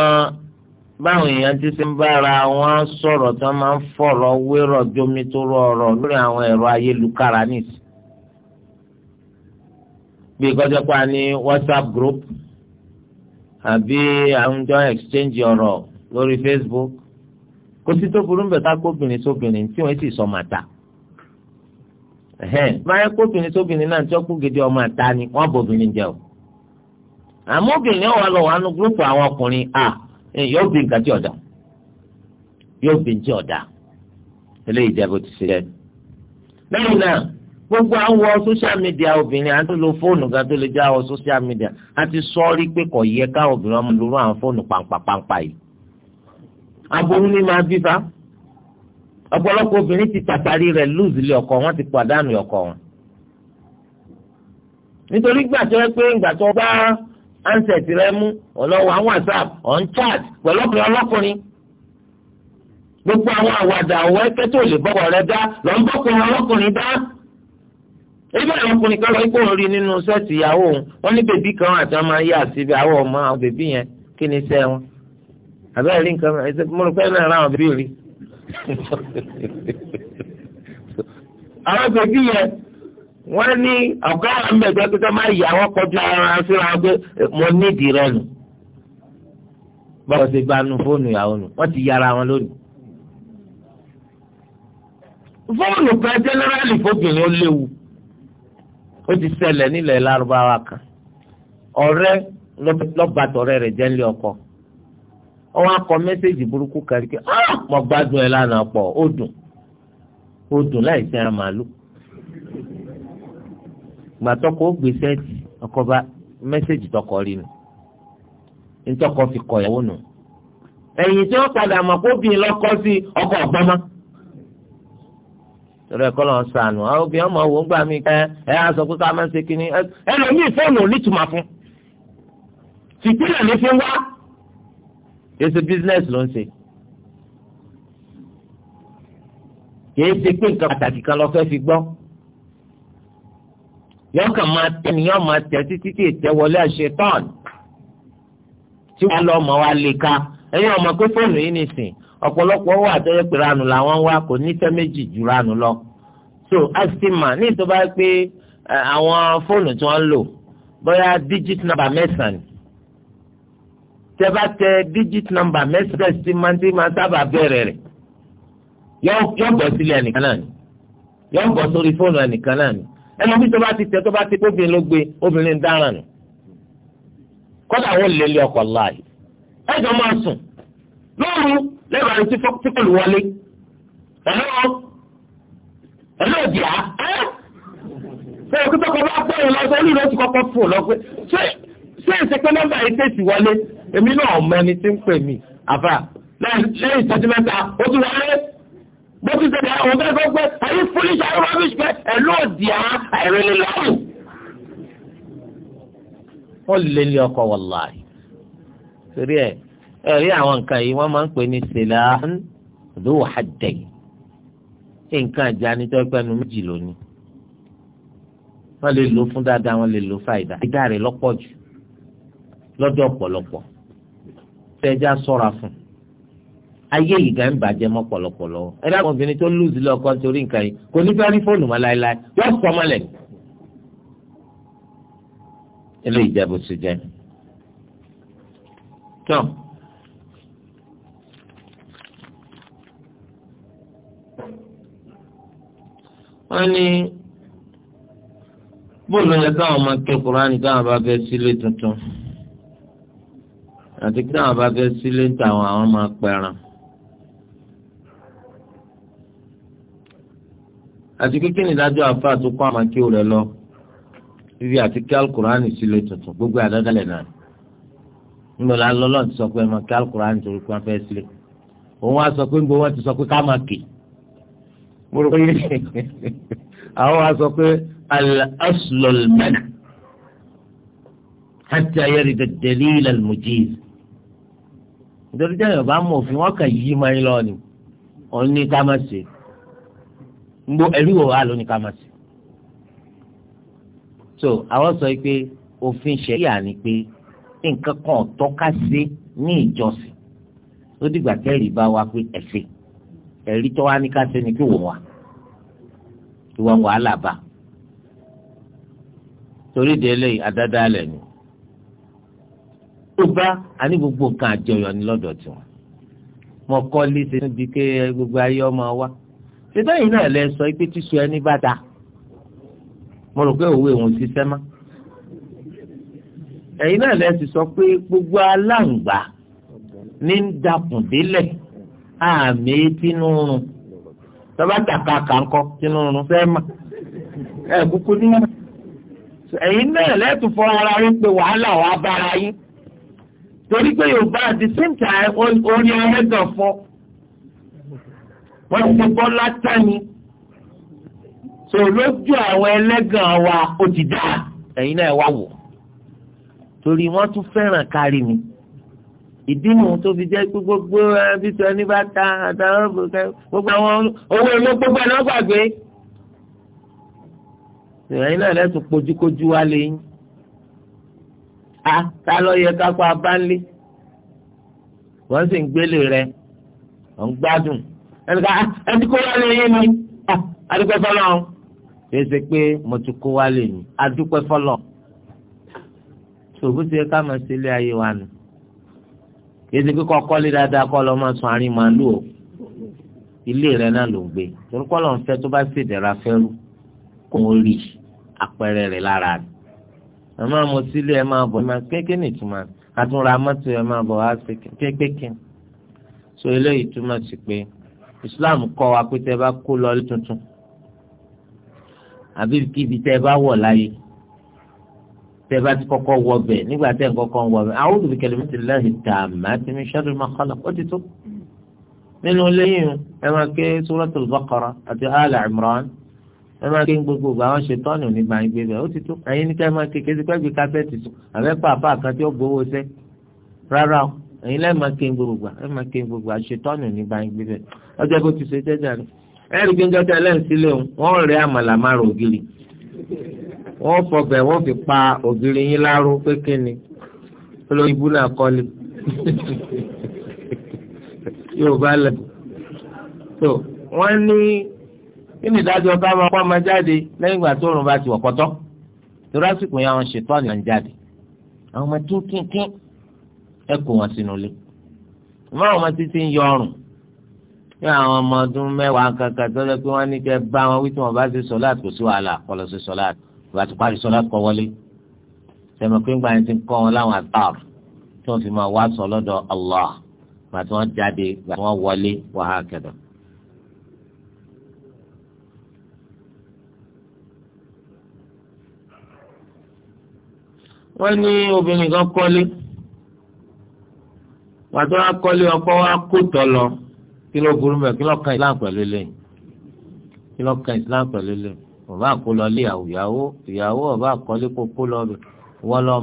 báwọn èèyàn ti ṣe ń bára wọn sọ̀rọ̀ tí wọ́n máa ń fọ̀rọ̀ wérọ̀ jomi tó rọrọ̀ lórí àwọn ẹ̀rọ ayélujára nìsí. bí ìkọ́jọ́pá ní WhatsApp group àbí àwùjọ exchange ọ̀rọ̀ lórí Facebook kò sí tó burú bẹ̀ sóbìnrin tí wọ́n sì sọ mata. ta báyẹn kóbìnrin sóbìnrin náà tí wọ́n kú gidi ọmọ ni wọ́n bòbìnrin jẹ́ o àmọ́ obìnrin ọ̀wà lọ́wọ́ àánú gúrúùpù àwọn ọkùnrin à yóò bí nǹkan tí ọ̀dà yóò bí nǹkan tí ọ̀dà eléyìí jẹ́ bó gbogbo à social media obìnrin à lo fóònù gan tó lè jẹ́ àwọn social media a ti sọ ọ́ rí pé kò yẹ káwọn obìnrin ọmọ lóru àwọn fóònù pàǹpàpàǹpà yìí. aburú ni máa bí fa ọ̀pọ̀lọpọ̀ obìnrin ti tàtàrí rẹ̀ lùzì lé ọkọ wọn ti pàdánù ọkọ wọn. nítorí gbà tó yẹ pé ìgbà tó bá ansẹ̀tì rẹ mú ọlọ́wọ́ àwọn whatsapp on chat pẹ̀lú ọkùnrin ọlọ́kùnrin gbogbo àwọn àwàdà ọ̀wọ́ ẹ̀kẹ́ tó lè bọ́kọ̀ rẹ dá lọ́nbọ́kùnrin ọlọ́kùnrin dá ebi àwọn ọkùnrin kan lọ ikú òun rí nínú sẹ́ẹ̀tì ìyàwó òun wọ́n ní bèbí kan àti wọn máa ń yà síbi àwọn ọmọ àwọn bèbí yẹn kí ni iṣẹ́ wọn àbẹ́rẹ́ rí nǹkan ẹ̀sẹ̀ mọ̀lùpẹ́ náà ráwọn bèbí rí. àwọn bèbí yẹn wọ́n ní ọ̀gá wa ń bẹ̀ jẹ́ pé máa yà wọ́n kọjú ara síra wọn pé mo nídìí rẹ nù. báwo ṣe bá nu fóònù ìyàwó nù wọ́n ti yára wọn lónìí. fóònù kan jẹ́nẹ́rálì fóbìnrin ó léwu. ó ti ṣẹlẹ̀ nílẹ̀ lárúbáwá kan ọ̀rẹ́ lọ́bàtọ̀rẹ́ rẹ̀ jẹ́ nílé ọkọ ó wá kọ mẹ́sẹ̀gì burúkú kárí pé gbádùn ẹ lánàá pọ̀ ó dùn ó dùn láì sẹ́ ẹ màálù ó gbèsè ẹ̀tì tọkọ rí fi kọ nù ẹ̀yìn tí wọ́n padà mọ̀ kó bí lọ́kọ́ ọkọ ọ̀gbọ́n torí ẹ̀kọ́ lọ sànù àwọn obìnrin ọmọ wò ń gbà mí ẹ ẹ á sọ pé ká máa ń ṣe kínní ẹ lọ ní ìfọ́ọ̀nù onítùmọ̀ fún fìtílẹ̀ ní fi wá kìí ṣe bísínẹ́sì ló ń ṣe kìí ṣe pé nǹkan pàtàkì kan lọ fẹ́ fi gbọ́ yọkàn máa tẹ nìyọ́n máa tẹ títí tí ìtẹ́wọlé àṣetán tí wọ́n lọ́ mọ́ wa lè ka ẹ̀yin ọmọ pé fóònù yìí nìsín ọ̀pọ̀lọpọ̀ wà tẹ́yẹ pé ranù làwọn wá kò ní tẹ́ méjì ju ranù lọ so astima ní ìtọ́ bá pé àwọn fóònù tí wọ́n ń lò bóyá digit number mẹ́sàn-án ni tẹ́ bá tẹ digit number mẹ́sàn-án sí máa ń tí máa sábà bẹ̀rẹ̀ rẹ̀ yọ bọ̀ sílẹ̀ ẹnìkan náà ni yọ bọ̀ sórí fóònù ẹnìkan náà ni ẹlòmíì tó bá ti tẹ tó bá ti kóbìnrin ló gbé obìnrin dáràn nù kọ́dà wọ́n lè lé ọkọ̀ láàyè ẹ̀jọ̀ máa sùn lóru lẹ́bàá ní tí kò lù wọlé ẹ̀lọ́ ẹ̀lọ́ òdì á ẹ́ ṣé o kíkọ́ kọ́ bá gbọ́ ìlọ sọ olú ìlọsí kọ́kọ́ fò lọ pé ṣé ṣé ìṣẹ́pẹ́ nọ́mbà yìí tẹ̀sí wọlé èmi náà ọmọ ẹni tí ń pè mí àfà lẹ́yìn ìṣẹ́jú mẹ́ta ó tún wọlé bó ti ṣe dáa òun fẹ́ pé ayé foolish ayé rubbish pé ẹ̀lú òdì á àìrèlè láwù. wọ́n lé ní ọkọ̀ wọ̀láì torí ẹ̀ ẹ̀rí àwọn nǹkan yìí wọ́n máa ń pè ní silahan dhu haddayn nǹkan ìjà ni tó pẹ́nu méjì lónìí wọ́n lè lò fún dáadáa wọ́n lè lò fàìdá ìdá rẹ̀ lọ́pọ̀ jù lọ́dọ̀ ọ̀pọ̀lọpọ̀ fẹ́jà sọ́ra fún ayé ìgbà ń bàjẹ́ mọ́ pọ̀lọpọ̀lọ ẹ dákun obìnrin tó lùzí lọ́kọ́ nítorí nǹkan yìí kò ní fẹ́ rí fóònù mọ́ láéláé wọ́n sọ mọ́lẹ̀ eléyìí jẹ́ bó ṣe jẹ́ wọ́n ní bóòlù onye ka máa ma kuraani Korani bá fẹ́ sílé tuntun àti káwọn bá fẹ́ sílé tàwọn àwọn máa pẹran. àti pé kí ni ìdájọ́ àfa tó kọ́ àwọn akéwò rẹ lọ fífi àti ké alukuraani sílé tuntun gbogbo àdádálẹ̀ náà ńlọlá lọ́lọ́ ti sọ pé ẹ máa ké alukuraani torí pé wọ́n fẹ́ sílé òun wá sọ pé ń ti sọ pé ká máa mo rò pé àwọn wa sọ pé al-aslul mana hatta yarida ad-dalil al-mujiz nítorí jẹ́ yorùbá mọ̀ òfin wọn kàn yí máa ń lọ ni òun ní ká má ṣe gbó ẹ̀rí wò wá lóní ká má ṣe. so àwọn sọ pé òfin ṣẹ̀yà ni pé nǹkan kan tọ́ka sí ní ìjọsìn ó dìgbà kẹ́rì bá wa pé ẹ̀sìn ẹ̀rí tó ní ká ṣe ni kí wò wá ìwọ mm. wàhálà bá torí délé àdáda alẹ ni ó bá àní gbogbo nǹkan àjọyọ̀ ní lọ́dọ̀ tiwọn mo kọ́ léṣe níbi ké gbogbo ayé ọmọ wa ṣètò yìí náà lẹ sọ pé tíṣu ẹni bá ta mo rò pé òwe òun ṣiṣẹ́ má ẹ̀yin náà lẹ sì sọ pé gbogbo aláǹgbá ní dàkùn délẹ̀ àmì tínú rùn tọ́ba dàka kàńkọ́ kínú ọ̀run fẹ́ mà ẹ̀ kúkú ní mà. ẹ̀yin náà lẹ́tù fọ́ ara rí pé wàhálà wàá bára yín torí pé yorùbá àti síntà orí ẹlẹ́gàn fọ́ wọ́n ti bọ́ látàní so lójú àwọn ẹlẹ́gàn wa ó ti dá ẹ̀yin náà wá wò torí wọ́n tún fẹ́ràn kárí mi ìdí nù tó fi jẹ́ pé gbogbo ẹbí tó ẹni bá ta àtàwọn gbogbo àwọn owó èlò gbogbo ẹ̀ náà gbàgbé. ìròyìn náà lẹ́sùn kojúkojú wa lè yín. a ta ló yẹ kápá abánlé wọ́n sì ń gbélé rẹ̀ wọ́n ń gbádùn ẹnìkan ẹni kó wá lè yín ni adúpẹ́ fọlọ́ kì í ṣe pé mo ti kó wá lè yín adúpẹ́ fọlọ́ ṣòfò ṣe ká máa ṣe ilé ayé wa nù yéésì pé kọ́ kọ́lé dáadáa kọ́ lọ́ máa sun àárín màálù o ilé rẹ náà ló ń gbé torí kọ́ lọ́n fẹ́ tó bá ṣèdẹ̀ra fẹ́rù kò ń rí àpẹẹrẹ rẹ̀ lára rẹ̀ màmá mo sílé ẹ máa bọ̀ kékeré nìtumọ̀ àtúnra mọ́tò ẹ máa bọ̀ wá sí kékeré so eléyìí túmọ̀ sí pé Islam kọ́ wa pé tẹ́ bá kó lọ tuntun àbí kíbi tẹ́ bá wọ̀ láyé tẹ́ bá ti kọ́kọ́ wọbẹ̀ nígbà tẹ́ kọ́kọ́ wọbẹ̀ a'udhu bi kalimatillahi tammati min sharri ma khalaq ó ti tó. nínú lẹ́yìn ẹ máa ké suratul baqara àti ala imran ẹ máa ké gbogbo àwọn ṣètọ́nù nígbà yín gbébẹ̀ ó ti tó. ẹ̀yin ní ká máa ké kéde pẹ́ẹ́bì kásẹ̀tì sùn àbẹ́ pàápàá kan tí ó gbowó sẹ́ rárá o ẹ̀yin lẹ́ẹ̀ máa ké gbogbo wọ́n fọbẹ̀ wọ́n fi pa ògiri yín láró pé kí ni olórí ibú náà kọ́lé (laughs) yóò bá lẹ̀. tó wọ́n ní kí ni ìdájọ́ ká máa kọ́ máa jáde lẹ́yìn ìgbà tó rùn bá ti wọ̀ pọ́tọ́ torí àsìkò yẹn àwọn ṣètò àná jáde àwọn ọmọ kínkínkín ẹ kó wọn sínú ilé ìmọ̀ àwọn ọmọ títí ń yọ ọrùn ní àwọn ọmọ ọdún mẹ́wàá kankan tó lọ pé wọ́n ní kẹ́ bá wọn wí tí wọ́n bá ti sọ láti kò sí wàhálà kọ́ sí sọ láti ìgbà tó parí sọlá kọ wọlé sẹmọ pé ńgbà yẹn ti kọ́ wọn láwọn àtàr tí wọ́n fi máa wá sọ lọ́dọ̀ Allah ìgbà tí wọ́n jáde ìgbà tí wọ́n wọlé wàhálà kẹdọ̀. wọ́n ní obìnrin kan kọ́lé pàtó wa ọkọ wa kó tọ́ lọ kí ló burú mẹ́ kí ló kan Islam pẹ̀lú lẹ́yìn kí ló kan Islam pẹ̀lú lẹ́yìn ọba kó lọ lé ìyàwó ìyàwó ọba kọ́lé kó kó lọ wọ́n lọ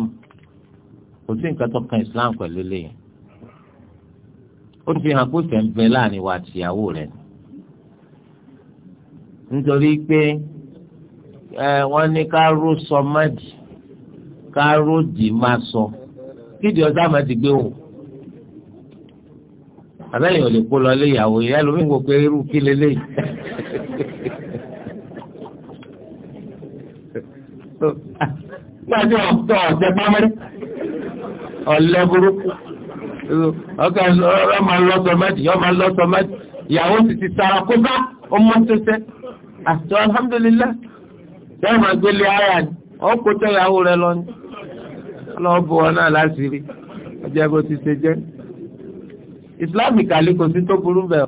kò sí nǹkan tó kan Islam pẹ̀lú lẹ́yìn ó fi hàn pé fẹ́ ń bẹ láàrin wa àtìyàwó rẹ̀ nítorí pé ẹ wọ́n ní ká ró sọ mọ́dì ká ró dì máa sọ kídi ọjà máa gbé wò àbẹ́yìn ò lè kó lọ lé ìyàwó yẹn lómi ń wò pé irú kí lélẹ́yìn. (laughs) gbàdé ọ̀tọ̀ ọ̀tẹ̀ pamẹ́rẹ́ ọ̀lẹ́ burúkú ọkọ ọ̀rọ̀ máa lọ tọ́mátì yọ máa lọ tọ́mátì ìyàwó sì ti sara kó bá ọmọ tó sẹ́ àti alhamdulilá sẹ́yìn máa gbélé ara ni ọkọ tó ìyàwó rẹ lọ ni ọlọ́wọ́ bọ̀ ọ́ náà láti rí ọjọ́ bó ti ṣe jẹ́ ìsìláàmù kàlí kò sí tó burú bẹ́ẹ̀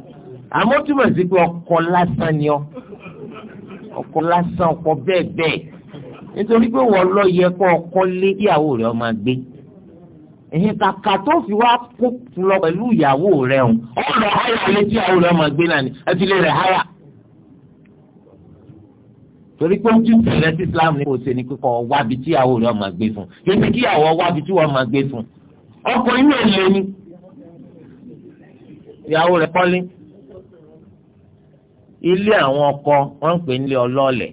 àmọ́ túmọ̀ sí pé ọkọ lásán ni ọ ọkọ lásán ọkọ bẹ́ẹ̀ bẹ́ẹ̀ nítorí pé wọ́n lọ yẹ kó ọkọ lé ìyàwó rẹ̀ ọmọ gbé èyí kàkà tó fi wá kó lọ pẹ̀lú ìyàwó rẹ̀ ọ̀hún ọ̀rọ̀ háyà lé ìyàwó rẹ̀ ọmọ gbé náà ni ẹtìlẹ̀ rẹ̀ háyà. torí pé ojú ìrẹsì tí Islam ní kò ṣe ni pé kọ́ wábi tí ìyàwó rẹ̀ ọmọ gbé fún yébi kí ìyàwó wábi tí wọ́n ọmọ gbé fún ọkọ̀ inú ẹ̀ lé ni ìyàwó rẹ̀ kọ́lé ilé àwọn ọkọ wọ́n ń pè ní ọlọ́ọ̀lẹ̀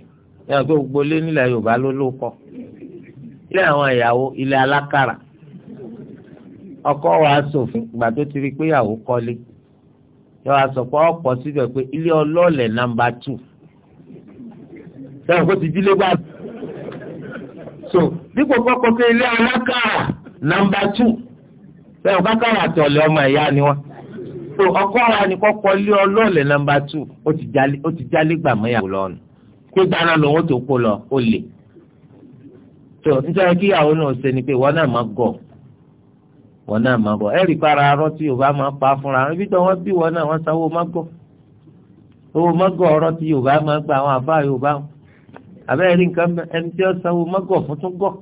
yàrá pé gbogbo ilé nílẹ̀ Yorùbá ló ló kọ ilé àwọn ìyàwó ilé alákàrà ọkọ wa ṣòfin ìgbà tó ti rí pé ìyàwó kọ́lé yọ àsọpọ̀ ọ̀pọ̀ síbẹ̀ pé ilé ọlọ́ọ̀lẹ̀ nàmbà tù sẹ́wọ̀n kó ti dílé bá so dípò kọ́kọ́ pé ilé alákàrà nàmbà tù sẹ́wọ̀n kákàrà àtọ̀lẹ̀ ọmọ ẹ̀yá ni wọ́n so ọkọ wa ni kọ́kọ́ ilé ọlọ́ọ̀lẹ̀ nàmbà tù ó ti jálé gbàmọ́ ìyàwó pé gbaná lòun tó kó lọ ó lè tó nítorí kí náà ṣe ni pé wọn náà máa gọ̀ wọn náà máa gọ̀ ẹ̀rí para arọ́ tí Yorùbá máa pa fúnra ibi tó wọ́n bí wọn náà wọ́n sanwó má gọ̀ owó má gọ̀ ọ̀rọ̀ tí Yorùbá máa gba àwọn àbá Yorùbá wọn àbẹ́rẹ́ rí nǹkan ẹni tí wọ́n sanwó má gọ̀ fún tún gọ̀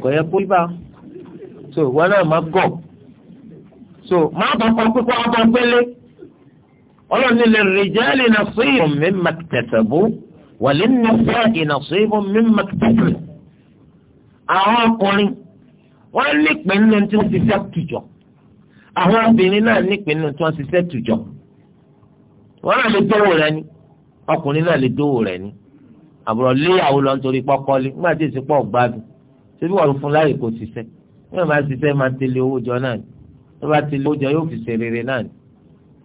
kò yẹ kó bá so wọn náà máa gọ̀ so má bọ̀ pọ̀ pípọ̀ ọgbọ̀n gbélé ọlọ́ni lè rìjẹ́lì nà sí ìbùn mi màkìtẹ̀tẹ̀bù wàlẹ́ nà fẹ́ ìnà sí ìbùn mi màkìtẹ̀tẹ̀bù. àwọn ọkùnrin wọ́n nípìn nínú tí wọ́n ti fẹ́ tùjọ àwọn obìnrin náà nípìn nínú tí wọ́n ti fẹ́ tùjọ wọ́n náà lè dówó rẹ ni ọkùnrin náà lè dówó rẹ ni àbúrò léyàwó lọ nítorí pọ́kọ́lé nígbà tí èsì pọ̀ gbádùn síbí wọ́n fún láyè kó ṣiṣẹ́ wọ́n máa ṣiṣẹ́ máa tẹ̀lé owó jọ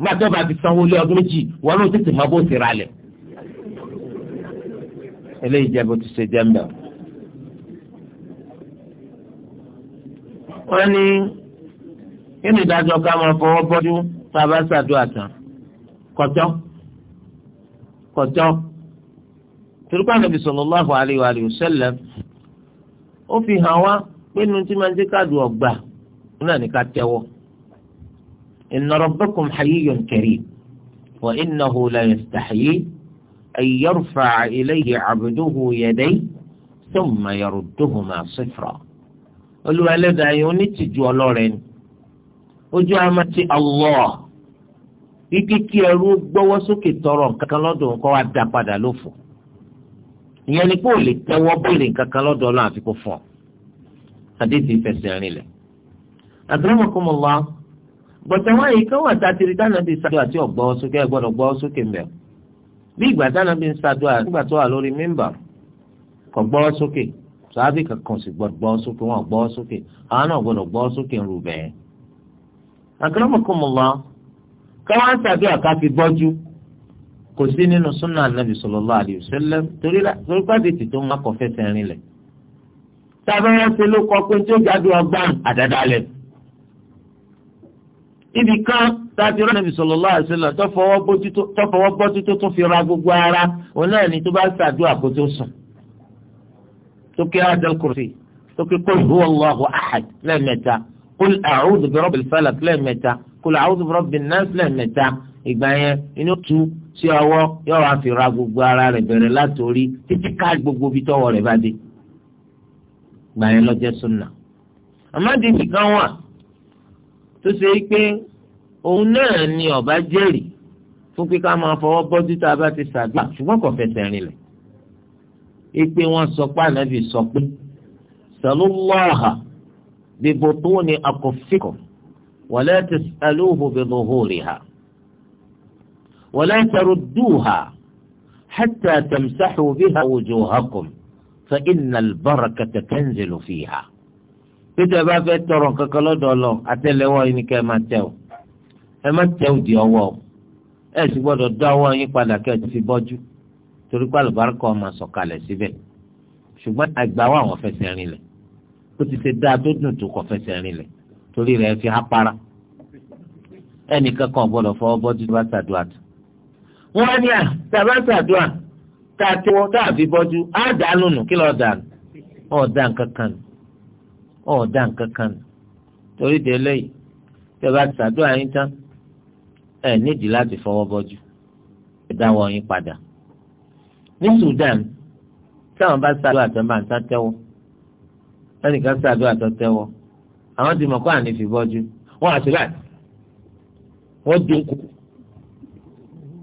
gbàtọ́ bá ti sanwó lé ọdún méjì wọn ló tètè máa bó ti ra lẹ̀. eléyìí jẹ́ bó ti ṣe jẹ́ mbẹ́. wọ́n ní inú ìdájọ́ ká máa fọwọ́ bọ́jú tá a bá ṣàdúrà tán kọjọ́ kọjọ́ turukpa nàbì sallallahu alayhi wa alihi wa sallam ó fi hàn wá pé nu ti máa ń dé káàdù ọgbà náà ní ká tẹ́wọ́. إن ربكم hayiyyun كريم، وإنه لا la أن يرفع إليه عبده 'abduhu ثم يردهما yarudduhuma sifra. olúwa ẹlẹ́dàá yẹn الله ọlọ́rẹ̀ ni ojú àmà ti Allah ike kí ẹrú gbọ́wọ́ sókè tọrọ nǹkankan lọ́dọ̀ nǹkan wa dá padà lófo ìyẹn ni pé ò lè tẹ́wọ́ béèrè nǹkankan lọ́dọ̀ ọlọ́run àfi fún ọ adé ti fẹsẹ̀ rinlẹ̀. akramakumullah bọ̀tẹ̀ wọn yìí kí wọ́n tatiri dáná bíi sàdúrà tí ọ̀gbọ́ sókè ẹ̀gbọ́dọ̀ gbọ́ sókè ń bẹ̀ bí ìgbà dáná bíi sàdúrà nígbà tó wà lórí mímbà kò gbọ́ sókè sàábì kankan sì gbọ́dọ̀ gbọ́ sókè wọn gbọ́ sókè àwọn náà gbọ́dọ̀ gbọ́ sókè ń rú bẹ́ẹ̀. àkàràmọ̀kọ́mọ̀lá káwọn sàdúrà ká fi bọ́jú kò sí nínú súnà nàbì sallallahu alaihi wasallam torí pàdé tì tó ń má kọ fẹsẹ̀ rinlẹ̀. tábẹ́rẹ́ ṣe ló kọ pé tí ó jáde ibì kan tàbí rẹ nàbì sallallahu alaihi wasallam tọfọwọ bọtú tó tún fi ra gbogbo ara òun náà ni tó bá ṣàdúrà kó tó sùn tókè àdàl kùrì tókè qul huwallahu ahad lẹ́ẹ̀mẹ́ta qul a'udhu birabbil falaq lẹ́ẹ̀mẹ́ta qul a'udhu birabbin nas lẹ́ẹ̀mẹ́ta ìgbà yẹn inú tu sí ọwọ́ yóò wá fi ra gbogbo ara rẹ̀ bẹ̀rẹ̀ látòrí títí ká gbogbo bí tọwọ́ rẹ̀ bá dé ìgbà yẹn lọ́jẹ́ sunna àmọ́ àdìsí kan wà tó ṣe é pé òun náà ni ọba jẹ́rì fún pé ká máa fọwọ́ bọ́jú tá a bá ti ṣàgbà ṣùgbọ́n kò fẹsẹ̀ rinlẹ̀ ìpè wọn sọ pé ànábì sọ pé sàlúwàhà bíbo tó ní akọ̀fíkọ̀ wọlé ti sàlúhù bíbo hóore ha wọlé tẹrù dùhà hàtà tẹmsáhù bíhà òjò hàkùn fẹ ìnà bàrà kàtà kẹ́ńzẹ̀lù fìhà. pété ẹ bá fẹ́ tọrọ kankan lọ́dọ̀ lọ àtẹ́lẹwọ́ yín ni kẹ́ ẹ máa tẹ o ẹ má tẹ òdì ọwọ́ o ẹ sì gbọ́dọ̀ dá ọwọ́ yín padà kẹ́ ẹ ti bọ́jú torí pé àlùbáríkà máa sọ̀kalẹ̀ síbẹ̀ ṣùgbọ́n àgbà wà wọ́n fẹsẹ̀ rìn lẹ̀ ó ti ṣe dáa tó dùn tó kọ́ fẹsẹ̀ rìn lẹ̀ torí rẹ̀ fi hápára ẹnìkan kan gbọ́dọ̀ fọwọ́ bọ́jú bá ṣàdúrà tó. wọ́n ní à tàbá ṣàdúrà tá a tẹ́wọ́ tá a fi bọ́jú á dànù nù kí lọ́ọ́ dànù ọ̀ dàn kankan nù ọ̀ọ́dà nǹkan kan torí de eléyìí tẹ́ bá ti ṣàdúrà yín tán ẹ nídìí láti fọwọ́ bọ́jú ẹ dáwọ́ yín padà ní Sudan táwọn bá ṣàdúrà tán bá ń tán tẹ́wọ́ ẹnìkan ṣàdúrà tán tẹ́wọ́ àwọn ti mọ̀ kó àní fi bọ́jú wọ́n àti láti wọ́n dín kù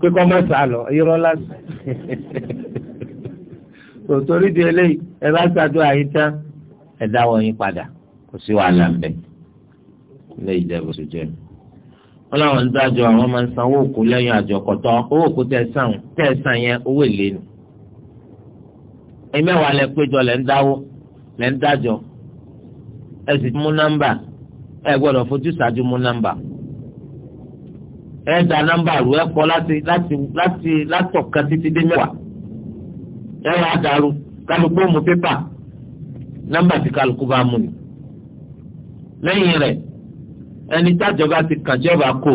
pé kọ́ máa sà lọ irọ́ lásán (laughs) tòtòrí de eléyìí ẹ bá ṣàdúrà yín tán ẹ dáwọ́ yín padà kò sí wàhálà ń bẹ ilé ìjẹbù tó jẹ wọn làwọn ń dájọ àwọn máa ń san owó òkú lẹ́yìn àjọkọtọ owó òkú tẹ san tẹ san yẹn owó èlé nu ẹmẹwàá lẹ péjọ lẹ ń dáwó lẹ ń dájọ ẹ sì mú nọ́mbà ẹ gbọ́dọ̀ fojú ṣáájú mú nọ́mbà ẹ da nọ́mbà rú ẹ kọ láti láti láti látọ̀kan títí dé mẹ́wàá ẹ wàá dàrú kálukú mú pépà nọ́mbà tí kálukú bá mú ni lẹ́yìn rẹ̀ ẹni tájọba ti kàjọba kò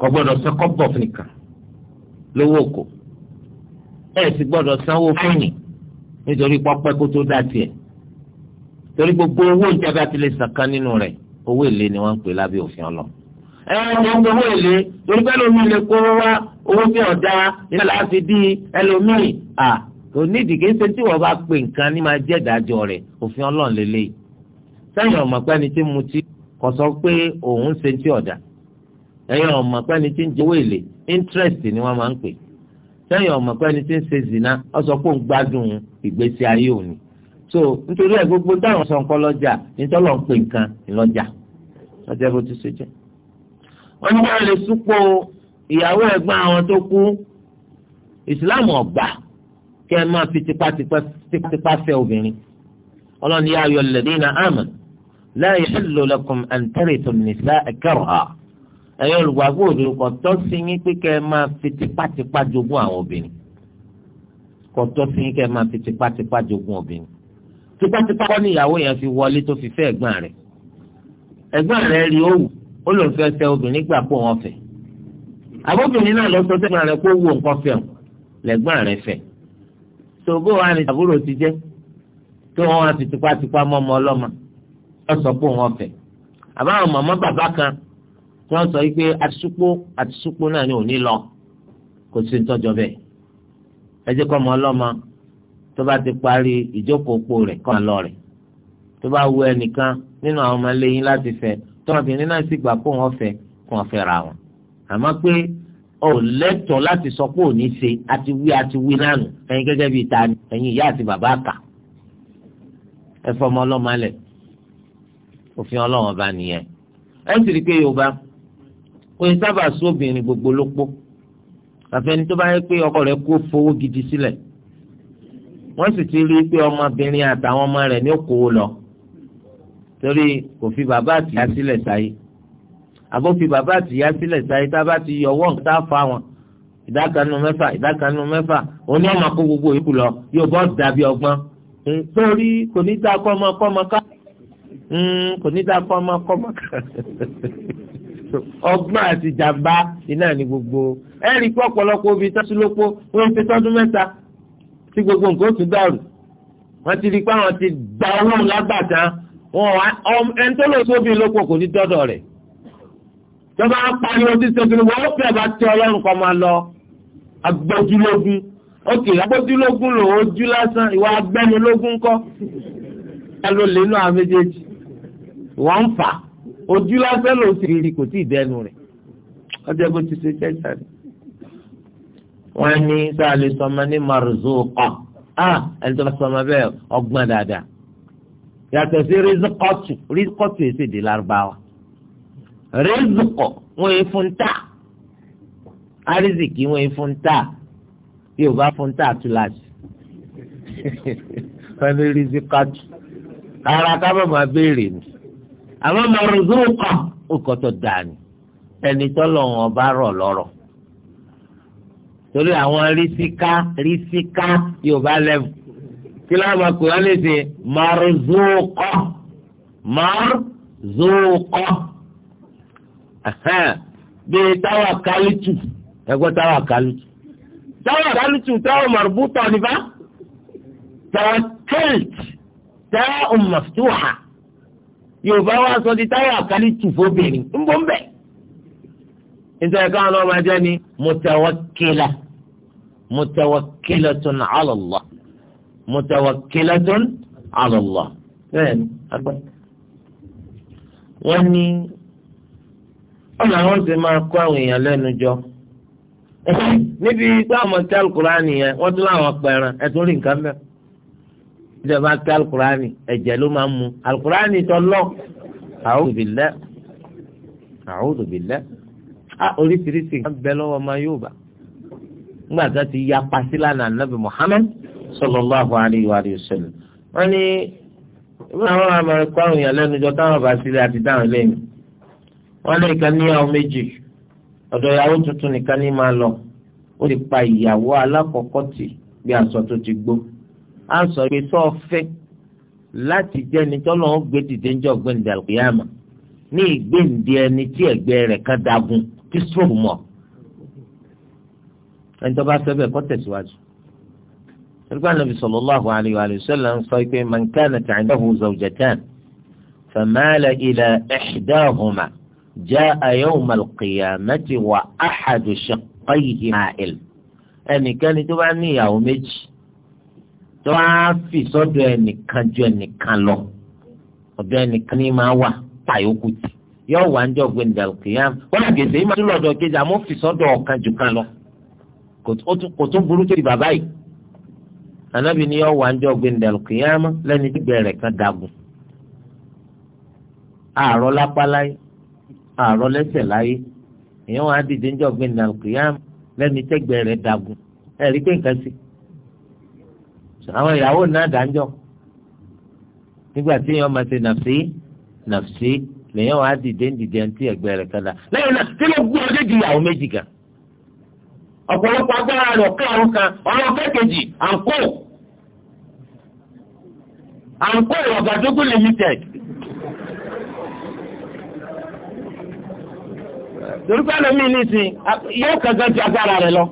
kò gbọ́dọ̀ san kọ́bọ̀ nìkan lówó kò ẹ sì gbọ́dọ̀ sanwó fóònì nítorí pọpẹ kó tó dá tiẹ̀ torí gbogbo owó ìjọba ti lè sàkán nínú rẹ̀ owó èlé ni wọ́n ń pè lábẹ́ òfin ọlọ ẹ ẹ owó èlé torí pẹ̀lú omi lè kó wá owó tí ọjà ìlànà àti bíi ẹlòmíì à kò ní ìdí tí wọ́n bá pè nǹkan ní máa jẹ́ ìdájọ rẹ̀ òfin ọlọ́run lélẹ́yìí tí ti sọ pé òun ṣe ti ọ̀dà ẹ̀yìn ọmọ pẹ́ni tí ń èlé interest ni wọ́n máa ń pè sẹ́yìn ọmọ pẹ́ni tí ń ṣe zina sọ gbádùn ìgbésí ayé òní so nítorí kí ẹ máa fi tipátipá fẹ́ obìnrin ọlọ́run ní ayọ̀ lẹ́dínà àmà láàyè ṣẹlẹ̀lọ́kùn àǹtẹ̀rẹ̀tò nìṣá ẹ̀kẹ́rọ̀ọ́ ẹ̀yọ́ olùgbàgbọ́ òdòdó kò tọ́ sí yín pé kẹ́ ẹ máa fi tipátipá jogún àwọn obìnrin kò tọ́ sí yín kẹ́ ẹ máa fi tipátipá jogún obìnrin tipátipá kọ́ níyàwó yẹn fi wọlé tó fi fẹ́ ẹ̀gbọ́n rẹ̀ ẹ̀gbọ́n rẹ̀ rí òwú ó fẹ́ obìnrin gbà pọ̀ wọn fẹ́ àbóbìnrin náà lọ sọ tó bó wà ní àbúrò ti jẹ́ tó wọn wá fi tipátipá mọ́ ọmọ ọlọ́mọ wọ́n sọ pé wọ́n fẹ́ àbáwọn màmá bàbá kan tí wọ́n sọ pé àtisúpó àtisúpó náà ni ò ní lọ kò sí nítọ́jọ́ bẹ́ẹ̀ ẹ jẹ́ kọ́ ọmọ ọlọ́mọ tó bá ti parí ìjókòó po rẹ̀ kọ́ ọ lọ rẹ̀ tó bá wu ẹnìkan nínú àwọn ọmọ lẹ́yìn láti fẹ́ tọ́mọbìnrin náà sì gbà kó wọ́n fẹ́ kó wọ́n fẹ́ ra wọn àmọ́ pé ò lẹ́tọ̀ọ́ láti sọ pé òní ṣe àti wí àti wí nánu ẹ̀yin gẹ́gẹ́ bíi ta ni ẹ̀yin ìyá àti bàbá àkà ẹ fọmọ ọlọ́mọ lẹ̀ òfin ọlọ́wọ́n bá nìyẹn ẹ sì rí i pé yorùbá kò ní sábà sún obìnrin gbogbo lópó àfẹni tó bá yẹ pé ọkọ rẹ̀ kó fowó gidi sílẹ̀ wọ́n sì ti rí i pé ọmọbìnrin àtàwọn ọmọ rẹ̀ ní òkòwò lọ torí kò fi bàbá àtìyá sílẹ̀ sáyé àbọ̀ fi bàbá àtìyá sílẹ̀ sáyé tá a bá ti yọ wọ́n tá a fa wọn ìdákanu mẹ́fà ìdákanu mẹ́fà òní ọmọ kó gbogbo yòókù lọ yóò bọ́ dàbí ọgbọ́n nítorí kò ní ta kọ́ ọmọ kọ́ ọmọ ká kò ní ta kọ́ ọmọ kọ́ ọmọ ká ọgbọ́n àti jàmbá iná ní gbogbo ẹ̀rí pọ̀ ọ̀pọ̀lọpọ̀ obì tọ́sí lóko wọ́n ti tọ́dún mẹ́ta tí gbogbo nǹkan ó dàrú wọ́n ti rí i pé àwọn ti da owó lágbàtà wọn ẹni tó lọ sóbì lóko kò ní dọ́dọ̀ rẹ̀ tọ́ba pariwo tí sẹ́kìrì wọ́n fẹ́ bá tẹ ọlọ́run kọ́ máa lọ agbójúlógún ok agbójúlógún lò ó jú lásán ìwà agbẹ́nulógún kọ́ ẹ ló lè nú àwọn méjèèjì wọ́n ń fà ojú lásán ló sì rí kò tí dẹnu rẹ̀ ọjọ́ bó ti ṣe jẹ́jà rẹ̀. wọ́n ní sáàlì sọmọ ní marzuqa ah ẹni tó bá sọmọ bẹ́ẹ̀ ọgbọ́n dáadáa yàtọ̀ sí rizqatu rizqatu èsì lárúbáwá rẹ́zùkọ̀ wọ́n yẹ fún ta arizikì wọ́n yẹ fún ta bí o bá fún ta tu láti wọ́n ní rizikatu ara kábọ̀ máa béèrè ni àmọ́ mọ̀rùzùkọ̀ ó kọ́ tó dání ẹni tọ́lọ̀ wọn bá rọ̀ lọ́rọ̀ torí àwọn rísíká rísíká yóò bá lẹ́bù kí ló máa pè wọ́n lè ṣe mọ̀rùzùkọ̀ mọ̀rùzùkọ̀ bíi táwa kálítù ẹgbẹ́ táwa kálítù táwa kálítù táwa màrúbútọ̀ nípa táwa kẹ́lt táwa màfútúhà yorùbá wa sọ di táwa kálítù fóbìnrin ń bọ́ ń bẹ̀ nítorí káwọn ọmọ ẹjẹ ni mutawakkila mutawakkilatun ala Allah mutawakkilatun bẹ́ẹ̀ ni wọ́n ní ọ̀nà àwọn ti máa kó àwọn èèyàn lẹ́nu jọ níbi igbá ọmọ tí alukurani yẹn wọ́n tún láwọn pẹ̀ràn ẹ̀tún rí nǹkan bẹ́ẹ̀ ìjọba tí alukurani ẹ̀jẹ̀ ló máa ń mu alukurani tó lọ a'udhu billah a'udhu billah a oríṣiríṣi nǹkan bẹ lọ́wọ́ ọmọ Yorùbá nígbà tó ti ya pasílànà nàbì Muhammad sallallahu alayhi wa sallam wọ́n ní ìwé àwọn àmọ̀ ẹ̀kọ́ àwọn èèyàn lẹ́nu jọ táwọn bá sílẹ̀ àti dáhùn lẹ́yìn wọn ní nìkan níyàwó méjì ọ̀dọ̀ ìyàwó tuntun nìkan ní máa lọ ó ti pa ìyàwó alákọ̀ọ́kọ́ tì bí aṣọ tó ti gbó à ń sọ pé láti jẹ́ ẹni tọ́lọ́ ó gbé dìde ń jọ gbẹ̀ǹdà kìyàmà ní ìgbéǹde ẹni tí ẹ̀gbẹ́ rẹ̀ kan dagun tí stroke mọ̀ ẹni tó bá fẹ́ bẹ́ẹ̀ kọ́ tẹ̀síwájú. nígbà nàbì sallallahu alayhi wa sallam ń sọ pé man kanat indahu zawjatan famala ila ihdahuma jaa yawmal qiyamati wa ahadu shaqqayhi ma'il ẹnikẹ́ni tó bá ní ìyàwó méjì tó bá fi sọ́dọ̀ ẹnìkan ju ẹnìkan lọ ọ̀dọ̀ ẹnìkan ní máa wà pàyókù tì yóò wá ń jọ gbẹndàlù kìyàm wọn àgèsè yìí máa tún lọ́dọ̀ kejì àmọ́ fi sọ́dọ̀ ọ̀kan jù kan lọ kò tún burú tó di bàbá yìí anabi ni yóò wá ń jọ gbẹndàlù lẹ́ni tí gbẹrẹ kan dagun àárọ̀ lápá láyé àárọ̀ lẹ́sẹ̀ láyé èèyàn wọn á dìde ń jọ̀gbìn nàìjíríà lẹ́ni tẹ́gbẹ́ rẹ̀ dàgùn ẹ̀ rí pé nǹkan sí àwọn ìyàwó náà dáńjọ́ nígbà tí èèyàn máa ṣe na nàfsí lèèyàn wọn á dìde ń dìde torípé ẹlòmíì nìsín yóò kankan ju agbára rẹ lọ.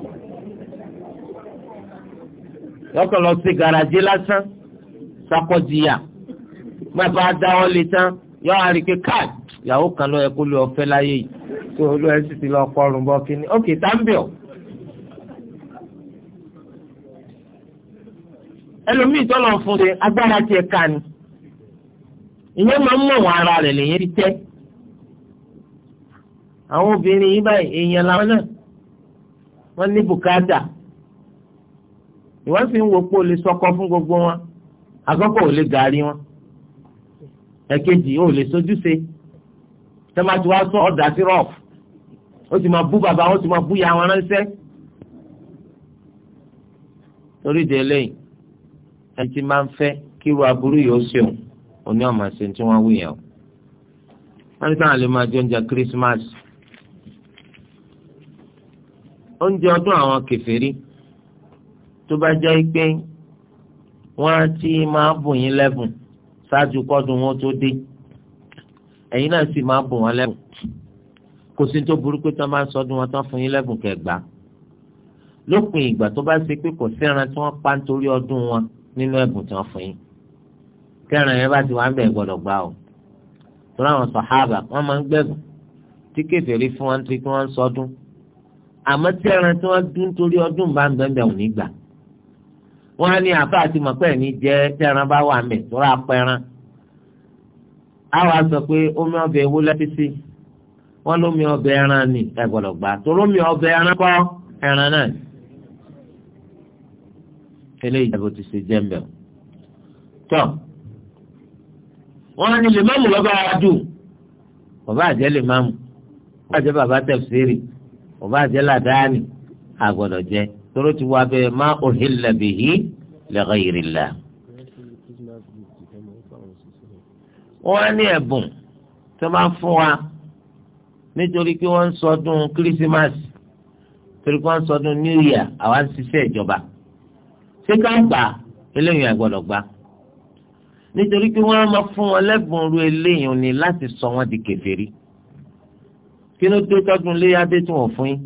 lọ́kàn lọ sí garaje lásán sakọ́jìyà gbàgbà dáwọ́ lè tán yọ àríkè káàdì ìyàwó kan ló yẹ kó lè ọ̀fẹ́ láyé yìí tó olú ẹ sì ti lọ kọrùn bọ kínní ókè tábìọ̀. ẹlòmíì tọ́lọ̀ fún ṣe agbára tiẹ̀ ká ni ìyẹn máa ń mọ̀ wọ́n ara rẹ̀ lèyìn rí tẹ́ àwọn obìnrin yìí báyìí èèyàn làwọn náà wọ́n ní bùkátà ìwọ́n sì ń wo pé o lè sọkọ fún gbogbo wọn àkọ́kọ́ ò lè gàrí wọn ẹ̀kejì ò lè sojúṣe tẹ́mátì wá sọ ọ̀dà sí rọ́ọ̀fù ó ti máa bú bàbá wọn ó ti máa bú ya wọn ránṣẹ́ torí de eléyìí ẹ ti máa ń fẹ́ kíru aburú yóò ṣeun òní ọ̀mà ṣe tí wọ́n wí yẹn o wọ́n ní sáà lè máa jẹ oúnjẹ kírísímàsì oúnjẹ ọdún àwọn kèfèrí tó bá jẹ́ pé wọ́n á ti máa bùn yín lẹ́bùn ṣáájú kọ́dún wọn tó dé ẹ̀yin náà sì máa bùn wọn lẹ́bùn kò sí tó burú pé tí wọ́n bá ń sọdún wọn tán fún yín lẹ́bùn kẹgbà lópin ìgbà tó bá ṣe pé kò sí ẹran tí wọ́n pa nítorí ọdún wọn nínú ẹ̀bùn tí wọ́n fún yín kẹrin yẹn bá ti wà ń bẹ̀ gbọ́dọ̀ gbà o tó láwọn sàhábà wọ́n máa ń gbẹ̀bùn tí kèfèrí fún wọn tí wọ́n ń sọdún àmọ́ tí ẹran tí wọ́n dún torí ọdún bá ń bẹ̀ẹ̀ ò ní gbà wọ́n á ní àbá àti mọ̀pẹ́ ní jẹ́ tí ẹran bá wà mẹ́ tó rà pẹ́ran á wàá sọ pé omi ọbẹ̀ ewu lẹ́pẹ́sì wọ́n lómi ọbẹ̀ ẹran ni ẹ gbọ́dọ̀ gbà torí omi ọbẹ̀ ẹran kọ́ ẹran náà ni eléyìí ẹ̀bùn ti ṣe jẹ́ ń tọ́ wọ́n á ní lè má mú lọ́gbà wájú bàbá àjẹ́ lè má mú bàbá àjẹ́ bàbá tẹ̀síìrì ọba àjẹ́ làdáni àgbọ̀dọ̀ jẹ́ tóró ti wá bẹ́ẹ̀ má uhilla bihi li ghayrillah. wọ́n á ní ẹ̀bùn tó máa ń fún wa nítorí pé wọ́n ń sọdún kírísímàsì torí pé wọ́n ń sọdún new year àwa ń ṣiṣẹ́ ìjọba ṣé ká gbà eléyìí àgbọ̀dọ̀ gbà nítorí pé wọ́n á máa fún wọn lẹ́bùn ru eléyìí ni láti sọ wọn di kèfèrí kí ló dé tọ́dún léyà dé tí wọ́n fún yín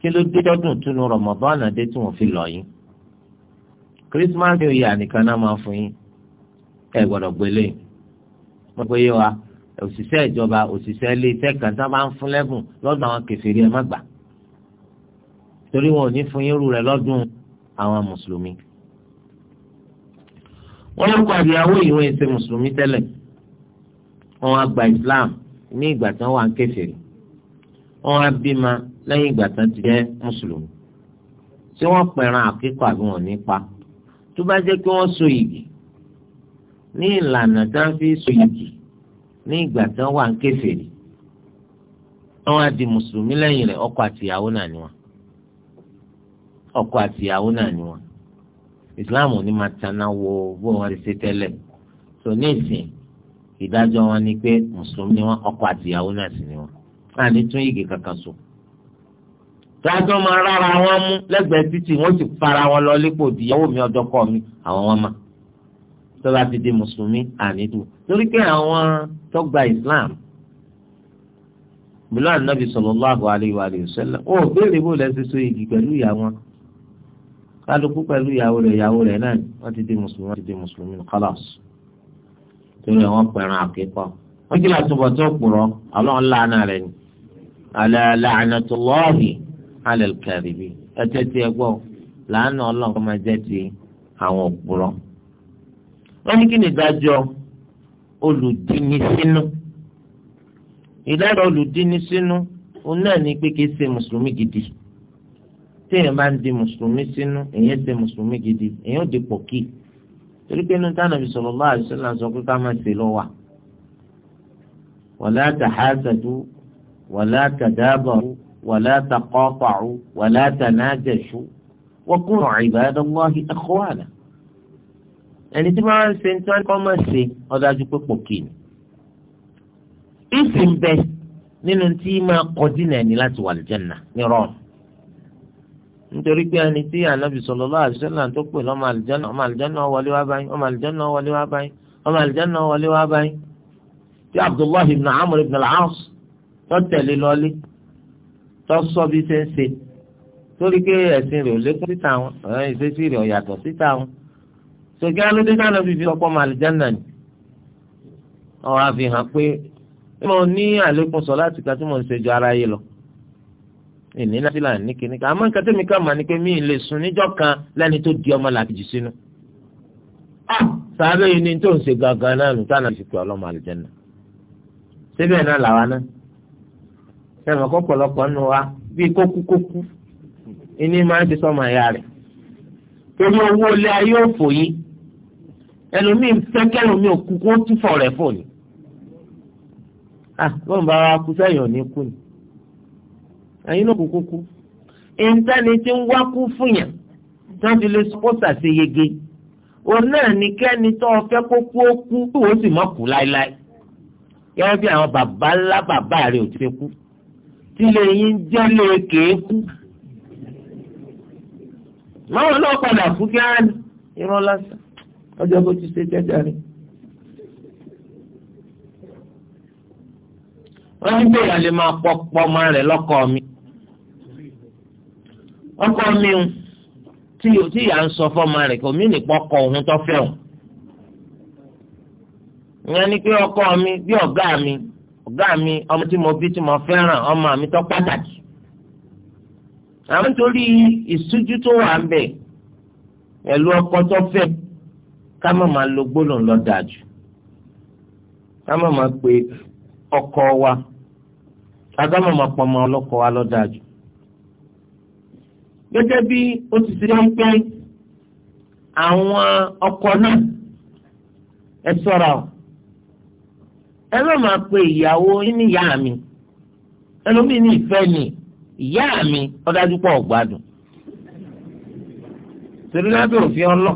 kí ló dé tọ́dún túnú rọmọbọ́ọ̀nà dé tí wọ́n fi lọ yín christmas new year nìkan náà máa fún yín ẹ gbọ́dọ̀ gbélé wọ́n pé yé wa òṣìṣẹ́ ìjọba òṣìṣẹ́ ilé iṣẹ́ kan tá a bá ń fún lẹ́bùn lọ́dún àwọn kèfèrí ẹ má gbà torí wọn ò ní fún yín rú rẹ̀ lọ́dún àwọn mùsùlùmí wọ́n lọ́kọ̀ àdìyàwó ìwé ẹsẹ̀ mùsùlùmí tẹ́lẹ̀ wọ́n á gba islam ní ìgbà tí wọ́n wà ń kèfèrí wọ́n á bímọ lẹ́yìn ìgbà tí wọ́n ti jẹ́ mùsùlùmí tí wọ́n pẹ̀ràn àkíkọ̀ àbí wọn nípa tó bá jẹ́ pé wọ́n so yìgì ní ìlànà tí wọ́n fi so yìgì ní ìgbà tí wọ́n wà ń kèfèrí wọ́n á di mùsùlùmí lẹ́yìn rẹ̀ ọkọ àtìyàwó náà ni wọ́n ọkọ àtìyàwó náà ni wọ́n ìsìláàmù ni máa taná wo bó wọn ṣe tẹ́lẹ̀ so ní ìsìn ìdájọ́ wọn ni pé mùsùlùmí ni wọn ọkọ àtìyàwó náà sì ni wọn náà ní tún yìgì kankan so. tíwájú máa rárá wọn mú lẹ́gbẹ̀ẹ́ títì wọ́n sì fara wọn lọ lépò ìyàwó mi ọ̀dọ́kọ mi àwọn wọn mọ̀ tó bá ti di mùsùlùmí ànídù torí pé àwọn tó Islam bùlọ́ ànábì sallallahu alayhi wa sallam ó béèrè bó lẹ́sẹ̀ so yìgì pẹ̀lú ìyàwó kálukú pẹ̀lú ìyàwó rẹ̀ ìyàwó rẹ̀ náà wọ́n torí àwọn pẹ̀ràn àkíkọ́ wọ́n kí láti bọ̀ tó kùrọ̀ ọlọ́run lánà rẹ̀ ni ala la'natullahi ala al-kadhibi ẹtẹ́ tiẹ̀ gbọ́ lánà ọlọ́run kọ́ máa jẹ́ ti àwọn òpùrọ̀ wọ́n ní kí ni ìdájọ́ olùdínisínú ìdájọ́ olùdínisínú òun náà ní pé kìí ṣe mùsùlùmí gidi téèyàn bá ń di mùsùlùmí sínú èèyàn ṣe mùsùlùmí gidi èèyàn ò dipò kíì torí pé inú tánà bí sallallahu alaihi wasallam sọ pé ká má ṣe lọ wà. wala tahasadu wala tadabaru wala taqata'u wala tanajashu wa kunu ibadallahi ikhwana. ẹni tí wọ́n ṣe ń tán kọ́ má ṣe ọ̀dájú pé pò kì ní. ìsìn bẹ nínú tí máa kọjú náà ní láti wà lìjẹ́ nà ní rọ́ọ̀nù nítorí pé ẹni tí ànábì sallallahu alaihi wasallam tó pè lọ́mọ àlìjáná ọmọ àlìjáná wọlé wá báyìí ọmọ àlìjáná wọlé wá báyìí ọmọ àlìjáná wọlé wá báyìí tí abdullahi ibn amr ibn al-as tó tẹ̀lé lọ́lé tó sọ bí ṣe ń ṣe torí pé ẹ̀sìn rẹ̀ ò lékún síta wọn ọ̀rẹ́ ìṣesí rẹ̀ ò yàtọ̀ síta wọn sọ̀kẹ́ alóde dáná fífi ọ̀pọ̀ ọmọ àlìjáná ni ọ̀rọ̀ àfihàn pé mo ní àlékún sọ ìní nàfìlà ní kíní kan àmọ́ nǹkan tẹ́mi ká mà ní pé mí lè sùn níjọ́ kan lẹ́ni tó di ọmọ làkejì sínú. sàbẹ̀ yìí ni tó ń ṣe gangan náà nù tánà fi pè ọlọ́mọ àlùjẹ́nà. síbẹ̀ náà làwa náà sẹ́mi ọ̀pọ̀lọpọ̀ nù wa bíi kókúkókú ìní máa ń ti sọ́mọ ẹ̀yà rẹ̀. torí owó ilé ayé òfò yìí ẹlòmíì fẹ́kẹ́ ẹlòmíì òkú kó túfọ̀ rẹ̀ fò ní. ah bọ́n bá wa kú ẹ̀yin náà kò kúkú ìntàní tí ń wákú fún yàn tí wọ́n fi lè sọ́kòtà sí yege òun náà ní kẹ́ni tó ọ̀fẹ́ kó kú ó kú tí wọ́n sì má kú láéláé gẹ́gẹ́ bí àwọn bàbá ńlá bàbá rẹ̀ ò ti kú tí lè yín jẹ́ lè kéé kú máwọn náà padà kú kí á ní irun lásán ọjọ́ bó ti ṣe jẹ́jẹ́ rẹ̀. wọ́n ní bẹ́ẹ̀ lè máa pọ̀ pọ̀ ọmọ rẹ̀ lọ́kọ mi. ọkọ mi ń tí yóò tí yà ń sọ fọmọ rẹ kò mí nìpọ kọ ohun tó fẹ́ o ìyẹn ni pé ọkọ mi bí ọga mi ọ̀gá mi ọmọ tí mo bí tí mo fẹ́ràn ọmọ mi tó pàtàkì àwọn nítorí ìṣújú tó wà ń bẹ pẹ̀lú ọkọ tó fẹ́ ká má máa lo gbólóhùn lọ dájú ká má pe ọkọ wa ká má máa pọ̀ ọlọkọ wa lọ dájú gẹ́gẹ́ bí ó ti ṣe ń pẹ́ àwọn ọkọ náà ẹ sọ̀rọ̀ ẹ má máa pe ìyàwó ní ìyá mi ẹlòmíì ní ìfẹ́ ni ìyá mi ọ̀dájú pọ̀ gbádùn torí lábẹ́ òfin ọlọ́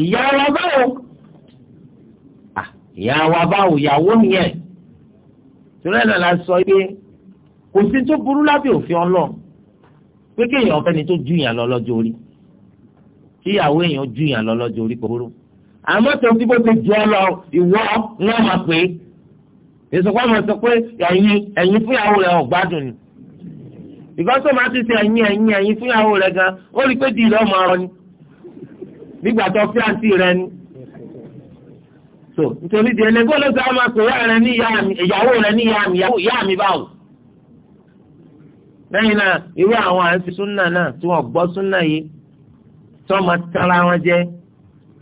ìyá wa báwo ìyá wa báwo ìyàwó nìyẹn torí ẹ̀ la sọ pé kò sí tó burú lábẹ́ òfin ọlọ́ọ̀ pé kéèyàn ọ̀fẹ́ni tó ju yàn lọ lọ́jọ́ orí tíyàwó èèyàn ju yàn lọ lọ́jọ́ orí kòkòrò àmọ́ tó ti bó ti ju ọ lọ ìwọ náà máa pè é ìsọ̀kọ́ àmọ́ sọ pé ẹ̀yin ẹ̀yin fúnyàwó rẹ̀ ọ̀gbádùn ni ìgbọ́sọ̀ máa ti ṣe ẹ̀yin ẹ̀yin ẹ̀yin fúnyàwó rẹ̀ gan ó rí pé dìlọ́ ọmọ ọ̀rọ̀ ni nígbà tó fi àǹtí rẹ̀ ni so nítorí dìlẹ́ gbọ́dọ̀ sọ àwọn àpò ìyàwó rẹ̀ ní ìyá mi ìyàwó rẹ̀ ní ìyá mi ìyá mi báwo lẹ́yìn náà irú àwọn àǹtí súnà náà tí wọ́n gbọ́ súnà yìí tó máa tara wọn jẹ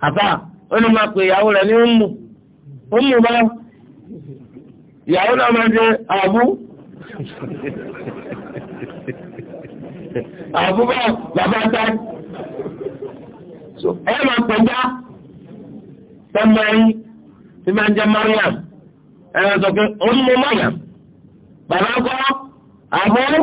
àbá ó ní máa pè ìyàwó rẹ̀ ní ọmú ọmú bá ìyàwó náà máa jẹ àbú àbú bá bàbá ta ẹ máa pè dá tọ́mọ tí máa jẹ Mariam ẹ sọ pé ọmú Mariam bàbá kọ́ àbú.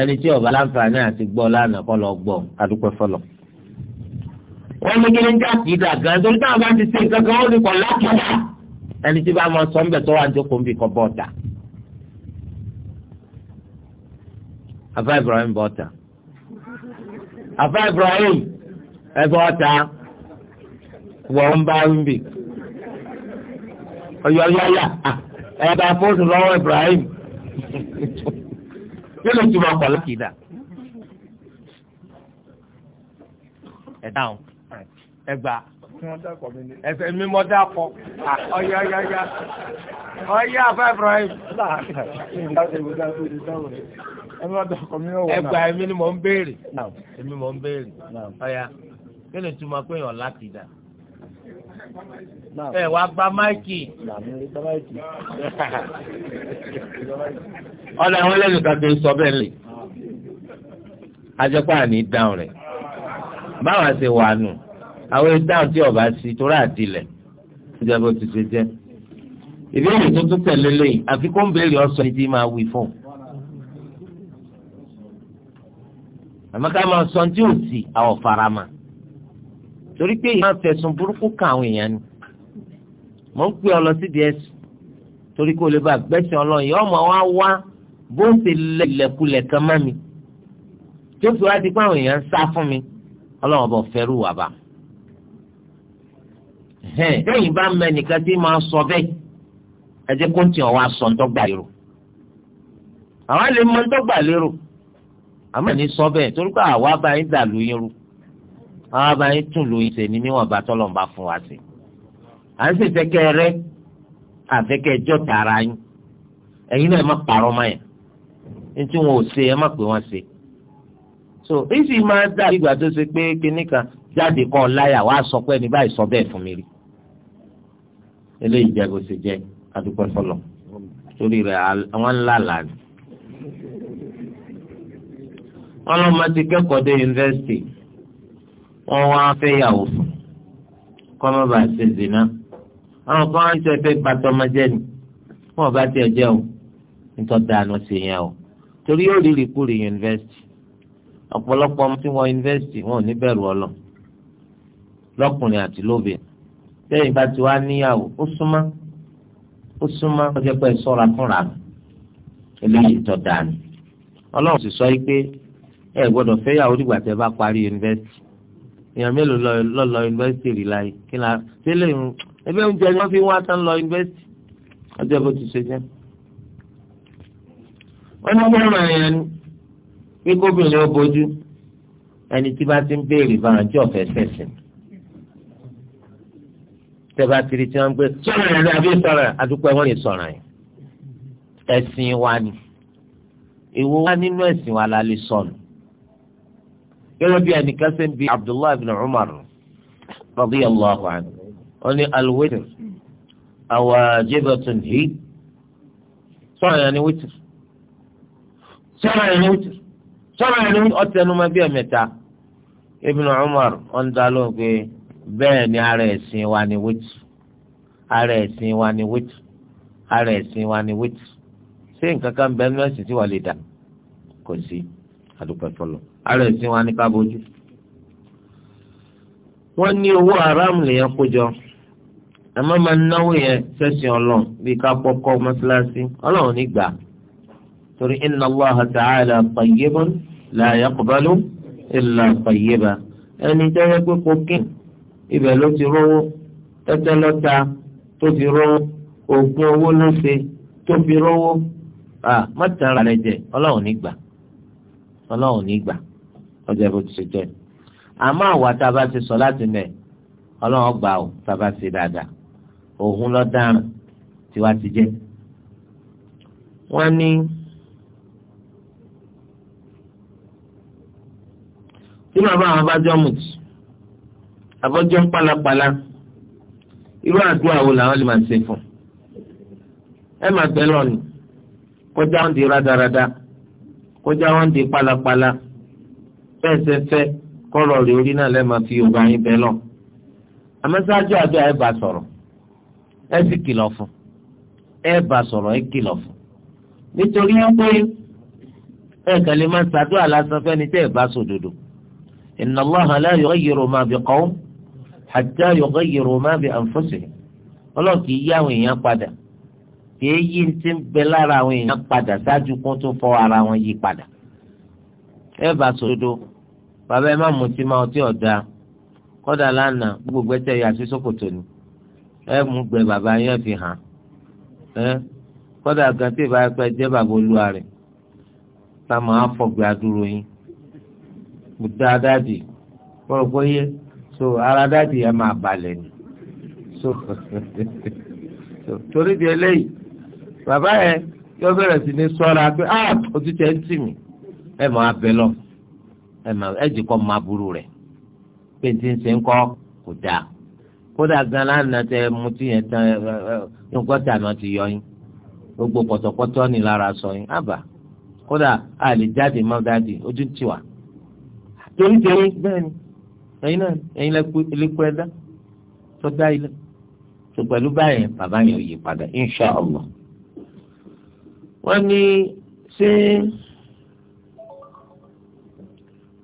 ẹni tí ọba láǹfààní àti gbọ́ lánàá kọ́ lọ gbọ́ adúpẹ́ fọlọ́. wọ́n ní kíni ká kì í dà gan torí táwọn bá ti ṣe nǹkan kan wọ́n ti kọ̀ látọ̀dà. ẹni tí bá máa sọ tó wà ní tókò ń bì kọ́ bọ́ọ̀tà. afa Ibrahim bọ́ọ̀tà. afa Ibrahim ẹ bọ́ọ̀tà wọ́n ń bá ń bì. ọ̀yọ̀yọ̀yà ẹ̀ bá fóònù lọ́wọ́ Ibrahim nínú ìtumọ̀ ọkọ̀ lákìdá. ẹ dáhùn ẹ gbà ẹsẹ mímọ dákọ ọyá ọyá ọyá ọyá afẹ Ibrahim. ẹ gbà èmi ni mò ń béèrè èmi mò ń béèrè ọyá nínú ìtumọ̀ pé yàn lákìdá ẹ wá gba máìkì. ọ̀nà àwọn ẹlẹ́nu kàtó sọ bẹ́ẹ̀ lè ajẹ́pọ̀ àní dáhùn rẹ̀ báwa ṣe wà nù àwọn dáhùn tí ọba sí torí àdìlẹ̀ ìjọba bó ti ṣe jẹ́ ìbéèrè tó tún tẹ̀lé lẹ́yìn àfi kó ń béèrè ọ̀sán ìdí máa wí fún un. àmọ́ ká máa sọ ní tí ò sí àwọn farama torí pé ìyá fẹ̀sùn burúkú kan àwọn èèyàn ni mò ń pè ọ lọ sí díẹ̀ sí torí kó lè bá gbẹ́sìn ọlọ́run yìí ọmọ wa wá bó ń ṣe lẹ̀lẹ̀kulẹ̀ kan mọ́ mi tó fi wá di pé àwọn èèyàn ń sá fún mi ọlọ́run ọba fẹ́rù wà bá. lẹ́yìn bá mẹ nìkan tí máa sọ bẹ́ẹ̀ ẹ jẹ́ kó ń tiẹ̀ wá sọ ńdọ́gba lérò àwa lè mọ ńdọ́gba lérò àmọ́ ní sọ bẹ́ẹ̀ torí pé àwa bá yín dàlú yín rú àwọn abàáyé tún lu ìṣe ní níwọ̀nba tọ́lọ̀ ń bá fún wa sí. à ń sì fẹ́kẹ́ rẹ́ àfẹ́kẹ́ ẹjọ́ tààrà yín ẹ̀yin náà ẹ má parọ́ mọ́ yẹn ní tí wọn ò ṣe ẹ má pè wọ́n ṣe. so èsì máa dà ìgbà tó ṣe pé kinní kan jáde kọ́ láyà wàá sọ pé ẹni báyìí sọ bẹ́ẹ̀ fún mi rí. eléyìí jẹ́ kó ṣe jẹ́ adúgbò fọlọ́ torí rẹ̀ àwọn ńlá làánì. wọ́n lọ́ máa ti kẹ́kọ̀ọ́ dé yunifásitì wọ́n wá fẹ́ yàwó fún kọ́ má bàa ṣe zina àwọn kan ń sọ pé gbàtọ́mọjẹ́ ni wọ́n bá tiẹ̀ jẹ́ o nítorí dáná sí yẹn o torí ó rírì kúrì yunifásitì ọ̀pọ̀lọpọ̀ ọmọ tí wọ́n yunifásitì wọn ò ní bẹ̀rù ọlọ lọ́kùnrin àti lóbìn lẹ́yìn bá ti wá níyàwó ó súnmọ́ ó súnmọ́ ó jẹ́ pé sọ́ra fúnra eléyìí tó dáa ni ọlọ́run sì sọ pé ẹ gbọ́dọ̀ fẹ́yàwó dìgbà tẹ́ bá parí yunifásitì èèyàn mélòó lọ lọ yunifásitì rí láyé kí ni a ṣe lè ń ẹgbẹ́ oúnjẹ ni wọ́n fi wá tán lọ yunifásitì ọjọ́ bó ti ṣe jẹ́. wọ́n ní wọ́n ràn yẹn ni pé kóbìnrin ó bójú ẹni tí bá ti ń béèrè fáwọn tí ọ̀fẹ́ sẹ̀sìn. tẹ́bà tiri tí wọ́n ń gbé sọ̀rọ̀ yẹn àbí sọ̀rọ̀ àdúpọ̀ wọn lè sọ̀rọ̀ yẹn. ẹ̀sìn wa ni èwo wa nínú ẹ̀sìn wa la lè sọ̀rọ̀ gẹ́gẹ́ bí ẹnìkan ṣe ń bi abdullahi ibn umar radiyallahu anhu ó ní alwitr awajibatun hi sọ̀rọ̀ yẹn ni witr sọ̀rọ̀ yẹn ni witr sọ̀rọ̀ yẹn ni witr ọ̀tẹnumọ́ bí ẹ̀mẹ́ta ibn umar ọ̀n dá lóhùn pé bẹ́ẹ̀ ni ara ẹ̀sìn wa ni witr ara ẹ̀sìn wa ni witr ara ẹ̀sìn wa ni witr ṣé nǹkan kan bẹ́ẹ̀ ní ẹ̀sìn tí wà lè dà kò sí àdúpẹ́ fọlọ́ ara ẹ̀sìn wa ní ká bójú. wọ́n ní owó haram lèèyàn kó jọ àmọ́ máa náwó yẹn sẹ́sìn ọlọ́run bíi ká kọ́kọ́ mọ́ṣáláṣí ọlọ́run ní gbà torí inna Allaha ta'ala tayyibun la yaqbalu illa tayyiba ẹni jẹ́wọ́ pé kókè ibẹ̀ ló ti rówó tẹ́tẹ́ lọ́ta tó fi rówó oògùn owó ló ṣe tó fi rówó mọ́tàn rẹ̀ jẹ ọlọ́run ní gbà ọlọ́run ní gbà ọjọ́ ìbò ti ṣe jẹ́ àmọ́ àwa tá a bá ti sọ láti mẹ́ ọlọ́run gbà ó tá a bá ti dáadáa òun lọ dáràn tiwa ti jẹ́ wọ́n ní. tí bàbá àwọn bá jọ mùtì àbọ̀jọ́ ń pálapàla irú àdúrà wo làwọn lè máa ṣe fún ẹ máa bẹ lọ́ọ̀nì kọjá wọn di rádaràda kọjá wọn di pálapàla. Pala bẹ́ẹ̀ ṣe fẹ́ kọ́rọ̀ rẹ̀ orí náà lẹ́ẹ̀ma fi yorùbá yín bẹ́ẹ̀ lọ. àmọ́sáájú àdúrà ẹ bá sọ̀rọ̀ ẹ sì kìlọ̀ fún ẹ bá sọ̀rọ̀ ẹ kìlọ̀ fún. nítorí pé ẹ kàn máa ṣàdúrà lásán fẹ́ni tẹ́ ẹ bá sòdodo. inna Allaha la yughayyiru ma bi qawm hatta yughayyiru ma bi anfusihim. ọlọ́run kì í yá àwọn èèyàn padà kì í yí ti ń bẹ lára àwọn èèyàn padà ṣáájú kó tó fọ ara wọn yí padà. ẹ bá sòdodo bàbá ẹ má mutí má ọtí ọ̀dà kọ́dà lánàá gbogbo ẹ̀tẹ̀ yà sí ṣòkòtò ni ẹ mú gbẹ bàbá yẹn fi hàn ẹ kọ́dà gan tí ìbá pẹ́ jẹ́ bàbá olúwa rẹ̀ tá máa fọ̀gbẹ́ adúró yín gbùdá kọ́rọ̀ kó yé so ara dáàdì ẹ máa balẹ̀ ni so (laughs) torí di eléyìí bàbá yẹn yóò bẹ̀rẹ̀ sí ní sọ́ra pé ah òtítẹ́ ń tì mí ẹ máa bẹ lọ́wọ́ ẹ jì kọ́ máa burú rẹ̀ pé n ti ń ṣe ń kọ́ kò dáa kódà gan lánàá tẹ mutí yẹn tán ẹ ẹ gọ́tà náà ti yọ yín gbogbo pọ̀tọ̀pọ̀tọ̀ ni lára sọ yín àbá kódà a lè jáde má dáàdì ojú ti wà torí tẹ̀yìn bẹ́ẹ̀ ni ẹ̀yin náà ẹ̀yin lẹ́kọ́ ẹ̀dá tó dá ilé tó pẹ̀lú báyẹn bàbá yẹn ò yí padà inṣàlá wọ́n ní ṣé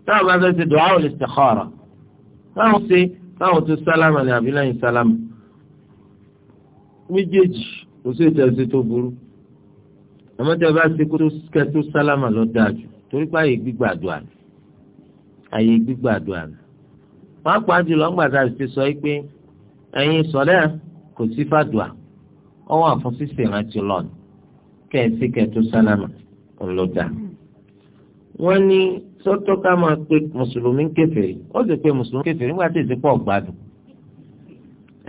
táwọn bá fẹ́ ṣe dùn àwọn istikhara táwọn ṣe táwọn tó sálámà ní àbí lẹ́yìn sálámà méjèèjì kò sí ìtẹ̀sí tó burú àmọ́ tí a bá ṣe kótó kẹtó sálámà lọ dáa jù torí pé àyè gbígbàdùn àná àyè gbígbàdùn àná wọn apá jùlọ ń gbàdá ti sọ pé ẹ̀yin sọ̀lẹ́ kò sí fàdùà ọwọ́ àfún sísè rántí lọ́nù kẹ́ẹ̀sì kẹtó sálámà ńlọ́dà wọ́n ní sọ́tọ́ ká máa pe mùsùlùmí kèfèrí ó sì pe mùsùlùmí kèfèrí nígbà tí ìsìnkú ọ̀gbádùn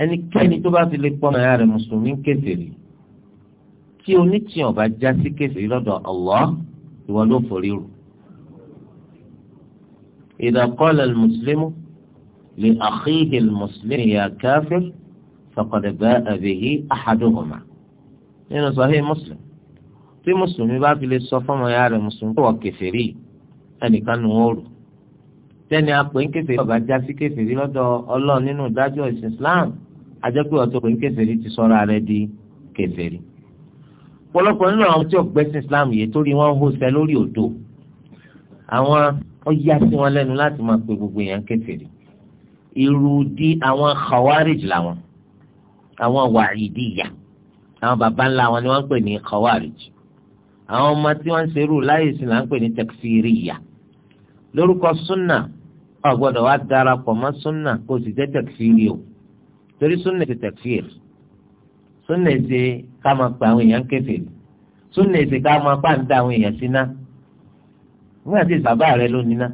ẹnikẹ́ni tó bá fi lè pọ́ ọ̀nà rẹ̀ mùsùlùmí kèfèrí tí onítìyàn bá já sí kèfèrí lọ́dọ̀ Allah ìwọ ló forí rù. idha qala al-muslimu li akhihi al-muslimi ya kafir faqad ba'a bihi nínú sahih Muslim tí mùsùlùmí bá fi lè sọ fọ́mọ ya rẹ̀ mùsùlùmí ẹnìkan nù wọn rò tẹ́ni apò ń kèfèrí ọba já sí kèfèrí lọ́dọ̀ Ọlọ́run nínú ìdájọ́ ìsìn Islam ajẹpẹ ọ̀tọ̀ pé ń kèfèrí ti sọra rẹ̀ di kèfèrí pọ̀lọpọ̀ nínú àwọn tí ọgbẹsìn Islam yìí torí wọn hó sẹ lórí òdo àwọn ọyá sí wọn lẹ́nu láti máa pe gbogbo èèyàn kèfèrí irú di àwọn khawarij làwọn àwọn wàhídìyà àwọn baba ńlá wọn ni wọn ń pè ní khawarij àwọn ọmọ tí wọn ń serú láyé sí là ń pè ní takfiriyya lórúkọ súnà ọ̀gbọ́dọ̀ wá darapọ̀ mọ́ súnà kó o sì jẹ́ tẹ̀kfíìrì o torí súnà ti tẹ̀kfíìrì súnà ṣe ká máa pa àwọn èèyàn kèfèrí súnà ṣe ká máa pa ń da àwọn èèyàn síná nígbà tí bàbá rẹ ló níná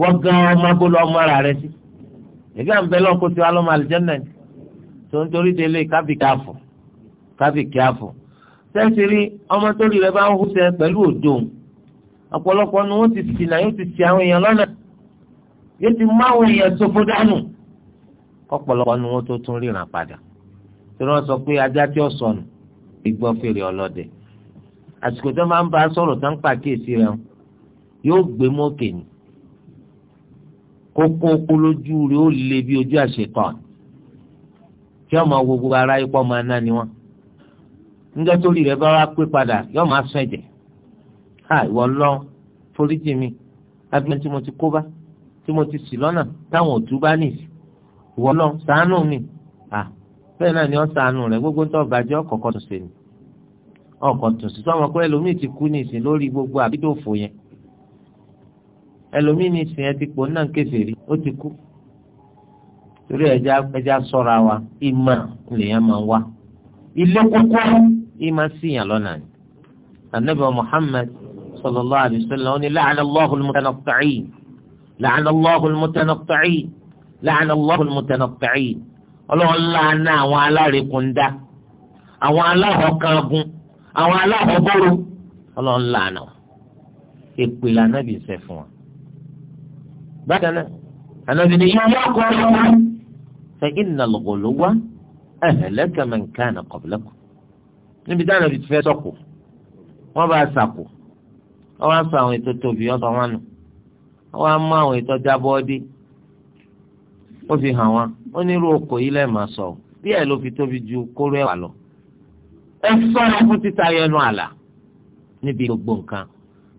wọ́n gan ọmọ abúlé ọmọ ara rẹ sí ẹ̀gbẹ́ àǹbẹ̀ lọ́n kó ti wá lọ́mọ àlùjànnà ni tó ń torí délé kábìkì àfọ̀ kábìkì àfọ̀ sẹ́ńtì ọmọ tó rí rẹ bá ń húṣẹ́ pẹ̀lú òdòun ọ̀pọ̀lọpọ̀ ni wọ́n ti ṣìnà yóò ti ṣì àwọn èèyàn lọ́nà yóò ti mú àwọn èèyàn ṣòfò dànù ọ̀pọ̀lọpọ̀ ni wọ́n tó tún ríran padà tí wọ́n sọ pé ajá tí ó sọnù ìgbọ́ fèrè ọlọ́dẹ àsìkò tó máa ń bá a sọ̀rọ̀ tó ń pàkíyèsí rẹ̀ yóò gbé mọ́kè ní kókó kólójú rẹ̀ ó le bí ojú àṣetọ̀ tí ọmọ gbogbo ara yìí pọ̀ máa ná ni wọ́n níjọ́ tó rí rẹ̀ bá wá pé padà yóò máa sún ẹ̀jẹ̀ à ìwọ lọ foríjì mi abiyanu tí mo ti kó bá tí mo ti sì lọ́nà táwọn bá nì ìwọ lọ mi à bẹ́ẹ̀ ni rẹ gbogbo ń tọ́ bàjẹ́ ọ̀kọ̀ọ̀kan tó ṣe ni ọkọ̀ tó ṣe pé ẹlòmíì ti kú ní ìsìn gbogbo àbídòfò yẹn ẹlòmíì ní ìsìn ẹ ti pò náà ó ti kú torí ẹja sọ́ra wa ìmọ̀ lèèyàn máa wá ilé kúkú ìmọ̀ lọ́nà sallallahu alaihi wasallam ó ní la'ana Allahul mutanatti'in la'ana Allahul mutanatti'in la'ana Allahul mutanatti'in ọlọ́run làánà àwọn alárekùndá àwọn aláhọ̀kangun àwọn aláhọ̀bọ́rò ọlọ́run làánà èpè lànàbì ṣe fún wa. bákan náà ànàbì ni yóò wá kọ́ ọ́ fa inna al-ghuluwa ahlaka man kana qablakum níbi tí ànàbì ti fẹ́ sọ̀kù wọ́n bá a sàkù ọwọ́ á sọ àwọn ètò tóbi ọ̀sán wọn nù ọwọ́ á àwọn ètò jábọ́ fi hàn wọn ó ní irú yìí lẹ́ẹ̀ máa sọ ló fi tóbi ju kóró ẹ̀wà lọ. ẹ sọ́ra fún títayọ ẹnu àlà níbi gbogbo nǹkan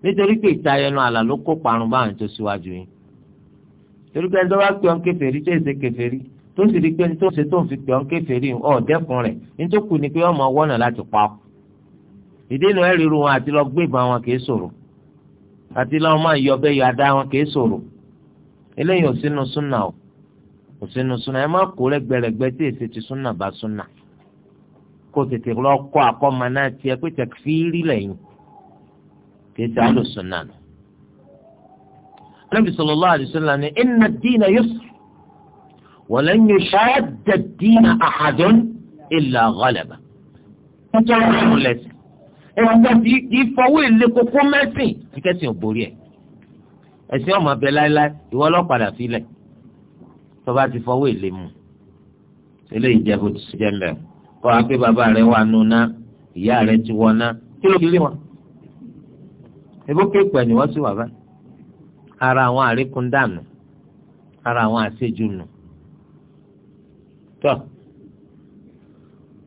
nítorí pé ìtayọ ẹnu àlà ló kó parun bá ọ̀ ní ni pé ọmọ wọ́nà láti pa ọ́. ìdí inú ẹ̀ àti láwọn máa yọ ọbẹ̀ yọ adá wọn kì í sọ̀rọ̀ eléyìí ò sínú súnà o ò sínú súnà ẹ má kó rẹ́gbẹ̀rẹ́gbẹ́ tí èsì ti súnà bá súnà kó tètè lọ kọ́ àkọ́mọ náà tiẹ̀ pé tẹ̀kífìrí lẹ́yìn kì í sàlù súnà nù. Ànábì sallallahu alaihi wasallam ní inna ad-dina yusr wa lan yushadda ad-dina ahadun illa ghalaba. wọ́n jẹ́ àwọn ọmọ lẹ́sìn ẹ̀wọ̀n gbà tí kì í fọwọ́ èlé kókó mẹ́sìn ẹ̀kẹ́sìn ò borí ẹ̀ ẹ̀sìn ọmọ abẹ láéláé ìwọ ọlọ́padà sílẹ̀ tó bá ti fọwọ́ èlé mu eléyìí jẹ́ bó ti ṣe jẹ́ mẹ́rin kọ́ wa pé bàbá rẹ̀ wà nùnà ìyá rẹ̀ ti wọ̀ ná kí ló fi lé wọn. ebó kéèpẹ̀ ni wọ́n sì wà báyìí ara àwọn àríkún dànù ara àwọn àṣejù nù. tọ́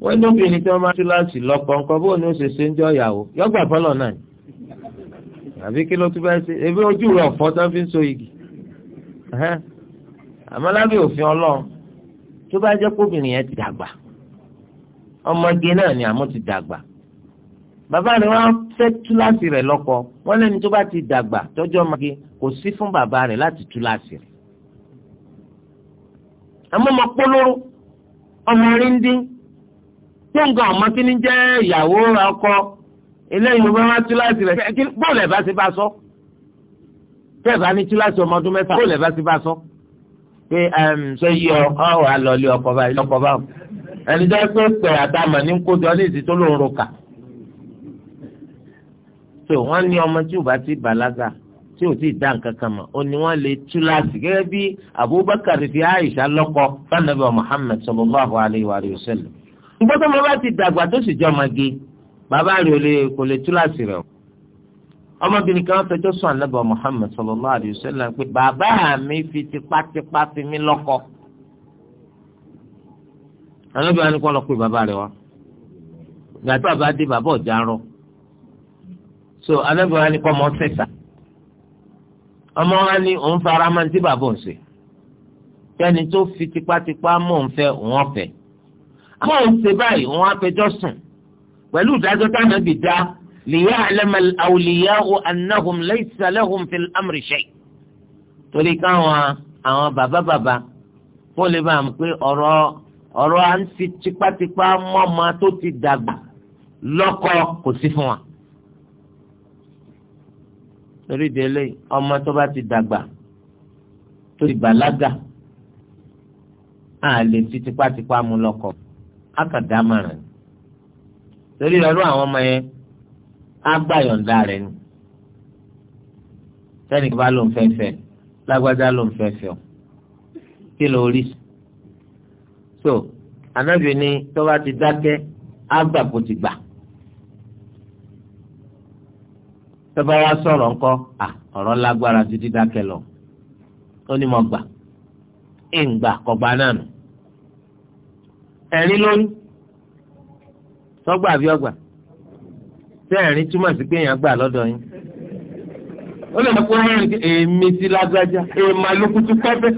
wọ́n ní obìnrin tí wọ́n bá tú láti lọ́kọ ńkọ́ bó ni ó ṣe ṣe ń jọ ìyàwó yọgbà fọlọ́ náà ni àbí kí ló tún bá ṣe ebi ojú rẹ̀ ọ̀fọ́ tó fi ń so igi àmọ́ lábẹ́ òfin ọlọ́run tó bá jẹ́ kóbìnrin yẹn ti dàgbà ọmọge náà ni àmọ́ ti dàgbà bàbá rẹ̀ wọ́n fẹ́ tú láti rẹ̀ lọ́kọ wọ́n lẹ́ni tó bá ti dàgbà tọ́jú ọmọge kò sí fún bàbá rẹ̀ láti tú láti rẹ̀ àmọ́ ọmọ polówó ọmọ ríndín tí nǹkan ọmọ kí ni jẹ́ ìyàwó ọkọ eléyìí ló bá wá túláàsì rẹ̀ bóòlù ẹ̀bá ti bá sọ tẹ́ ẹ̀ bá ní túláàsì ọmọ ọdún mẹ́fà bóòlù ẹ̀bá ti bá sọ pé ṣe yí ọ ọ wà lọ ilé ọkọ báyìí lọkọ báwọn ẹni tó pé pẹ àtàmà ní kójọ ní ìsìn tó ló ń roka tó wọn ní ọmọ tí ò bá ti bàlágà tí ò ti dá nǹkan kan mọ̀ ó ní wọn lè túláàsì gẹ́gẹ́ bí Abubakar fi Aisha lọ́kọ fanabi Muhammad sallallahu alayhi wa sallam ìgbà tó ọmọ bá ti dàgbà tó sì jẹ́ ọmọge bàbá rẹ̀ ò lè kò lè tú láti rẹ̀ o ọmọbìnrin kan fẹjọ́ sùn ànábà Muhammad sallallahu alayhi wa sallam pé bàbá mi fi tipátipá fi mí lọ́kọ ànábà ni kò lọ pé bàbá rẹ̀ wá ìgbà tó bàbá dé bàbá ọ̀jà ń rọ so ànábà ni kò mọ sẹ̀sà ọmọ wa ni òun fara máa ń tí bàbá òun ṣe kẹ́ni tó fi tipátipá mọ̀ ń fẹ́ òun ọ̀fẹ́ kọ́ ò ṣe báyìí wọn á fẹjọ́ sùn pẹ̀lú ìdájọ́ tánàbì dá lìyá àlẹ́mọ̀ àwòlìyá o anahum laysa lahum fil amri shay. torí káwọn àwọn bàbá bàbá kó lè bá àmì pé ọ̀rọ̀ ọ̀rọ̀ à ń fi tipátipá mọ́mọ́ tó ti dàgbà lọ́kọ kò sí fún wa. torí délé ọmọ tó bá ti dàgbà tó ti bàlágà á fi tipátipá mú lọ́kọ akàdámọ̀ràn ni torí ẹrú àwọn ọmọ yẹn á gbà yọ̀ǹda rẹ̀ ni sẹ́nìkì bá ló ń fẹ́ lágbájá ló ń fẹ́ fẹ́ kí ló rí so anábì ni tó bá ti dákẹ́ á gbà kó ti gbà tó bá wá sọ̀rọ̀ ńkọ́ à ọ̀rọ̀ lágbára ju dídákẹ́ lọ ó ní mo gbà ń gbà kọ́gbà náà nù. ẹ̀rín lóyún sọ́gbà àbí ọgbà tí ẹ̀rín túmọ̀ sí pé èèyàn gbà lọ́dọ̀ yín ó lè mọ̀ pé èmi ti lágbájá èèmà lókùtù pẹ́pẹ́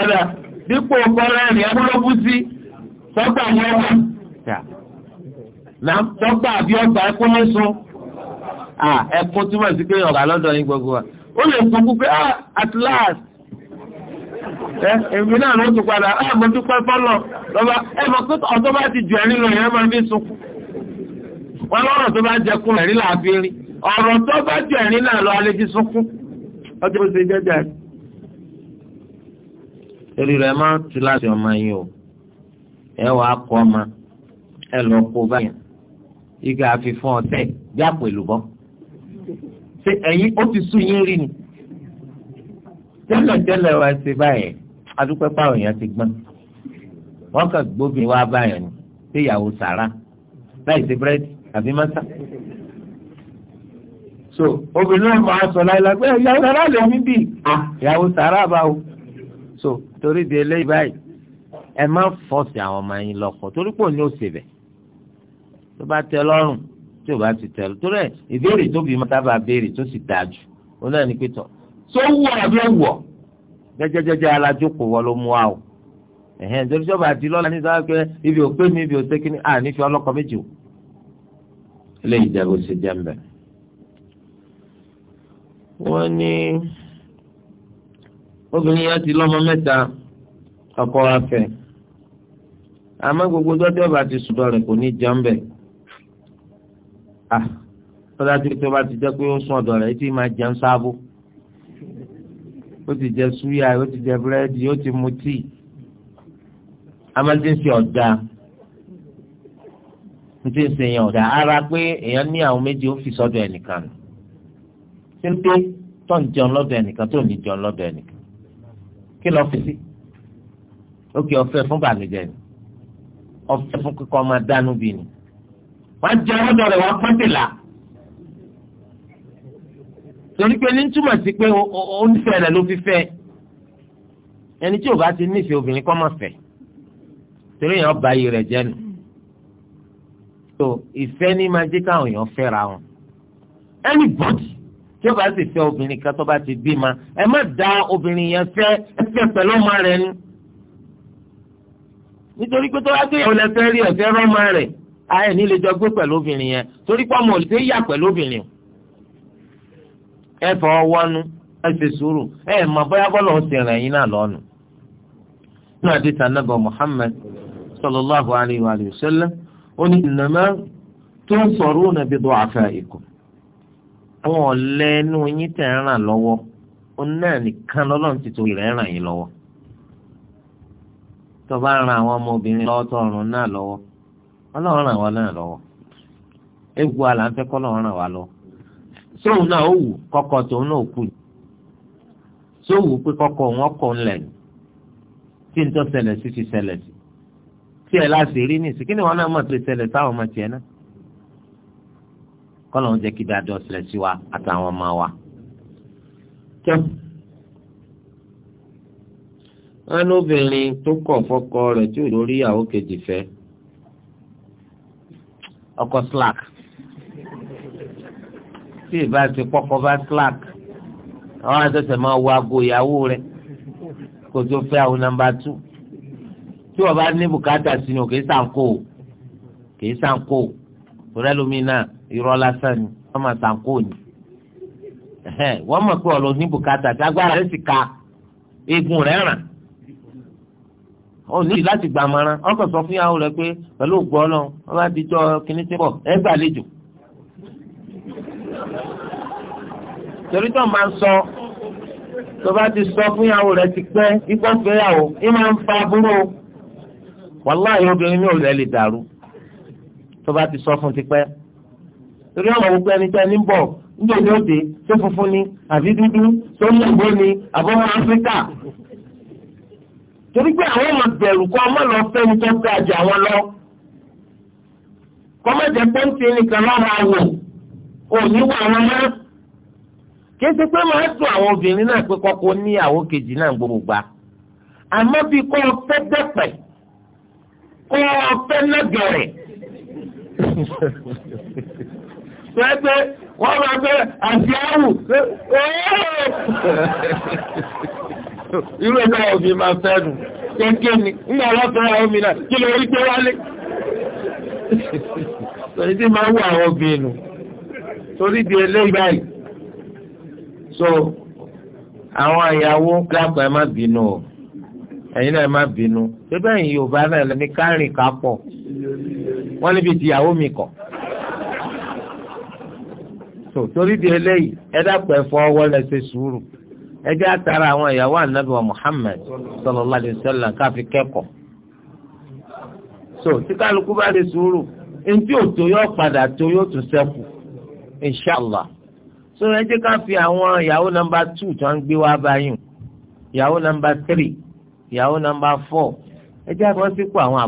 ọ̀dà dípò kọ́lá ẹ̀rín abúlọ́bù sí sọ́gbà ní ọgbà náà sọ́gbà àbí ọgbà ẹkún ní túmọ̀ sí pé ọ̀gá lọ́dọ̀ yín ah, at last. èmi náà ló tún padà ẹ ah, mọ dúpẹ́ fọlọ́ lọ́ba ẹ mọ pé ọ̀tọ́ bá ti jù ẹ́ nílò yẹn máa fi sunkún wọn lọ́rọ̀ tó bá jẹ kún ẹ̀rí là á fi rí ọ̀rọ̀ tó bá jù ẹ̀rí náà lọ alẹ́ fi sunkún ọjọ́ bó ṣe jẹ́jẹ́ rẹ̀. torí rẹ máa ń tu láti ọmọ yín o ẹ wàá kọ ọmọ ẹ lọ kó báyìí igi àfi fún ọtẹ já pẹ̀lú bọ́ ṣe ẹ̀yin ó ti sún yín rí ni tẹ́lẹ̀ tẹ́lẹ̀ wá ṣe báyìí adúpẹ́ pààrọ̀ yẹn ti gbọ́n wọ́n kàn gbóbìnrin wá báyọ̀ ni pé ìyàwó sàrà láì sí búrẹ́dì àbí mọ́tà. so obìnrin náà máa sọ láìla pé eh, ìyàwó sàrà lè mí bì ìyàwó sàrà báwo so torí di eléyìí báyìí ẹ má fọ́ọ̀sì àwọn ọmọ yín lọ́kọ̀ torí pò ní òsè bẹ̀ tó bá tẹ lọ́rùn tí o bá ti tẹ lọ torí ẹ ìbéèrè tó mọ́tà bá béèrè tó sì dáa jù ó náà ní pé tọ̀ sówó àbí ẹ̀wọ̀. So, jẹ́jẹ́jẹ́jẹ́ alájókòó wọ́n ló mú wa o ẹ̀hẹ́n nítorí sọ́ba àti lọ́la ní sáà pé ibi ò pé mi ibi ò sé kíní à nífẹ̀ẹ́ ọlọ́kọ méjì o eléyìí jẹ́ bó ṣe jẹ́ ń bẹ̀. wọ́n ní obìnrin yẹn ti lọ́mọ mẹ́ta ọkọ afẹ́ àmọ́ gbogbo dọ́jọ́ bá ti sùdọ̀ rẹ̀ kò ní jẹun bẹ̀ ah tọ́lá tó bá ti jẹ́ pé ó sún ọ̀dọ̀ rẹ̀ tí máa jẹun sáábò ó ti jẹ súyà ó ti jẹ búrẹ́dì ó ti mu tíì amadéṣe ọ̀dà ntí ń sèyàn ọ̀dà ara pé èèyàn ní àwọn méjì ó fi sọ́dọ̀ ẹnìkan tí ń dé tó ń jẹun lọ́dọ̀ ẹnìkan tó ń ní jẹun lọ́dọ̀ ẹnìkan kí lọ́ọ́ fi sí ó kì í ọ̀fẹ́ fún bàmídẹ́ ni ọ̀fẹ́ fún kíkọ́ ọmọ dánú bí ni wọ́n á jẹun rẹ̀ wọ́n pọ́ńtì là torí pé ní túmọ̀ sí pé ó ń fẹ́ rẹ̀ ló fi fẹ́ ẹni tí ò bá ti nífẹ̀ẹ́ obìnrin kọ́ mọ̀ fẹ́ torí èèyàn ba iye rẹ̀ jẹ́ nù tó ìfẹ́ ní máa jẹ́ káwọn èèyàn fẹ́ra wọn anybody tí ó bá sì fẹ́ obìnrin kan tó bá ti bímọ ẹ má da obìnrin yẹn fẹ́ ẹ fẹ́ pẹ̀lú ọmọ rẹ̀ ni nítorí pé tó bá gbé ìyàwó lẹ́fẹ́ rí ẹ̀fẹ́ rọ́mọ rẹ̀ ayé nílé jọ gbé pẹ̀lú obìnrin yẹn torí pé ọmọ ẹ fọ e ẹ fi sùúrù ẹ mọ bóyá bọ́lá ó ti rìn yín náà lọ́nu. nínú àdìsí anábọ Muhammad sallallahu alayhi wa sallam ó ní ìnáná tó ń sọ̀rọ̀ ó nàbí dọ́ àfẹ́ ikùn. àwọn ọ̀lẹ́ inú yín tẹ̀ ń ràn lọ́wọ́ ó náà nìkan lọ́lọ́run ti tóun náà ó wù kọkọ tóun náà kù tó wù pé kọkọ wọn kọ tí n tó ṣẹlẹ̀ sí ti ṣẹlẹ̀ sí tí ẹ láti rí ní ìsìnkí ni wọn náà mọ̀ tó ṣẹlẹ̀ ọmọ tiẹ̀ náà jẹ́ kí dáadọ́ ṣẹlẹ̀ sí wa àtàwọn ọmọ wa. wọn ní tó kọ̀ fọ́kọ rẹ̀ tí ò lórí ìyàwó kejì ọkọ slack. tí ìbá ti kọ́kọ́ bá slack àwọn àtẹ̀tẹ̀ máa wo aago ìyàwó rẹ̀ kó tó fẹ́ àwọn nàmbà tù tí wọ́n bá ní bùkátà sí ni kì í sànkó kì í sànkó òrẹ́ lómi náà irọ́ lásán ni wọ́n máa sànkó ni wọ́n mọ̀ pé ọ̀lọ́ ní bùkátà tí agbára rẹ̀ sì ka eegun rẹ̀ ràn ó ní láti gbàmọ̀ràn ọkọ̀ sọ fún ìyàwó rẹ̀ pé pẹ̀lú ògbọ́n náà wọ́n bá ti jọ kíní tí bọ̀ ẹ gbàlejò torí tó ń bá ń sọ tó bá ti sọ fún ìyàwó rẹ̀ ti pẹ́ ikọ́ fẹ́yàwó ẹ máa ń fa burú o wàláhì obìnrin ní òrùlé lè dàrú tó bá ti sọ fún ti pẹ́ torí ọ̀rọ̀ gbogbo ẹni tẹ́ ní bọ̀ níjẹ́ ní òde tó funfun ni àbí dúdú tó ń lọ́gbọ́n ni àbọ̀mọ áfíríkà torí pé àwọn ọmọ bẹ̀rù kọ́ ọmọ lọ fẹ́ni tó gbé àjà wọn lọ kọ́mọ̀jẹ̀ pọ́ńtì nìkan lọ́rọ̀ àwọ̀ òní wà wọn mọ́ kí ṣe pé máa dùn àwọn obìnrin náà pé kọ́kọ́ níyàwó kejì náà gbogbo gbà àmọ́ bí kò fẹ́ dẹ́pẹ̀ kò fẹ́ lọ́gẹ̀rẹ̀ pẹ́pẹ́ wọ́n máa fẹ́ àti áwù irú ẹgbẹ́ omi máa fẹ́ nù kéńké ni ńgbà lọ́fẹ́ omi náà kí ló rí pé wálé. Sọ̀rọ̀ tí máa ń wọ àwọn obìnrin nù torí di eléyìí báyìí so àwọn àyàwó dàpọ̀ ẹ má bínú o ẹ̀yin náà ẹ má bínú bébà yìí yorùbá náà lẹ́ni kárìn ká pọ̀ wọ́n níbi tìyàwó mi kọ̀ so torí di eléyìí ẹ dàpọ̀ ẹ fọ ọwọ́ lẹ ṣe sùúrù ẹ jẹ́ àtàrà àwọn ìyàwó ànábì wa Muhammad sallallahu alaihi wasallam káfi kẹ́kọ̀ọ́ so tí kálukú bá lè sùúrù ntí òtò yóò padà tó yóò tún sẹ́kù. inshallah so ẹ jẹ́ ká fi àwọn ìyàwó nọ́mbà two tó ń gbé wá báyìí ìyàwó nọ́mbà three ìyàwó nọ́mbà four ẹ àwọn sípò àwọn wa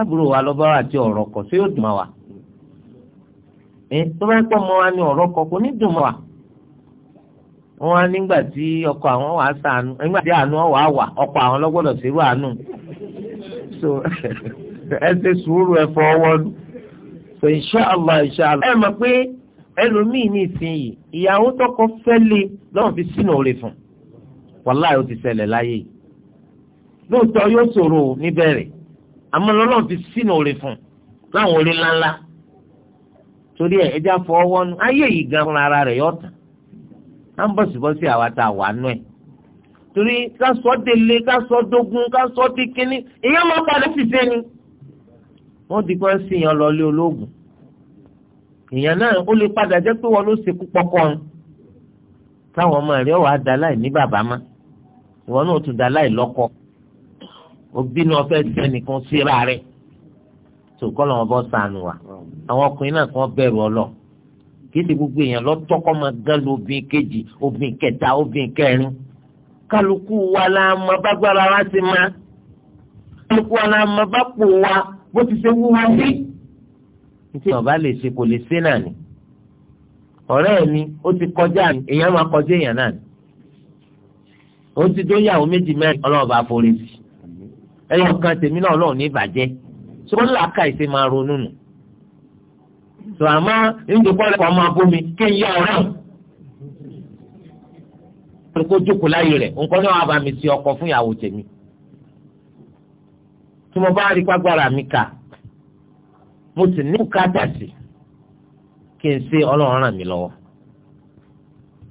àbúrò wa lọ́ba wa ti ọrọ kọ sí yóò dùn wa tó bá pọ̀ mọ́ wa ni ọ̀rọ̀ kọ̀ kò wa wọn nígbà tí ọkọ àwọn wà sànù nígbà tí àánú wà ọkọ àwọn àánú so (laughs) ẹ ṣe sùúrù ẹ so inṣàlá inṣàlá ẹ mọ̀ pé ẹlòmíì ní ìsinyìí ìyàwó tọkọ fẹ́lẹ̀ lọ́wọ́ fi sínú òre fún wàláì ó ti ṣẹlẹ̀ láyé yìí lóòótọ́ yóò ṣòro níbẹ̀rẹ̀ àmọ́ lọ́wọ́ fi sínú òre fún láwọn orí ńláńlá torí ẹ ẹja fọwọ́ nu ayé yìí gan fúnra ara rẹ̀ yọ̀ tán á ń bọ̀sibọ́sí àwa tá a wà nú ẹ̀ torí ká sọ délé ká sọ dógún ká sọ díkíní èyí máa padà fi sẹ́ni wọ́n ti kọ́ sí yẹn lọ́lé ológun èèyàn náà ó lè padà jẹ́ pé wọ́n ló ṣekú pọ́kọ́run táwọn ọmọ rẹ̀ wàá da láì ní bàbá má ìwọ náà tún da láì lọ́kọ òbí náà fẹ́ sẹ́nìkan síra rẹ̀ tó kọ́ bọ́ sànù wa àwọn ọkùnrin náà kàn bẹ̀rù ọlọ kì í ti gbogbo èèyàn lọ́tọ́kọ́ máa gán lu obìnrin kejì obìnrin kẹta obìnrin kẹrin kálukú wa la mọ bágbára wa ti má kálukú wa la mọ bá pò wa bó ti ṣe wúwa sí. nítorí ọba lè ṣe kò lè ṣe náà ni ọ̀rẹ́ mi ó ti kọjá mi èèyàn máa kọjá èèyàn náà ni ó ti dó yàwó méjì mẹ́rin ọlọ́run bá forí sí ẹyọ kan tèmi náà ọlọ́run ní ìbàjẹ́ tí wọ́n là ká ìṣe máa ronú nù tó àmọ́ ìdókòwò ẹ̀kọ́ máa bómi kí n yá ọ̀rẹ́ òun kó jókòó láyé rẹ̀ nǹkan náà wà bá mi ti ọkọ̀ fún ìyàwó tèmi tí mo bá rí pàgbára mi kà mo sì ní bùkátà sí kí n ṣe ọlọ́run ràn mí lọ́wọ́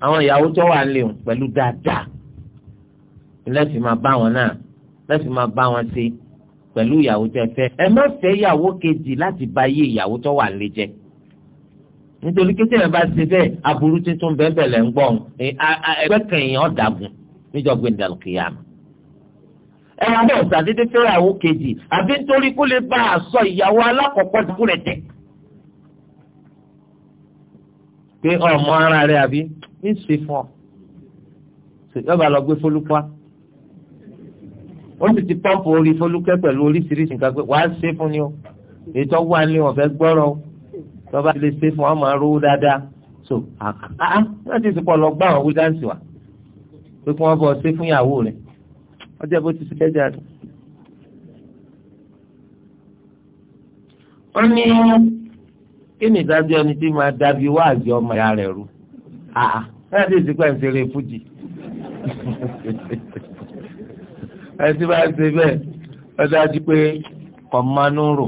àwọn ìyàwó tó wà lè pẹ̀lú dáadáa lẹ́sìn máa bá wọn náà lẹ́sìn máa bá wọn ṣe pẹ̀lú ìyàwó tẹ fẹ́ ẹ má fẹ́ ìyàwó kejì láti bá yé ìyàwó tó wà lè jẹ nítorí kété bá ṣe bẹ́ẹ̀ aburú tuntun bẹ́ẹ̀ bẹ́ẹ̀ lẹ́ ń gbọ́n ẹgbẹ́ kẹyìn ọ̀dàgùn níjọ́ gbẹ̀ndàlùkìyàmù ẹ̀rọ abẹ́ òsàdédé fẹ́rẹ̀ àwọ̀ kejì àbí nítorí kó lè bá a sọ ìyàwó alákọ̀ọ́kọ́ dúró rẹ̀ tẹ̀. pé ọmọ ara rẹ àbí ní ṣe fún ọ yọba lọ gbé fọlùpá ó sì ti pọ́ǹpù orí fọlùkẹ́ pẹ̀lú oríṣiríṣi nǹkan pé wàá ṣe fún ni o ètò wà ní ọ̀fẹ́ gbọ́rọ̀ tọ́ba ti lè ṣe fún ọmọ arówó dáadáa so àá láti sùpọ̀ lọ gbá àwọn wíńdáǹsì wa pé kí wọ́n bọ̀ ṣe fún ìyàwó rẹ̀ ọjọ́ bó ti ṣe jẹ́ jáde. ó ní kí ni ìdájọ́ ẹni tí máa dábí wáàzì ọmọ ìyá rẹ̀ rú àà ẹ̀ ẹ́ sì pẹ́ ń ṣeré fújì ẹ̀ sì máa ń ṣe bẹ́ẹ̀ ó dájú pé kọ̀mánú rò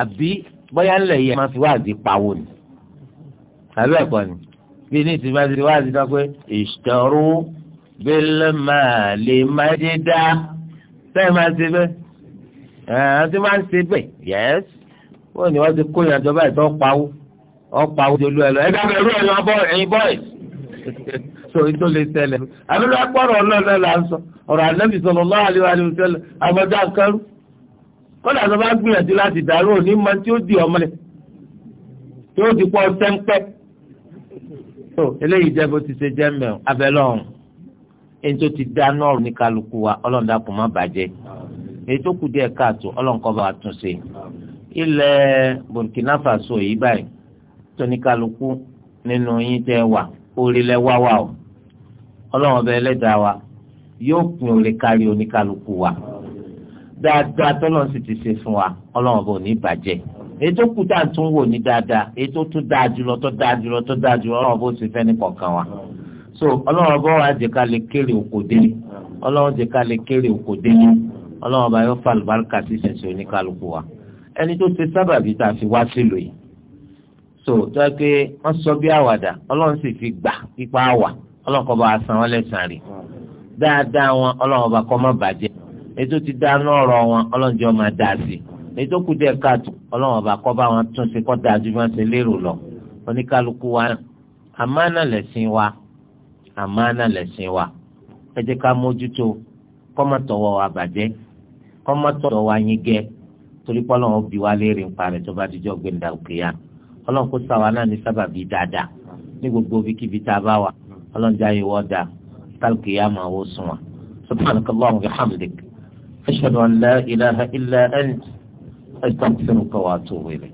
àbí bóyá ńlẹ̀ yìí máa fi wáàzì pawó ni àbí ẹ̀kọ́ ni bí ní ìsìn wáàzì náà pé ìṣòro. bílẹ̀màlì májídá sẹ́yìn máa ṣe ẹ̀ẹ́n tí máa ń ṣe bẹ́ẹ̀ yẹ́s wọ́n ní wọ́n ti kó ìrìnàjò báyìí tó pawó ọ̀pawó dolú ẹ̀ lọ ẹ̀ dábẹ́ ẹ̀rú ẹ̀yìn ọbọ̀ ẹ̀yìn bọ́ọ̀ì (laughs) so ìtò lè tẹ̀lẹ̀ àbẹ̀lẹ̀ akpọ̀rọ̀ ọlọ́ọ̀lọ́ là ń sọ ọ̀rọ̀ ànábì sọ̀rọ̀ lọ́wọ́ àlewà tẹ́lẹ̀ àgbàdo àkàrú kọ́lá tó bá gbìyànjú láti dàrú òní ma tí ó di ọmọlẹ̀ tí ó di pọ̀ sẹ́ńpẹ́ so eléyìí jẹ́ bó ti ṣe jẹ́ mẹ́ọ̀ ẹni tó ti dá náà ní kálukú wa ọlọ́run dàpọ̀ má bàjẹ́ èyí tó kù díẹ̀ káàtó ọlọ́run kó bá wa tún ṣe ilẹ̀ Burkina Faso yìí báyìí tó ní kálukú nínú yín tẹ́ wà orí lẹ wá wà o ọlọ́run ọbẹ̀ ẹlẹ́dàá wa yóò pín orí kárí oníkálukú wa dáadáa tọ́lọ́run sì ti ṣe fún wa ọlọ́run ọbẹ̀ ò ní bàjẹ́ èyí tó kù tá à ń tún wò ní dáadáa èyí tó dáa jùlọ tó dáa jùlọ tó dáa jùlọ ọlọ́run ọbẹ̀ ò sì ní kọ̀ọ̀kan wa. Amen so ọlọ́run ọba wa jẹ́ ká lè kéré oko délé ọlọ́run jẹ́ ká lè kéré oko délé ọlọ́run ọba yóò fa àlùbáríkà sí ìṣẹ̀ṣẹ̀ oníkálukú wa ẹni tó ṣe sábàbí tá a fi wá sílùú yìí so tó yẹ pé wọ́n sọ bí àwàdà ọlọ́run sì fi gbà pípa àwà ọlọ́run kọ́ bá wa san wọ́n lẹ́sàn-án rè dáadáa wọn ọlọ́run ọba kọ́ má bàjẹ́ èyí tó ti dá lọ́rọ̀ wọn ọlọ́run jẹ́ ọmọ dáa sí tó kù díẹ̀ káàtó ọlọ́run ọba kọ́ bá wọn tún ṣe kọ́ dáa ju bí wọ́n ṣe lérò lọ oníkálukú wa àmánà lẹ̀sìn wa àmánà mm-hmm. lẹ̀sìn wa ẹ jẹ́ ká mójútó kọ́mọ tọwọ́ wa bàjẹ́ kọ́mọ tọwọ́ wa yín gẹ́ torí pọ́lọ́ wọn bí wa léèrè ń parẹ́ tó bá dijọ́ gbẹ̀ndà òkè ya ọlọ́run kó sàwa náà ní sábàbí dáadáa ní gbogbo bíkíbi tá a bá wà ọlọ́run jáde wọ́ da tálùkì ya máa wó sùn wa subhanaka allahumma wa bihamdik ashhadu an la ilaha illa ant astaghfiruka wa atubu ilayk.